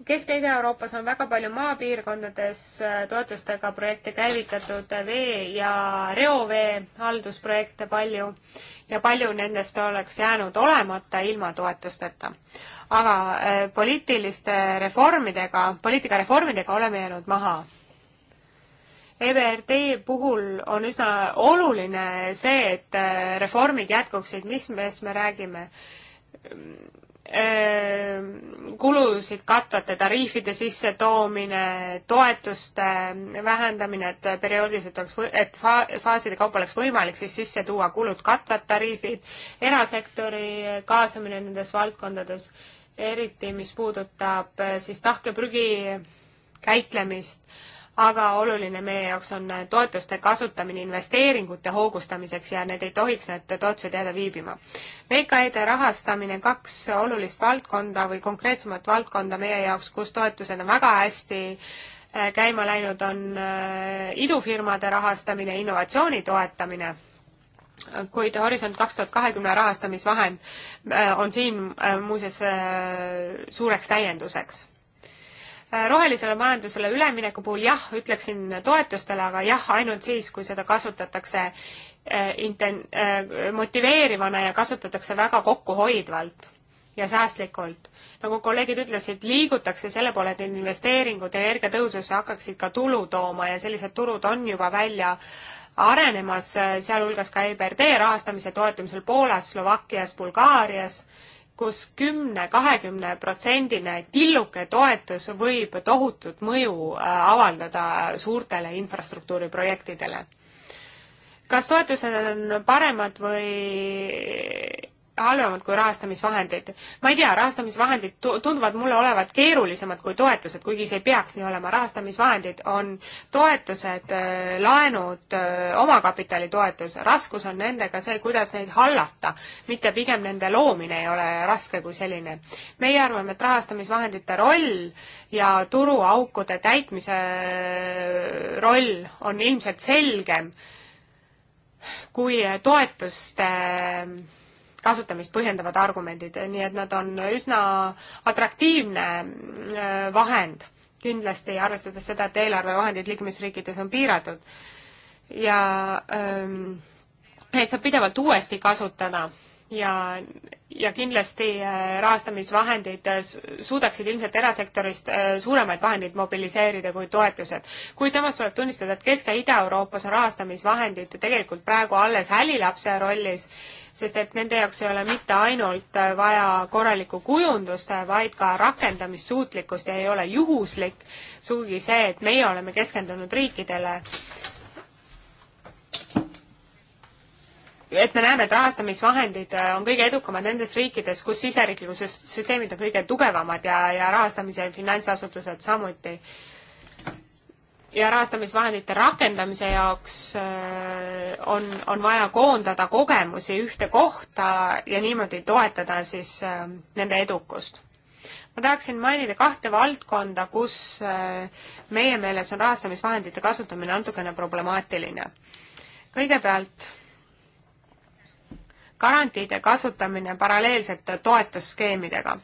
Kesk- ja Ida-Euroopas on väga palju maapiirkondades äh, toetustega projekte käivitatud, vee- ja reovee haldusprojekte palju ja palju nendest oleks jäänud olemata ilma toetusteta. aga äh, poliitiliste reformidega, poliitikareformidega oleme jäänud maha EBRD puhul on üsna oluline see, et äh, reformid jätkuksid, mis me, me räägime ähm, kulusid katvate tariifide sissetoomine, toetuste äh, vähendamine, et perioodiliselt oleks, et faaside kaupa oleks võimalik siis sisse tuua kulud katvad tariifid, erasektori äh, kaasamine nendes valdkondades, eriti mis puudutab siis tahkeprügi käitlemist aga oluline meie jaoks on äh, toetuste kasutamine investeeringute hoogustamiseks ja need ei tohiks, need toetused jääda viibima. VKE-de rahastamine, kaks olulist valdkonda või konkreetsemat valdkonda meie jaoks, kus toetused on väga hästi äh, käima läinud, on äh, idufirmade rahastamine, innovatsiooni toetamine kuid Horisont kaks tuhat kahekümne rahastamisvahend on siin muuseas suureks täienduseks. Äh, rohelisele majandusele ülemineku puhul jah, ütleksin toetustele, aga jah, ainult siis, kui seda kasutatakse äh, inten-, äh, motiveerivana ja kasutatakse väga kokkuhoidvalt ja säästlikult. nagu kolleegid ütlesid, liigutakse selle poole, et investeeringud energiatõususse hakkaksid ka tulu tooma ja sellised turud on juba välja arenemas, sealhulgas ka EBRD rahastamise toetamisel Poolas, Slovakkias, Bulgaarias kus kümne, kahekümne protsendine tilluke toetus võib tohutut mõju äh, avaldada suurtele infrastruktuuriprojektidele. kas toetused on paremad või halvemad kui rahastamisvahendid. ma ei tea, rahastamisvahendid tunduvad mulle olevat keerulisemad kui toetused, kuigi see ei peaks nii olema. rahastamisvahendid on toetused, äh, laenud, äh, omakapitalitoetus. raskus on nendega see, kuidas neid hallata, mitte pigem nende loomine ei ole raske kui selline. meie arvame, et rahastamisvahendite roll ja turuaukude täitmise äh, roll on ilmselt selgem kui toetuste äh, kasutamist põhjendavad argumendid, nii et nad on üsna atraktiivne äh, vahend kindlasti, arvestades seda, et eelarvevahendid liikmesriikides on piiratud. ja ähm, neid saab pidevalt uuesti kasutada ja, ja kindlasti äh, rahastamisvahendid äh, suudaksid ilmselt erasektorist äh, suuremaid vahendeid mobiliseerida kui toetused. kuid samas tuleb tunnistada, et Kesk- ja Ida-Euroopas on rahastamisvahendid tegelikult praegu alles hälilapse rollis, sest et nende jaoks ei ole mitte ainult vaja korralikku kujundust, vaid ka rakendamissuutlikkust ja ei ole juhuslik sugugi see, et meie oleme keskendunud riikidele, et me näeme, et rahastamisvahendid äh, on kõige edukamad nendes riikides, kus siseriiklikud süsteemid on kõige tugevamad ja, ja rahastamise finantsasutused samuti. ja rahastamisvahendite rakendamise jaoks äh, on, on vaja koondada kogemusi ühte kohta ja niimoodi toetada siis äh, nende edukust ma tahaksin mainida kahte valdkonda, kus meie meeles on rahastamisvahendite kasutamine natukene problemaatiline. kõigepealt garantiide kasutamine paralleelselt toetusskeemidega.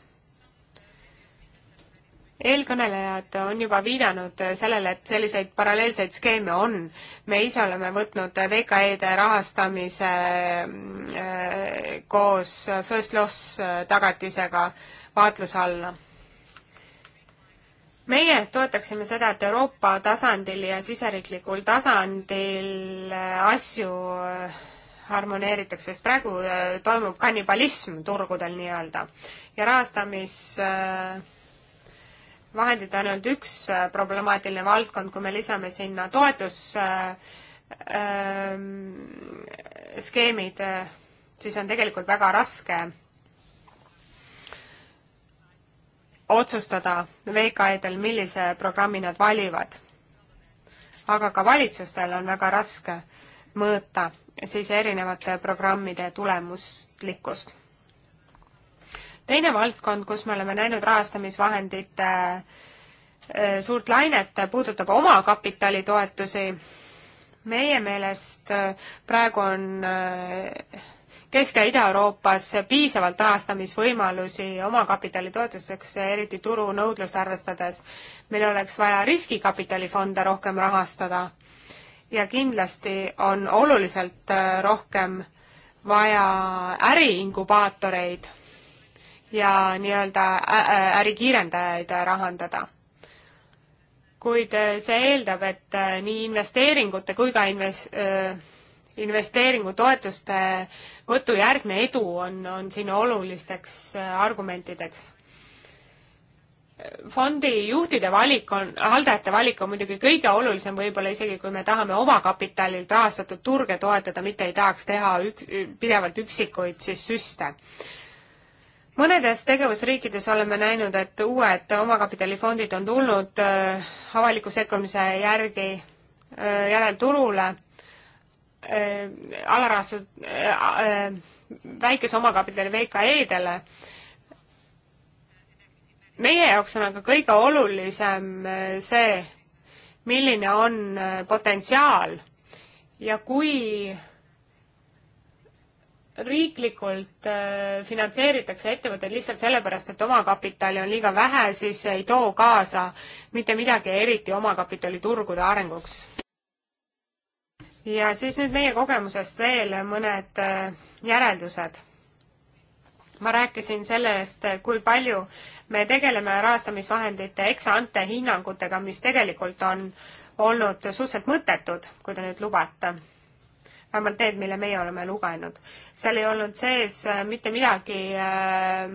eelkõnelejad on juba viidanud sellele, et selliseid paralleelseid skeeme on. me ise oleme võtnud VKE-de rahastamise äh, koos First Loss tagatisega vaatluse alla meie toetaksime seda, et Euroopa tasandil ja siseriiklikul tasandil asju äh, harmoneeritakse, sest praegu äh, toimub kannibalism turgudel nii-öelda ja rahastamisvahendid äh, on ainult üks äh, problemaatiline valdkond, kui me lisame sinna toetusskeemid, ähm, siis on tegelikult väga raske otsustada VKE-del, millise programmi nad valivad. aga ka valitsustel on väga raske mõõta siis erinevate programmide tulemuslikkust. teine valdkond, kus me oleme näinud rahastamisvahendite äh, suurt lainet, puudutab omakapitali toetusi. meie meelest äh, praegu on äh, Kesk- ja Ida-Euroopas piisavalt rahastamisvõimalusi omakapitali toetusteks, eriti turu nõudlust arvestades. meil oleks vaja riskikapitalifonde rohkem rahastada ja kindlasti on oluliselt äh, rohkem vaja äriinkubaatoreid ja nii-öelda ärikiirendajaid rahandada. kuid äh, see eeldab, et äh, nii investeeringute kui ka inves-, investeeringutoetuste võtu järgne edu on, on siin olulisteks argumentideks fondi juhtide valik on, haldajate valik on muidugi kõige olulisem, võib-olla isegi kui me tahame omakapitalilt rahastatud turge toetada, mitte ei tahaks teha üks, pidevalt üksikuid siis süste. mõnedes tegevusriikides oleme näinud, et uued omakapitalifondid on tulnud äh, avaliku sekkumise järgi äh, järel turule, äh, alarahastatud, väikese omakapitali VKE-dele meie jaoks on aga kõige olulisem äh, see, milline on äh, potentsiaal ja kui riiklikult äh, finantseeritakse ettevõtteid lihtsalt sellepärast, et omakapitali on liiga vähe, siis see ei too kaasa mitte midagi, eriti omakapitaliturgude arenguks. ja siis nüüd meie kogemusest veel mõned järeldused ma rääkisin sellest, kui palju me tegeleme rahastamisvahendite ex-ante hinnangutega, mis tegelikult on olnud suhteliselt mõttetud, kui te nüüd lubate. vähemalt need, mille meie oleme lugenud. seal ei olnud sees äh, mitte midagi äh,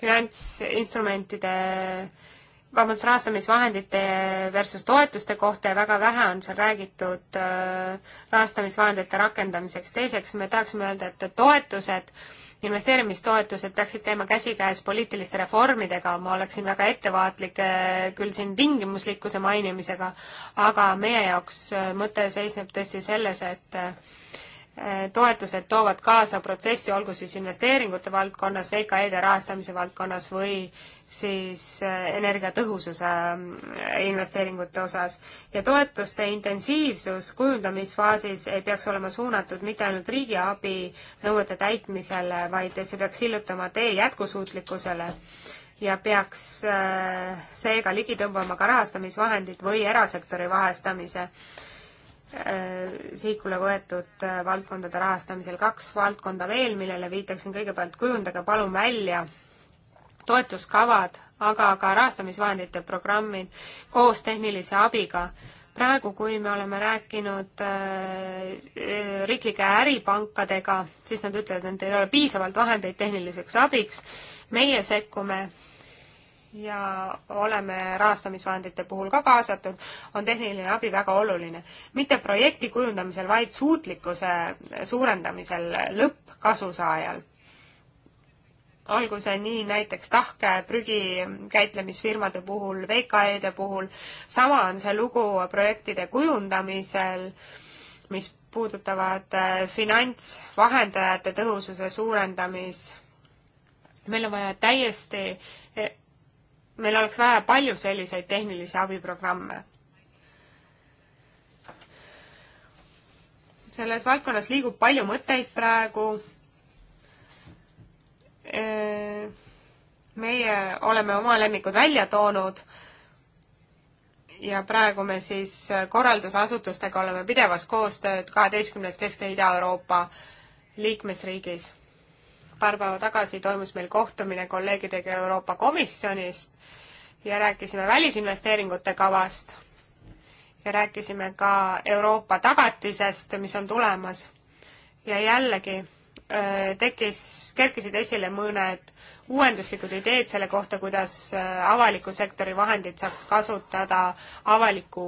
finantsinstrumentide vabandust, rahastamisvahendite versus toetuste kohta ja väga vähe on seal räägitud äh, rahastamisvahendite rakendamiseks. teiseks me tahaksime öelda, et toetused äh, investeerimistoetused peaksid käima käsikäes poliitiliste reformidega, ma oleksin väga ettevaatlik äh, küll siin tingimuslikkuse mainimisega, aga meie jaoks äh, mõte seisneb tõesti selles, et äh, Äh, toetused toovad kaasa protsessi, olgu siis investeeringute valdkonnas, VKE-de rahastamise valdkonnas või siis äh, energiatõhususe ähm, investeeringute osas. ja toetuste intensiivsus kujundamisfaasis ei peaks olema suunatud mitte ainult riigiabi nõuete täitmisele, vaid see peaks sillutama tee jätkusuutlikkusele ja peaks äh, seega ligi tõmbama ka rahastamisvahendid või erasektori vahastamise Äh, sihikule võetud äh, valdkondade rahastamisel. kaks valdkonda veel, millele viitaksin kõigepealt, kujundage palun välja toetuskavad, aga ka rahastamisvahendite programmid koos tehnilise abiga. praegu, kui me oleme rääkinud äh, riiklike äripankadega, siis nad ütlevad, et neil ei ole piisavalt vahendeid tehniliseks abiks. meie sekkume ja oleme rahastamisvahendite puhul ka kaasatud, on tehniline abi väga oluline. mitte projekti kujundamisel, vaid suutlikkuse suurendamisel lõppkasusaajal. olgu see nii näiteks tahke prügikäitlemisfirmade puhul, VKE-de puhul, sama on see lugu projektide kujundamisel, mis puudutavad äh, finantsvahendajate tõhususe suurendamist, meil on vaja täiesti äh, meil oleks vähe palju selliseid tehnilisi abiprogramme. selles valdkonnas liigub palju mõtteid praegu. meie oleme oma lemmikud välja toonud ja praegu me siis korraldusasutustega oleme pidevas koostööd kaheteistkümnes Kesk- ja Ida-Euroopa liikmesriigis paar päeva tagasi toimus meil kohtumine kolleegidega Euroopa Komisjonist ja rääkisime välisinvesteeringute kavast ja rääkisime ka Euroopa tagatisest, mis on tulemas. ja jällegi öö, äh, tekkis, kerkisid esile mõned uuenduslikud ideed selle kohta, kuidas äh, avaliku sektori vahendeid saaks kasutada avaliku,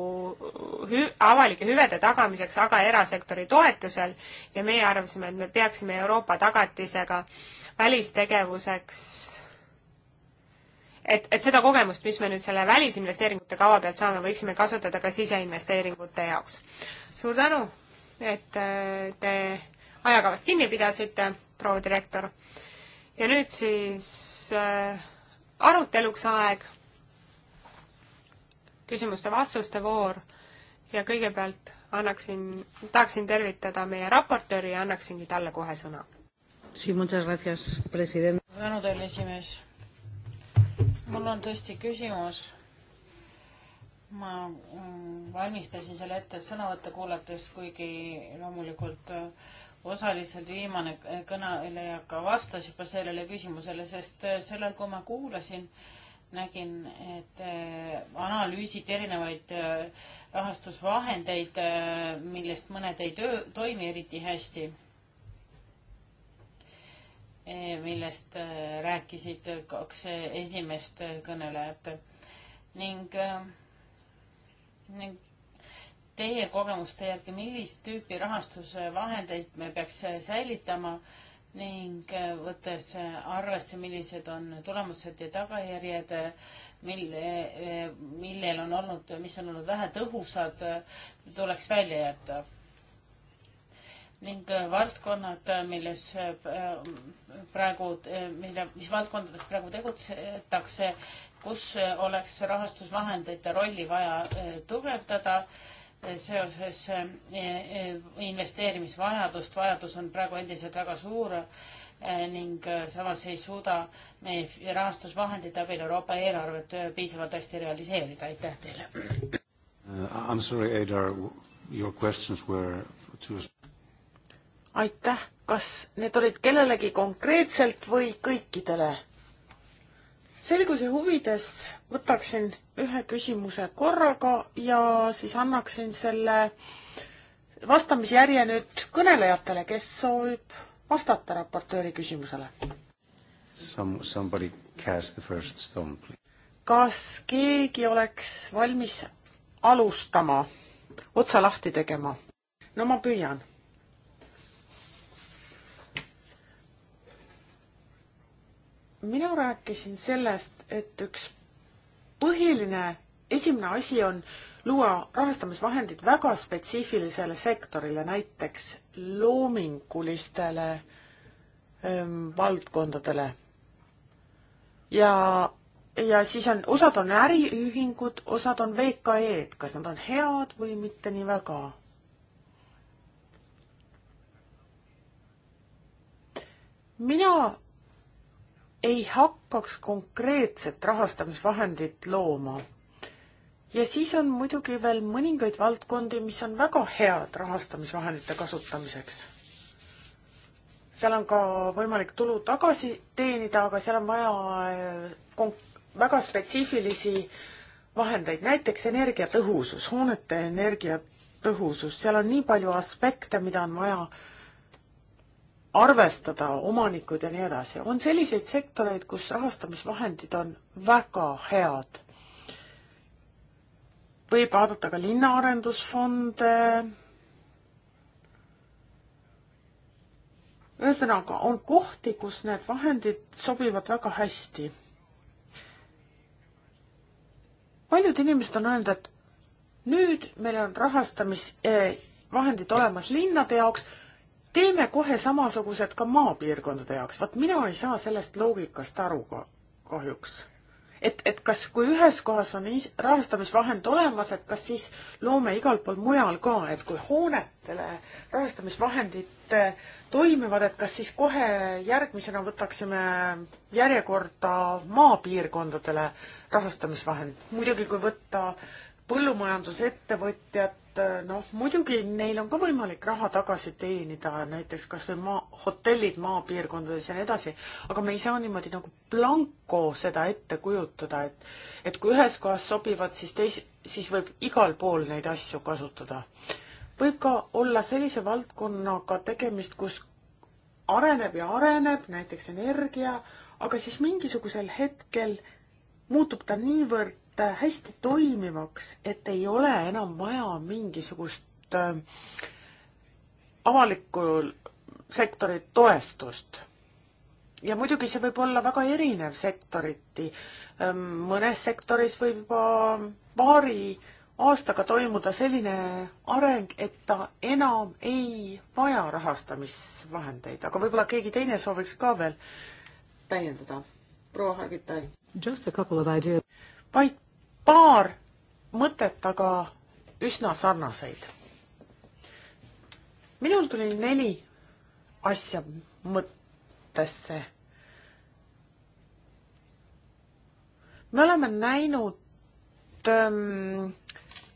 avalike hüvede tagamiseks, aga erasektori toetusel ja meie arvasime, et me peaksime Euroopa tagatisega välistegevuseks et, et seda kogemust, mis me nüüd selle välisinvesteeringute kava pealt saame, võiksime kasutada ka siseinvesteeringute jaoks. suur tänu, et äh, te ajakavast kinni pidasite, proua direktor ja nüüd siis äh, aruteluks aeg, küsimuste-vastuste voor ja kõigepealt annaksin, tahaksin tervitada meie raportööri ja annaksingi talle kohe sõna. tänu teile, esimees. mul on tõesti küsimus. ma mm, valmistasin selle ette sõnavõtte kuulates, kuigi loomulikult äh, osaliselt viimane kõneleja ka vastas juba sellele küsimusele, sest äh, sellel, kui ma kuulasin, nägin, et äh, analüüsiti erinevaid äh, rahastusvahendeid, millest mõned ei töö, toimi eriti hästi. millest rääkisid kaks esimest kõnelejat ning, ning teie kogemuste järgi, millist tüüpi rahastusvahendeid me peaks säilitama ning äh, võttes arvesse, millised on tulemused ja tagajärjed, mille, äh, millel on olnud, mis on olnud vähetõhusad, tuleks välja jätta. ning äh, valdkonnad, milles praegu, mille, mis valdkondades praegu tegutsetakse, kus oleks rahastusvahendite rolli vaja tugevdada seoses eh, eh, investeerimisvajadust, vajadus on praegu endiselt väga suur eh, ning samas ei suuda meie rahastusvahendite abil Euroopa eelarvet piisavalt hästi realiseerida, aitäh teile uh,. I m sorry, Adar, your questions were to aitäh, kas need olid kellelegi konkreetselt või kõikidele? selguse huvides võtaksin ühe küsimuse korraga ja siis annaksin selle vastamisjärje nüüd kõnelejatele, kes soovib vastata raportööri küsimusele. Some, somebody cast the first stone, please. kas keegi oleks valmis alustama, otsa lahti tegema? no ma püüan mina rääkisin sellest, et üks põhiline, esimene asi on luua rahastamisvahendid väga spetsiifilisele sektorile, näiteks loomingulistele öö, ähm, valdkondadele. ja, ja siis on, osad on äriühingud, osad on VKE-d, kas nad on head või mitte nii väga. mina ei hakkaks konkreetset rahastamisvahendit looma. ja siis on muidugi veel mõningaid valdkondi, mis on väga head rahastamisvahendite kasutamiseks. seal on ka võimalik tulu tagasi teenida, aga seal on vaja eh, väga spetsiifilisi vahendeid, näiteks energiatõhusus, hoonete energiatõhusus, seal on nii palju aspekte, mida on vaja äh, arvestada, omanikud ja nii edasi. on selliseid sektoreid, kus rahastamisvahendid on väga head. võib vaadata ka linnaarendusfonde. ühesõnaga, on kohti, kus need vahendid sobivad väga hästi. paljud inimesed on öelnud, et nüüd meil on rahastamisvahendid eh, olemas linnade jaoks teeme kohe samasugused ka maapiirkondade jaoks, vaat mina ei saa sellest loogikast aru ka kahjuks. et, et kas, kui ühes kohas on rahastamisvahend olemas, et kas siis loome igal pool mujal ka, et kui hoonetele rahastamisvahendid eh, toimivad, et kas siis kohe järgmisena võtaksime järjekorda maapiirkondadele rahastamisvahend, muidugi kui võtta põllumajandusettevõtjad et eh, noh, muidugi neil on ka võimalik raha tagasi teenida, näiteks kas või maa, hotellid maapiirkondades ja nii edasi, aga me ei saa niimoodi nagu blanco seda ette kujutada, et et kui ühes kohas sobivad, siis teis-, siis võib igal pool neid asju kasutada. võib ka olla sellise valdkonnaga tegemist, kus areneb ja areneb näiteks energia, aga siis mingisugusel hetkel muutub ta niivõrd hästi toimivaks, et ei ole enam vaja mingisugust äh, avalikku sektori toestust. ja muidugi see võib olla väga erinev sektoriti. Ähm, mõnes sektoris võib juba paari aastaga toimuda selline areng, et ta enam ei vaja rahastamisvahendeid, aga võib-olla keegi teine sooviks ka veel täiendada. proua Hargitai. vaid paar mõtet, aga üsna sarnaseid. minul tuli neli asja mõttesse. me oleme näinud ähm,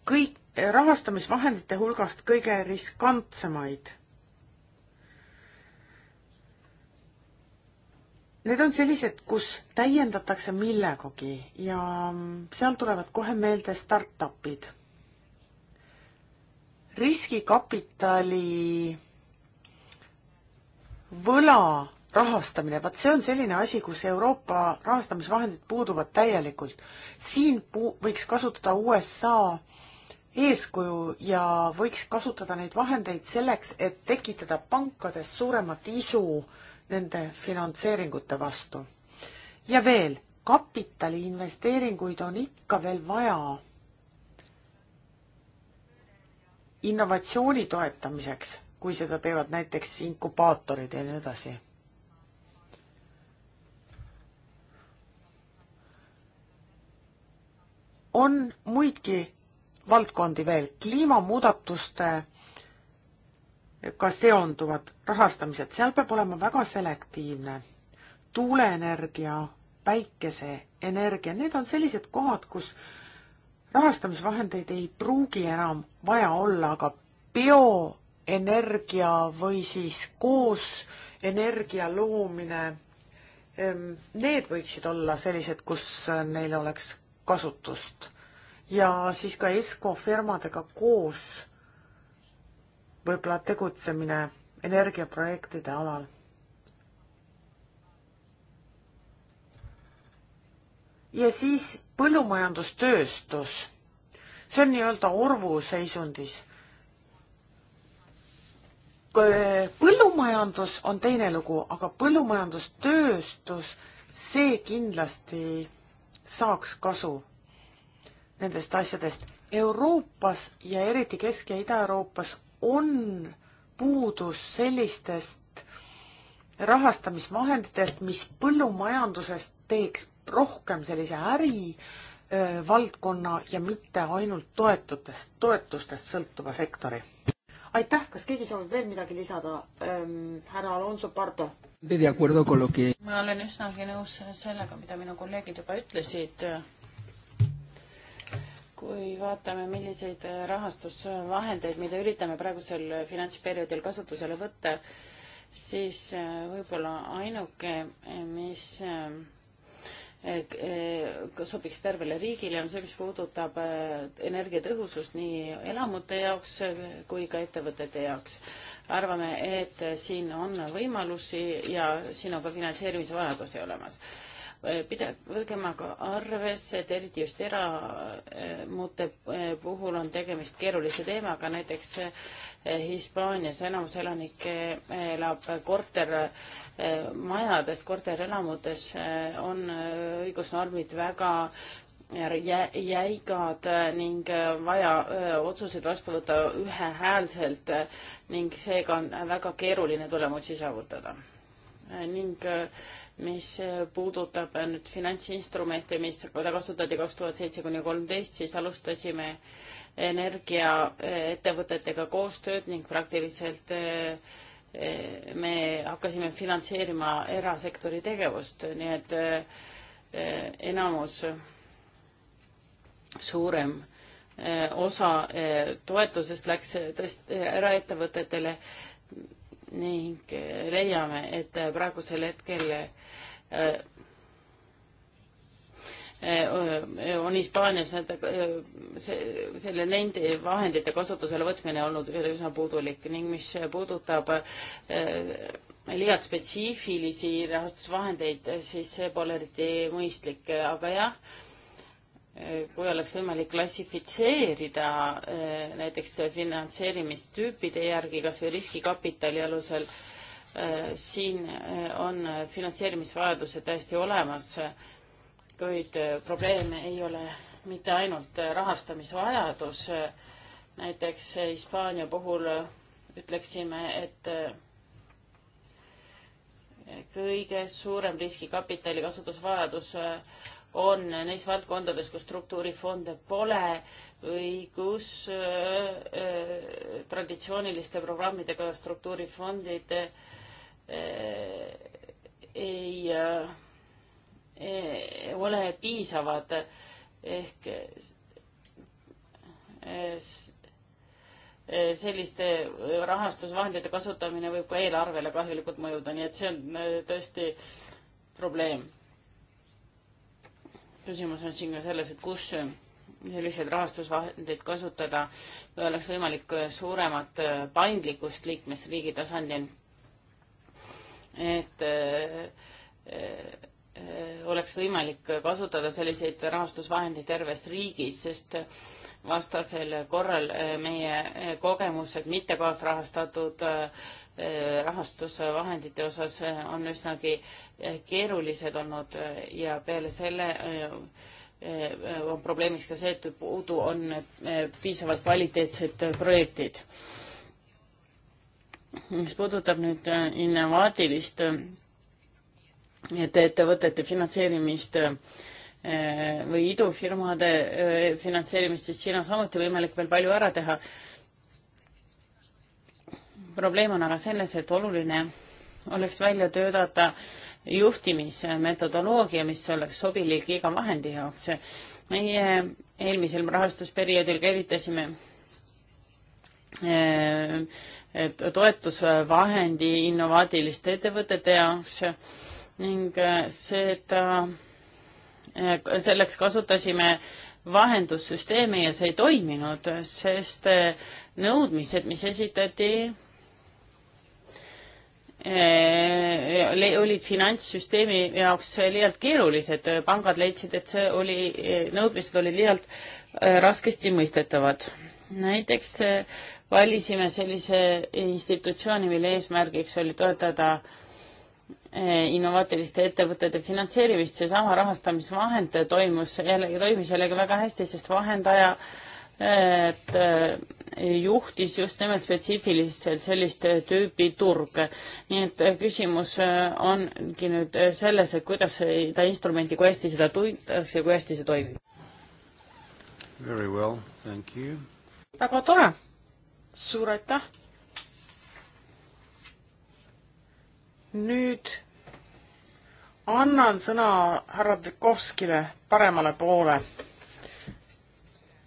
kõik rahastamisvahendite hulgast kõige riskantsemaid Need on sellised, kus täiendatakse millegagi ja seal tulevad kohe meelde startupid. riskikapitali võla rahastamine, vaat see on selline asi, kus Euroopa rahastamisvahendid puuduvad täielikult. siin puu-, võiks kasutada USA eeskuju ja võiks kasutada neid vahendeid selleks, et tekitada pankades suuremat isu äh, nende finantseeringute vastu. ja veel, kapitaliinvesteeringuid on ikka veel vaja innovatsiooni toetamiseks, kui seda teevad näiteks inkubaatorid ja nii edasi. on muidki valdkondi veel, kliimamuudatuste ka seonduvad rahastamised, seal peab olema väga selektiivne. tuuleenergia, päikeseenergia, need on sellised kohad, kus rahastamisvahendeid ei pruugi enam vaja olla, aga bioenergia või siis koos energia loomine, need võiksid olla sellised, kus neil oleks kasutust. ja siis ka ESCO firmadega koos võib-olla tegutsemine energiaprojektide alal. ja siis põllumajandustööstus, see on nii-öelda orvuseisundis. põllumajandus on teine lugu, aga põllumajandustööstus, see kindlasti saaks kasu nendest asjadest. Euroopas ja eriti Kesk- ja Ida-Euroopas on puudus sellistest rahastamisvahenditest, mis põllumajandusest teeks rohkem sellise äri öö, valdkonna ja mitte ainult toetutest, toetustest sõltuva sektori. aitäh, kas keegi soovib veel midagi lisada ähm,? härra Alonso Pardo. ma olen üsnagi nõus sellega, mida minu kolleegid juba ütlesid kui vaatame, milliseid äh, rahastusvahendeid, mida üritame praegusel äh, finantsperioodil kasutusele võtta, siis äh, võib-olla ainuke, mis sobiks tervele riigile, on see, mis puudutab energiatõhusust nii elamute jaoks kui ka ettevõtete jaoks. arvame, et siin on võimalusi ja siin on ka finantseerimise vajadusi olemas Äh, pidagem aga arvesse, et eriti just eramute äh, puhul on tegemist keerulise teemaga, näiteks äh, Hispaanias enamus elanikke elab kortermajades, korterelamutes, on õigusnormid väga jäigad ning vaja otsuseid vastu võtta ühehäälselt ning seega on väga keeruline tulemusi saavutada. ning äh, mis puudutab nüüd finantsinstrumente, mis kasutati kaks tuhat seitse kuni kolmteist, siis alustasime energiaettevõtetega koostööd ning praktiliselt eh, me hakkasime finantseerima erasektori tegevust, nii et eh, enamus, suurem eh, osa toetusest läks tõesti eraettevõtetele ning eh, leiame, et eh, praegusel hetkel eh, on Hispaanias nende, selle, nende vahendite kasutusele võtmine olnud veel üsna puudulik ning mis puudutab liialt spetsiifilisi rahastusvahendeid, siis see pole eriti mõistlik, aga jah Eh, kui oleks võimalik klassifitseerida eh, näiteks finantseerimistüüpide järgi kas või riskikapitali alusel, eh, siin on finantseerimisvajadused täiesti olemas, kuid probleem ei ole mitte ainult rahastamisvajadus, näiteks Hispaania puhul ütleksime, et kõige suurem riskikapitali kasutusvajadus on neis valdkondades, kus struktuurifonde pole või kus äh, äh traditsiooniliste programmidega struktuurifondid äh, ei äh, ole piisavad ehk äh, selliste rahastusvahendite kasutamine võib ka eelarvele kahjulikult mõjuda, nii et see on äh, tõesti probleem küsimus on siin ka selles, et kus selliseid rahastusvahendeid kasutada, kui oleks võimalik suuremat äh, paindlikkust liikmesriigi tasandil, et äh, äh, oleks võimalik kasutada selliseid rahastusvahendeid terves riigis, sest vastasel korral meie kogemused mitte kaasrahastatud äh, Äh, rahastusvahendite osas äh, on üsnagi äh, keerulised olnud ja peale selle on probleemiks ka see, et puudu on piisavalt kvaliteetsed projektid. mis puudutab nüüd innovaatilist et ettevõtete finantseerimist või idufirmade finantseerimist, siis siin on samuti võimalik veel palju ära teha probleem on aga selles, et oluline oleks välja töötada juhtimismetodoloogia, mis oleks sobilik iga vahendi jaoks. meie eelmisel rahastusperioodil käivitasime eh, toetusvahendi innovaatiliste ettevõtete jaoks ning eh, seda, eh, selleks kasutasime vahendussüsteemi ja see ei toiminud, sest nõudmised, mis esitati Eh, eh, olid finantssüsteemi jaoks liialt keerulised, pangad leidsid, et see oli, eh, nõudmised olid liialt raskesti mõistetavad. näiteks valisime sellise institutsiooni, mille eesmärgiks oli toetada innovaatiliste ettevõtete finantseerimist, seesama rahastamisvahend toimus jällegi, toimis jällegi väga hästi, sest vahendaja et juhtis just nimelt spetsiifiliselt sellist tüüpi turg. nii et küsimus äh, ongi nüüd selles, et kuidas seda instrumenti, kui hästi seda tuntakse ja kui hästi see toimib. Very well, thank you. väga tore, suur aitäh. nüüd annan sõna härra Tšaikovskile paremale poole.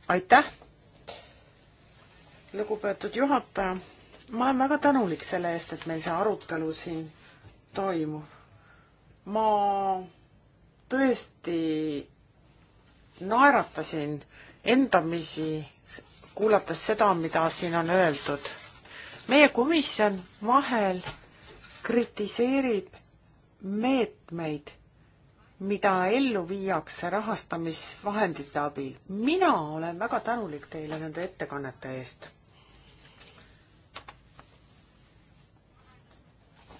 aitäh lugupeetud juhataja, ma olen väga tänulik selle eest, et meil see arutelu siin toimub. ma tõesti naeratasin endamisi, kuulates seda, mida siin on öeldud. meie komisjon vahel kritiseerib meetmeid, mida ellu viiakse rahastamisvahendite abil. mina olen väga tänulik teile nende ettekannete eest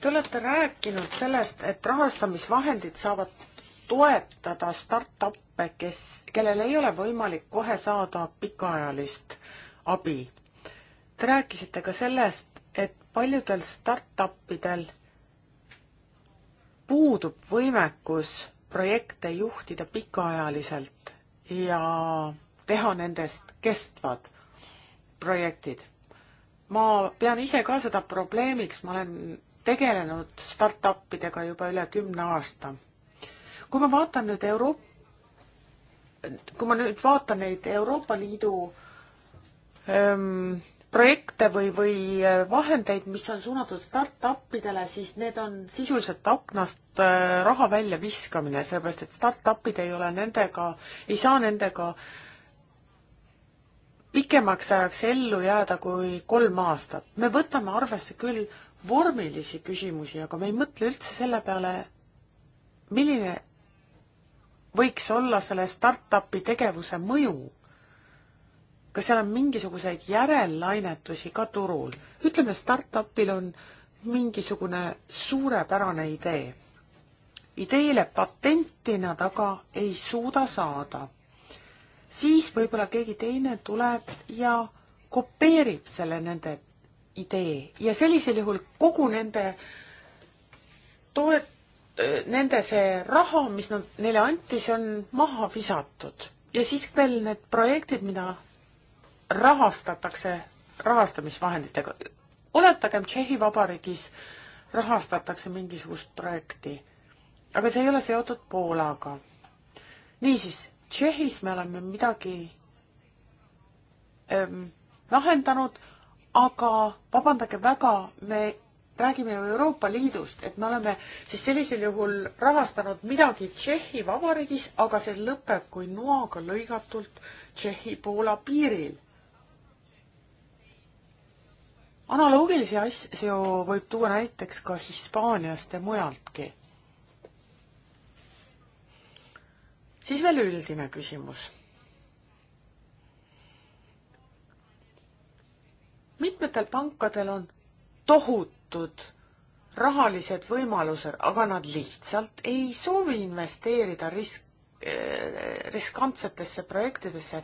Te olete rääkinud sellest, et rahastamisvahendid saavad toetada startup'e, kes, kellel ei ole võimalik kohe saada pikaajalist abi. Te rääkisite ka sellest, et paljudel startupidel puudub võimekus projekte juhtida pikaajaliselt ja teha nendest kestvad projektid. ma pean ise ka seda probleemiks, ma olen tegelenud startupidega juba üle kümne aasta. kui ma vaatan nüüd Euroop-, kui ma nüüd vaatan neid Euroopa Liidu öm, ähm, projekte või, või äh, vahendeid, mis on suunatud startupidele, siis need on sisuliselt aknast äh, raha välja viskamine, sellepärast et startupid ei ole nendega, ei saa nendega pikemaks ajaks ellu jääda kui kolm aastat. me võtame arvesse küll äh, vormilisi küsimusi, aga me ei mõtle üldse selle peale, milline võiks olla selle startupi tegevuse mõju kas seal on mingisuguseid järellainetusi ka turul? ütleme, startupil on mingisugune suurepärane idee. ideele patenti nad aga ei suuda saada. siis võib-olla keegi teine tuleb ja kopeerib selle nende idee ja sellisel juhul kogu nende toet-, nende see raha, mis nad, neile anti, see on maha visatud ja siis veel need projektid, mida rahastatakse rahastamisvahenditega. oletagem, Tšehhi Vabariigis rahastatakse mingisugust projekti, aga see ei ole seotud Poolaga. niisiis, Tšehhis me oleme midagi ähm, lahendanud aga vabandage väga, me räägime ju Euroopa Liidust, et me oleme siis sellisel juhul rahastanud midagi Tšehhi Vabariigis, aga see lõpeb kui noaga lõigatult Tšehhi-Poola piiril. analoogilisi asju võib tuua näiteks ka Hispaaniast ja mujaltki. siis veel üldine küsimus mitmetel pankadel on tohutud rahalised võimalused, aga nad lihtsalt ei soovi investeerida risk, eh, riskantsetesse projektidesse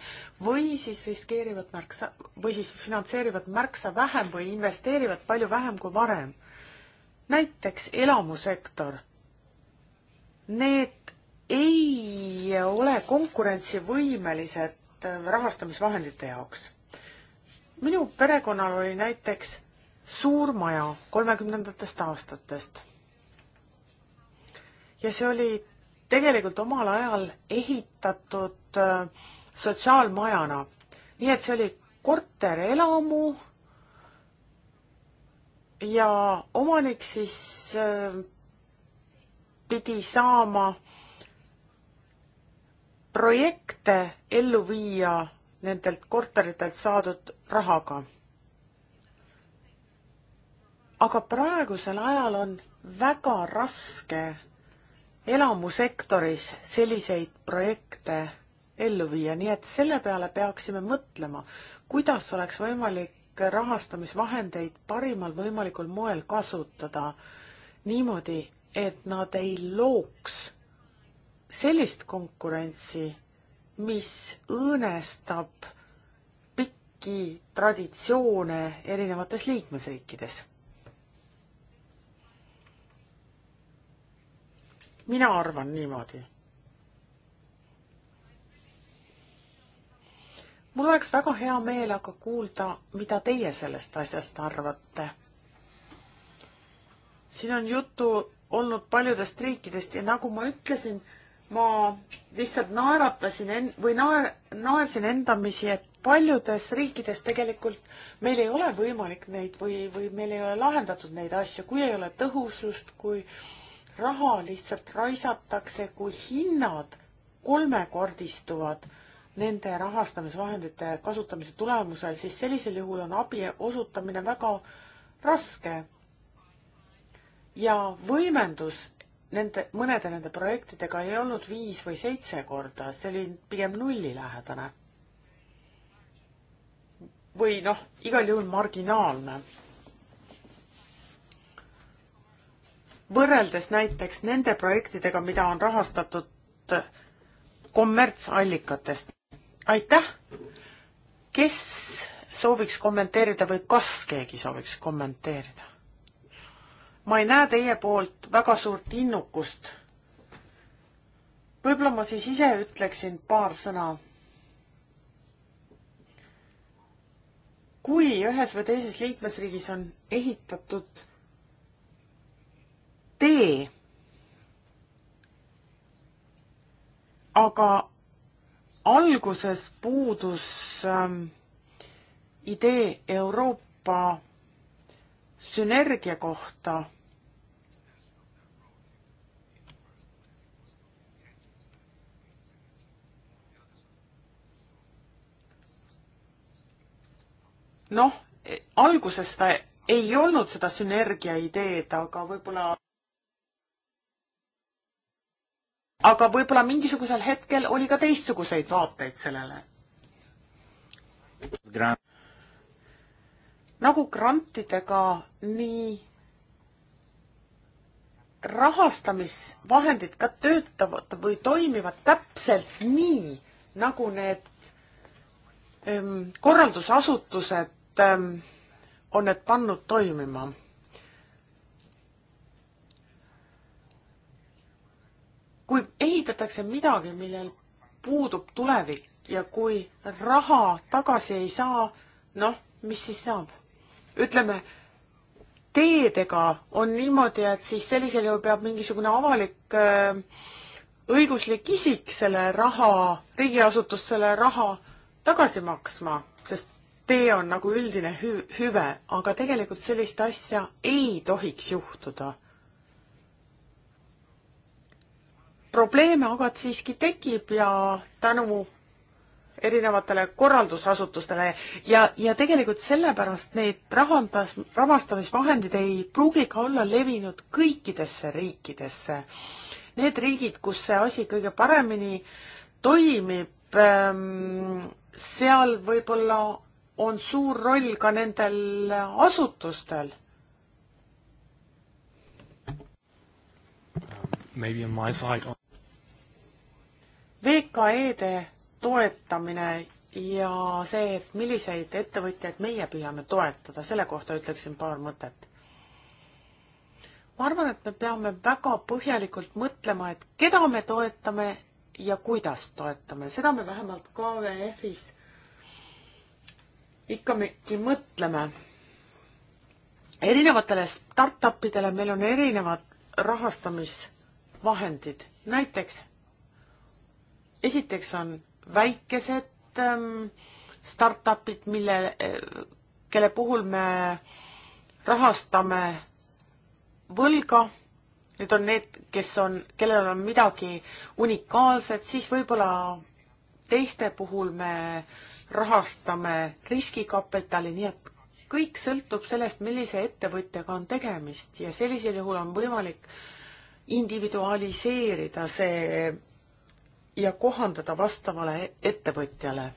või siis riskeerivad märksa, või siis finantseerivad märksa vähem või investeerivad palju vähem kui varem. näiteks elamusektor. Need ei ole konkurentsivõimelised eh, rahastamisvahendite jaoks minu perekonnal oli näiteks suur maja kolmekümnendatest aastatest. ja see oli tegelikult omal ajal ehitatud äh, sotsiaalmajana. nii et see oli korterelamu ja omanik siis äh, pidi saama projekte ellu viia nendelt korteritelt saadud rahaga. aga praegusel ajal on väga raske elamusektoris selliseid projekte ellu viia, nii et selle peale peaksime mõtlema, kuidas oleks võimalik rahastamisvahendeid parimal võimalikul moel kasutada niimoodi, et nad ei looks sellist konkurentsi, mis õõnestab pikki traditsioone erinevates liikmesriikides. mina arvan niimoodi mul oleks väga hea meel aga kuulda, mida teie sellest asjast arvate. siin on juttu olnud paljudest riikidest ja nagu ma ütlesin, ma lihtsalt naeratasin en- või naer-, naersin endamisi, et paljudes riikides tegelikult meil ei ole võimalik neid või, või meil ei ole lahendatud neid asju, kui ei ole tõhusust, kui raha lihtsalt raisatakse, kui hinnad kolmekordistuvad nende rahastamisvahendite kasutamise tulemusel, siis sellisel juhul on abi osutamine väga raske. ja võimendus nende, mõnede nende projektidega ei olnud viis või seitse korda, see oli pigem nullilähedane. või noh, igal juhul marginaalne. võrreldes näiteks nende projektidega, mida on rahastatud äh, kommertsallikatest. aitäh! kes sooviks kommenteerida või kas keegi sooviks kommenteerida? ma ei näe teie poolt väga suurt innukust. võib-olla ma siis ise ütleksin paar sõna. kui ühes või teises liikmesriigis on ehitatud tee, aga alguses puudus ähm, idee Euroopa sünergia kohta. noh, alguses ta ei olnud seda sünergia ideed, aga võib-olla aga võib-olla mingisugusel hetkel oli ka teistsuguseid vaateid sellele nagu grantidega, nii rahastamisvahendid ka töötavad või toimivad täpselt nii, nagu need ähm, korraldusasutused ähm, on need pannud toimima. kui ehitatakse midagi, millel puudub tulevik ja kui raha tagasi ei saa, noh, mis siis saab? ütleme, teedega on niimoodi, et siis sellisel juhul peab mingisugune avalik äh, õiguslik isik selle raha, riigiasutus selle raha tagasi maksma, sest tee on nagu üldine hü-, hüve, aga tegelikult sellist asja ei tohiks juhtuda. probleeme aga siiski tekib ja tänu erinevatele korraldusasutustele ja, ja tegelikult sellepärast need rahandas, rahastamisvahendid ei pruugi ka olla levinud kõikidesse riikidesse. Need riigid, kus see asi kõige paremini toimib, ähm, seal võib-olla on suur roll ka nendel asutustel. VKE-de toetamine ja see, et milliseid ettevõtjaid meie püüame toetada, selle kohta ütleksin paar mõtet. ma arvan, et me peame väga põhjalikult mõtlema, et keda me toetame ja kuidas toetame, seda me vähemalt KVF-is ikkagi mõtleme. erinevatele startup idele meil on erinevad rahastamisvahendid, näiteks esiteks on väikesed ähm, startup'id, mille, kelle puhul me rahastame võlga, need on need, kes on, kellel on midagi unikaalset, siis võib-olla teiste puhul me rahastame riskikapitali, nii et kõik sõltub sellest, millise ettevõtjaga on tegemist ja sellisel juhul on võimalik individualiseerida see ja kohandada vastavale ettevõtjale.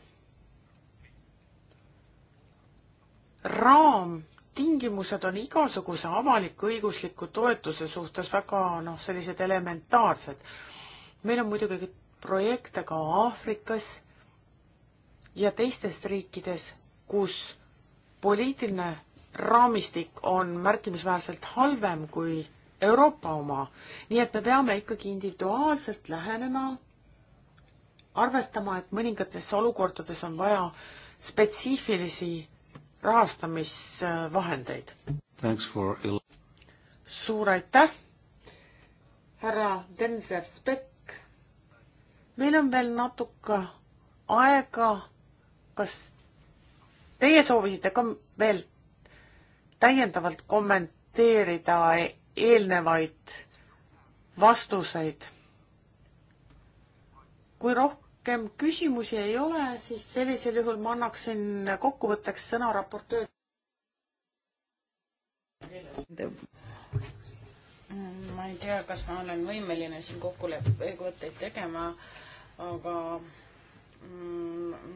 raam tingimused on igasuguse avalik-õigusliku toetuse suhtes väga noh, sellised elementaarsed. meil on muidugi projekte ka Aafrikas ja teistes riikides, kus poliitiline raamistik on märkimisväärselt halvem kui Euroopa oma. nii et me peame ikkagi individuaalselt lähenema arvestama, et mõningates olukordades on vaja spetsiifilisi rahastamisvahendeid. suur aitäh, härra Denzer Spekk. meil on veel natuke aega. kas teie soovisite ka veel täiendavalt kommenteerida eelnevaid vastuseid? kui rohkem rohkem küsimusi ei ole, siis sellisel juhul ma annaksin kokkuvõtteks sõna raportööri. ma ei tea, kas ma olen võimeline siin kokkuleppeid tegema, aga mm,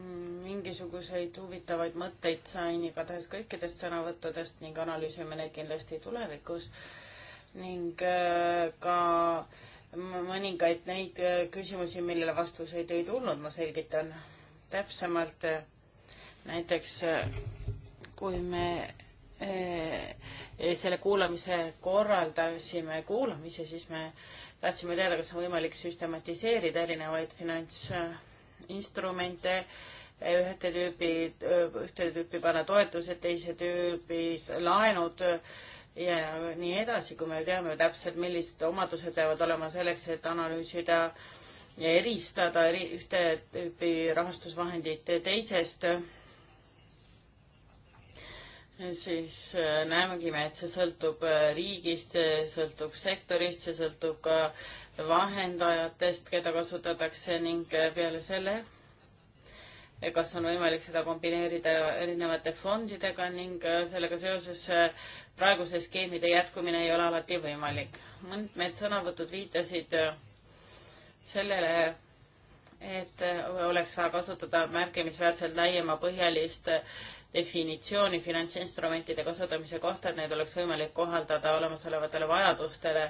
mingisuguseid huvitavaid mõtteid sain igatahes kõikidest sõnavõttudest ning analüüsime neid kindlasti tulevikus ning äh, ka äh, mõningaid neid äh, küsimusi, millele vastuseid ei tulnud, ma selgitan täpsemalt. Äh, näiteks äh, kui me selle kuulamise korraldasime kuulamise, siis me tahtsime teada, kas on võimalik süstematiseerida erinevaid finantsinstrumente, ühte tüüpi, ühte tüüpi panna toetused, teise tüüpi laenud ja nii edasi, kui me teame täpselt, millised omadused peavad olema selleks, et analüüsida ja eristada eri, ühte tüüpi rahastusvahendit teisest, siis äh, näemegi me, et see sõltub äh, riigist, see sõltub sektorist, see sõltub ka vahendajatest, keda kasutatakse ning äh, peale selle, kas on võimalik seda kombineerida erinevate fondidega ning sellega seoses praeguse skeemide jätkumine ei ole alati võimalik. mõned sõnavõtud viitasid äh, sellele, et äh, oleks vaja kasutada märkimisväärselt laiema põhjalist äh, definitsiooni finantsinstrumentide kasutamise kohta, et neid oleks võimalik kohaldada olemasolevatele vajadustele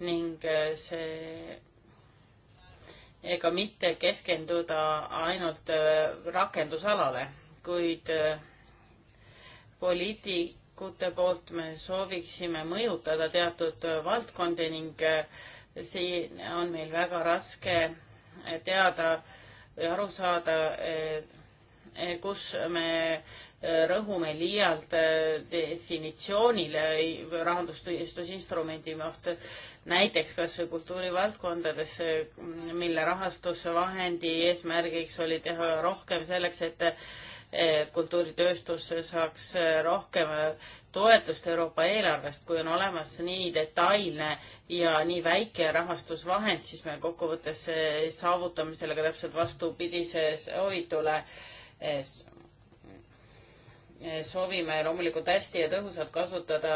ning see ega mitte keskenduda ainult rakendusalale, kuid poliiti-, poliitikute poolt me sooviksime mõjutada teatud valdkondi ning eh, siin on meil väga raske eh, teada või aru saada, eh, kus me rõhume liialt definitsioonile rahandusinstrumendi kohta, näiteks kas või kultuurivaldkondades, mille rahastusvahendi eesmärgiks oli teha rohkem selleks, et Eh, kultuuritööstus saaks eh, rohkem eh, toetust Euroopa eelarvest, kui on olemas nii detailne ja nii väike rahastusvahend, siis me kokkuvõttes saavutame sellega täpselt vastupidise soovitule. soovime loomulikult hästi ja tõhusalt kasutada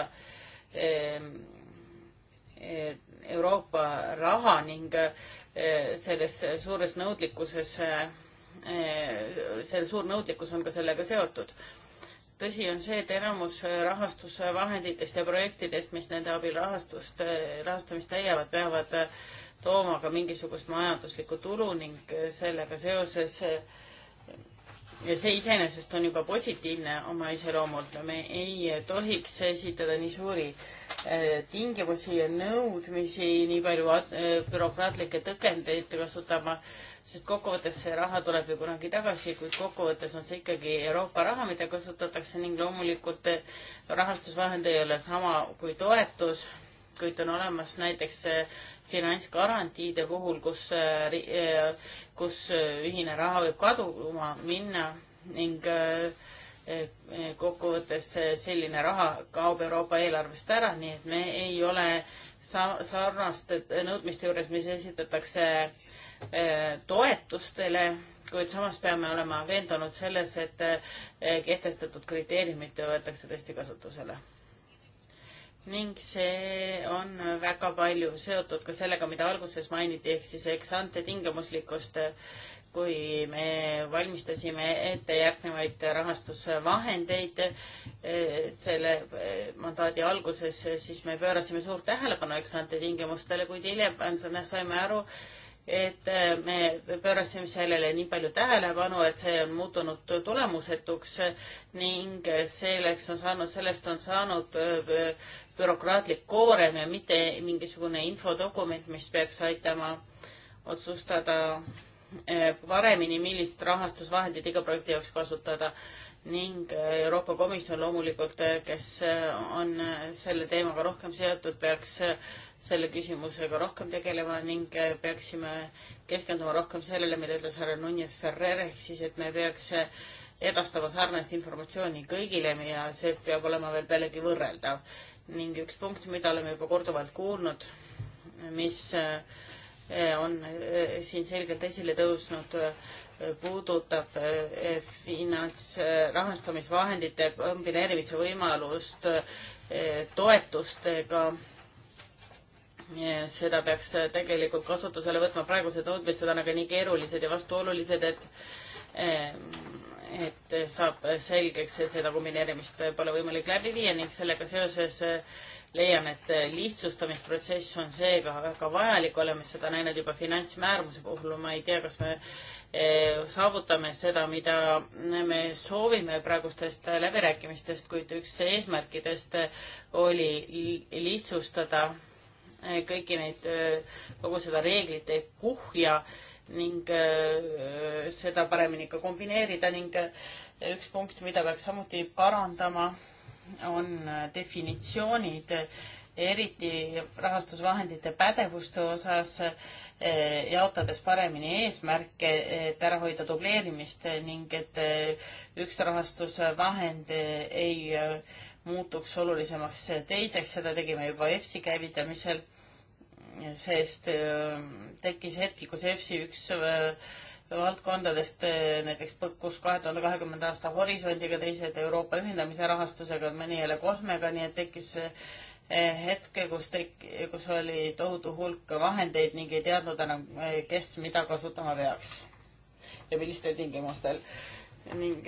Euroopa raha ning selles suures nõudlikkuses Eh, see suur nõudlikkus on ka sellega seotud. tõsi on see, et enamus rahastusvahenditest ja projektidest, mis nende abil rahastust, eh, rahastamist leiavad, peavad eh, tooma ka mingisugust majanduslikku tulu ning sellega seoses ja see iseenesest on juba positiivne oma iseloomult. me ei tohiks esitada nii suuri tingimusi ja nõudmisi, nii palju bürokraatlikke tõkendeid kasutama sest kokkuvõttes see raha tuleb ju kunagi tagasi, kuid kokkuvõttes on see ikkagi Euroopa raha, mida kasutatakse ning loomulikult rahastusvahend ei ole sama kui toetus, kuid on olemas näiteks finantsgarantiide puhul, kus, eh, eh, kus eh, ühine raha võib kaduma minna ning kokkuvõttes selline raha kaob Euroopa eelarvest ära, nii et me ei ole sarnaste nõudmiste juures, mis esitatakse Eh, toetustele, kuid samas peame olema veendunud selles, et eh, kehtestatud kriteeriumid võetakse tõesti kasutusele. ning see on väga palju seotud ka sellega, mida alguses mainiti, ehk siis eksante tingimuslikkust, kui me valmistasime ette järgnevaid rahastusvahendeid eh, selle mandaadi alguses, siis me pöörasime suurt tähelepanu eksante tingimustele, kuid hiljem saime aru, et äh, me pöörasime sellele nii palju tähelepanu, et see on muutunud tulemusetuks ning selleks on saanud, sellest on saanud äh, bürokraatlik koorem ja mitte mingisugune infodokument, mis peaks aitama otsustada äh, paremini, millist rahastusvahendit iga projekti jaoks kasutada ning Euroopa Komisjon loomulikult, kes on selle teemaga rohkem seotud, peaks selle küsimusega rohkem tegelema ning äh, peaksime keskenduma rohkem sellele, mida ütles härra Nunes Ferrer, ehk siis, et me peaks äh, edastama sarnast informatsiooni kõigile ja see peab olema veel pealegi võrreldav. ning üks punkt, mida oleme juba korduvalt kuulnud, mis äh, on siin selgelt esile tõusnud, puudutab finants, rahastamisvahendite kombineerimise võimalust toetustega seda peaks tegelikult kasutusele võtma, praegused nõudmised on aga nii keerulised ja vastuolulised, et et saab selgeks, et seda kombineerimist pole võimalik läbi viia ning sellega seoses leian, et lihtsustamisprotsess on seega väga vajalik, oleme seda näinud juba finantsmäärmuse puhul, ma ei tea, kas me eh, saavutame seda, mida me soovime praegustest läbirääkimistest, kuid üks eesmärkidest oli lihtsustada Äh, kõiki neid, äh, kogu seda reeglite kuhja ning äh, seda paremini ka kombineerida ning üks punkt, mida peaks samuti parandama, on definitsioonid, eriti rahastusvahendite pädevuste osas, jaotades paremini eesmärke, et ära hoida dubleerimist ning et üks rahastusvahend ei muutuks olulisemaks. teiseks, seda tegime juba EFSi käivitamisel, sest äh, tekkis hetki, kus EFSi üks äh, valdkondadest äh, näiteks põkkus kahe tuhande kahekümnenda aasta horisondiga, teised Euroopa ühendamise rahastusega, mõni jälle kosmega, nii et tekkis hetke, kus tek-, kus oli tohutu hulk vahendeid ning ei teadnud enam, kes mida kasutama peaks ja millistel tingimustel. ning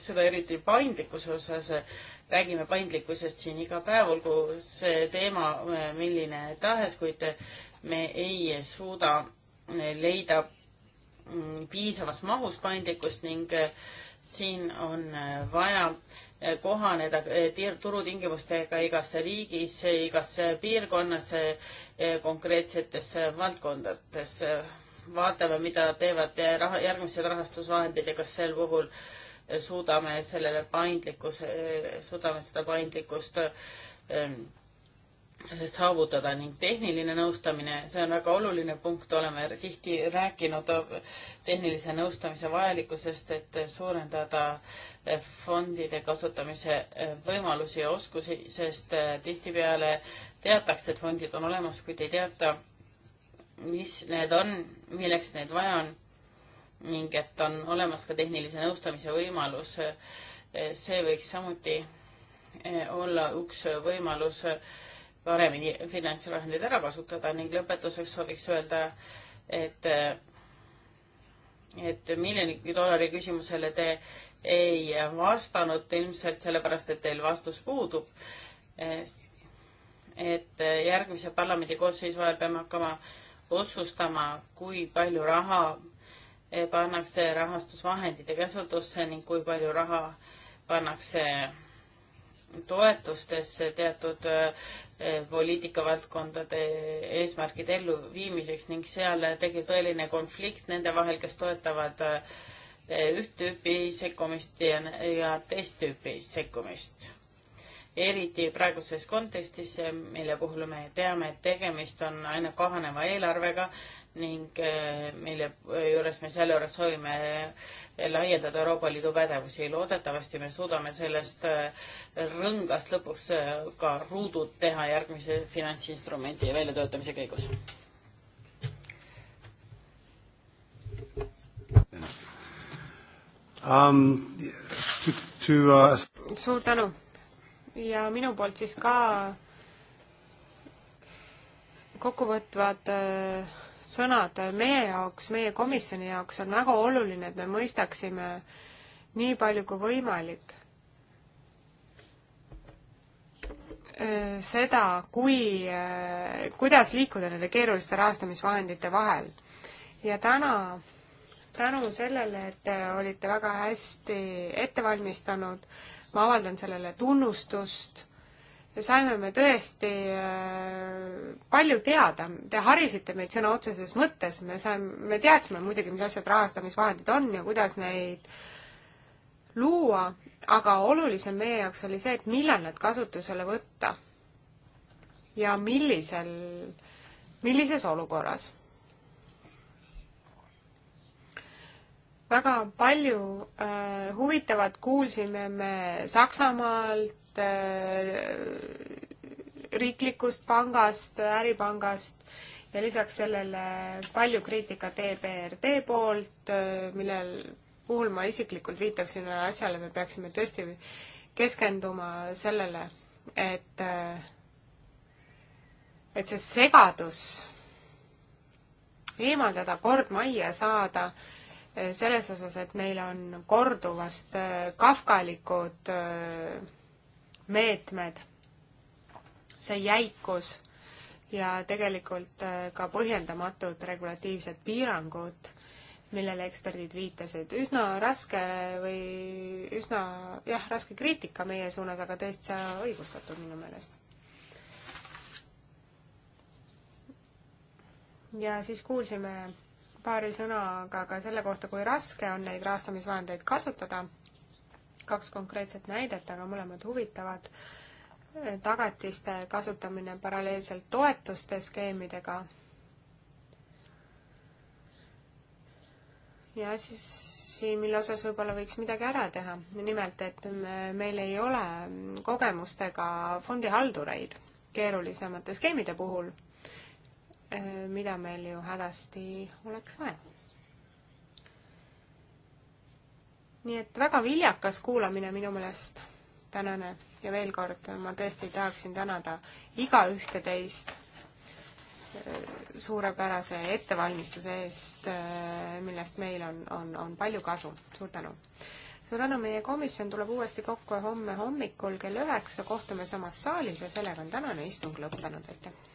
seda eriti paindlikkuse osas räägime paindlikkusest siin iga päev, olgu see teema äh, milline tahes, kuid äh, me ei suuda äh, leida mm, piisavas mahus paindlikkust ning siin on vaja kohaneda turutingimustega igas riigis, igas piirkonnas, konkreetsetes valdkondades. vaatame, mida teevad järgmised rahastusvahendid ja kas sel puhul äh, suudame sellele paindlikkuse, suudame seda paindlikkust ähm, saavutada ning tehniline nõustamine, see on väga oluline punkt, oleme tihti rääkinud tehnilise nõustamise vajalikkusest, et suurendada fondide kasutamise äh, võimalusi ja oskusi, sest äh, tihtipeale teatakse, et fondid on olemas, kuid ei teata, mis need on, milleks neid vaja on ning et on olemas ka tehnilise nõustamise võimalus. see võiks samuti eh, olla üks võimalus paremini finantsvahendeid ära kasutada ning lõpetuseks sooviks öelda, et, et miljoni dollari küsimusele te ei vastanud ilmselt sellepärast, et teil vastus puudub. et järgmise parlamendi koosseisu ajal peame hakkama otsustama, kui palju raha pannakse rahastusvahendite käsutusse ning kui palju raha pannakse toetustesse teatud eh, poliitikavaldkondade eesmärkide elluviimiseks ning seal tekib tõeline konflikt nende vahel, kes toetavad eh, üht tüüpi sekkumist ja, ja teist tüüpi sekkumist. eriti praeguses kontekstis, mille puhul me teame, et tegemist on aina kahaneva eelarvega ning eh, mille juures me sealjuures soovime eh, laiendada Euroopa Liidu pädevusi. loodetavasti me suudame sellest eh, rõngast lõpuks ka ruudud teha järgmise finantsinstrumendi väljatöötamise käigus. Um, to, to, uh... suur tänu ja minu poolt siis ka kokkuvõtvad äh, sõnad meie jaoks, meie komisjoni jaoks on väga oluline, et me mõistaksime nii palju kui võimalik eh, seda, kui, eh, kuidas liikuda nende keeruliste rahastamisvahendite vahel. ja täna tänu sellele, et te olite väga hästi ette valmistanud, ma avaldan sellele tunnustust saime me tõesti äh, palju teada, te harisite meid sõna otseses mõttes, me saime, me teadsime muidugi, mis asjad rahastamisvahendid on ja kuidas neid luua, aga olulisem meie jaoks oli see, et millal need kasutusele võtta ja millisel, millises olukorras väga palju äh, huvitavat kuulsime me Saksamaalt et äh, riiklikust pangast, äripangast ja lisaks sellele palju kriitikat EBRD poolt, äh, millel puhul ma isiklikult viitaksin ühele asjale, me peaksime tõesti keskenduma sellele, et, äh, et see segadus eemaldada, kord majja saada, selles osas, et meil on korduvast kafkalikud meetmed, see jäikus ja tegelikult äh, ka põhjendamatud regulatiivsed piirangud, millele eksperdid viitasid. üsna raske või üsna jah, raske kriitika meie suunas, aga täitsa õigustatud minu meelest. ja siis kuulsime paari sõnaga ka selle kohta, kui raske on neid rahastamisvahendeid kasutada kaks konkreetset näidet, aga mõlemad huvitavad. tagatiste kasutamine paralleelselt toetuste skeemidega. ja siis asi, mille osas võib-olla võiks midagi ära teha. nimelt, et meil ei ole kogemustega fondihaldureid keerulisemate skeemide puhul, eh, mida meil ju hädasti oleks vaja. nii et väga viljakas kuulamine minu meelest tänane ja veel kord ma tõesti tahaksin tänada igaühte teist eh, suurepärase ettevalmistuse eest, eh, millest meil on, on, on palju kasu. suur tänu! suur tänu, meie komisjon tuleb uuesti kokku homme hommikul kell üheksa, kohtume samas saalis ja sellega on tänane istung lõppenud, aitäh!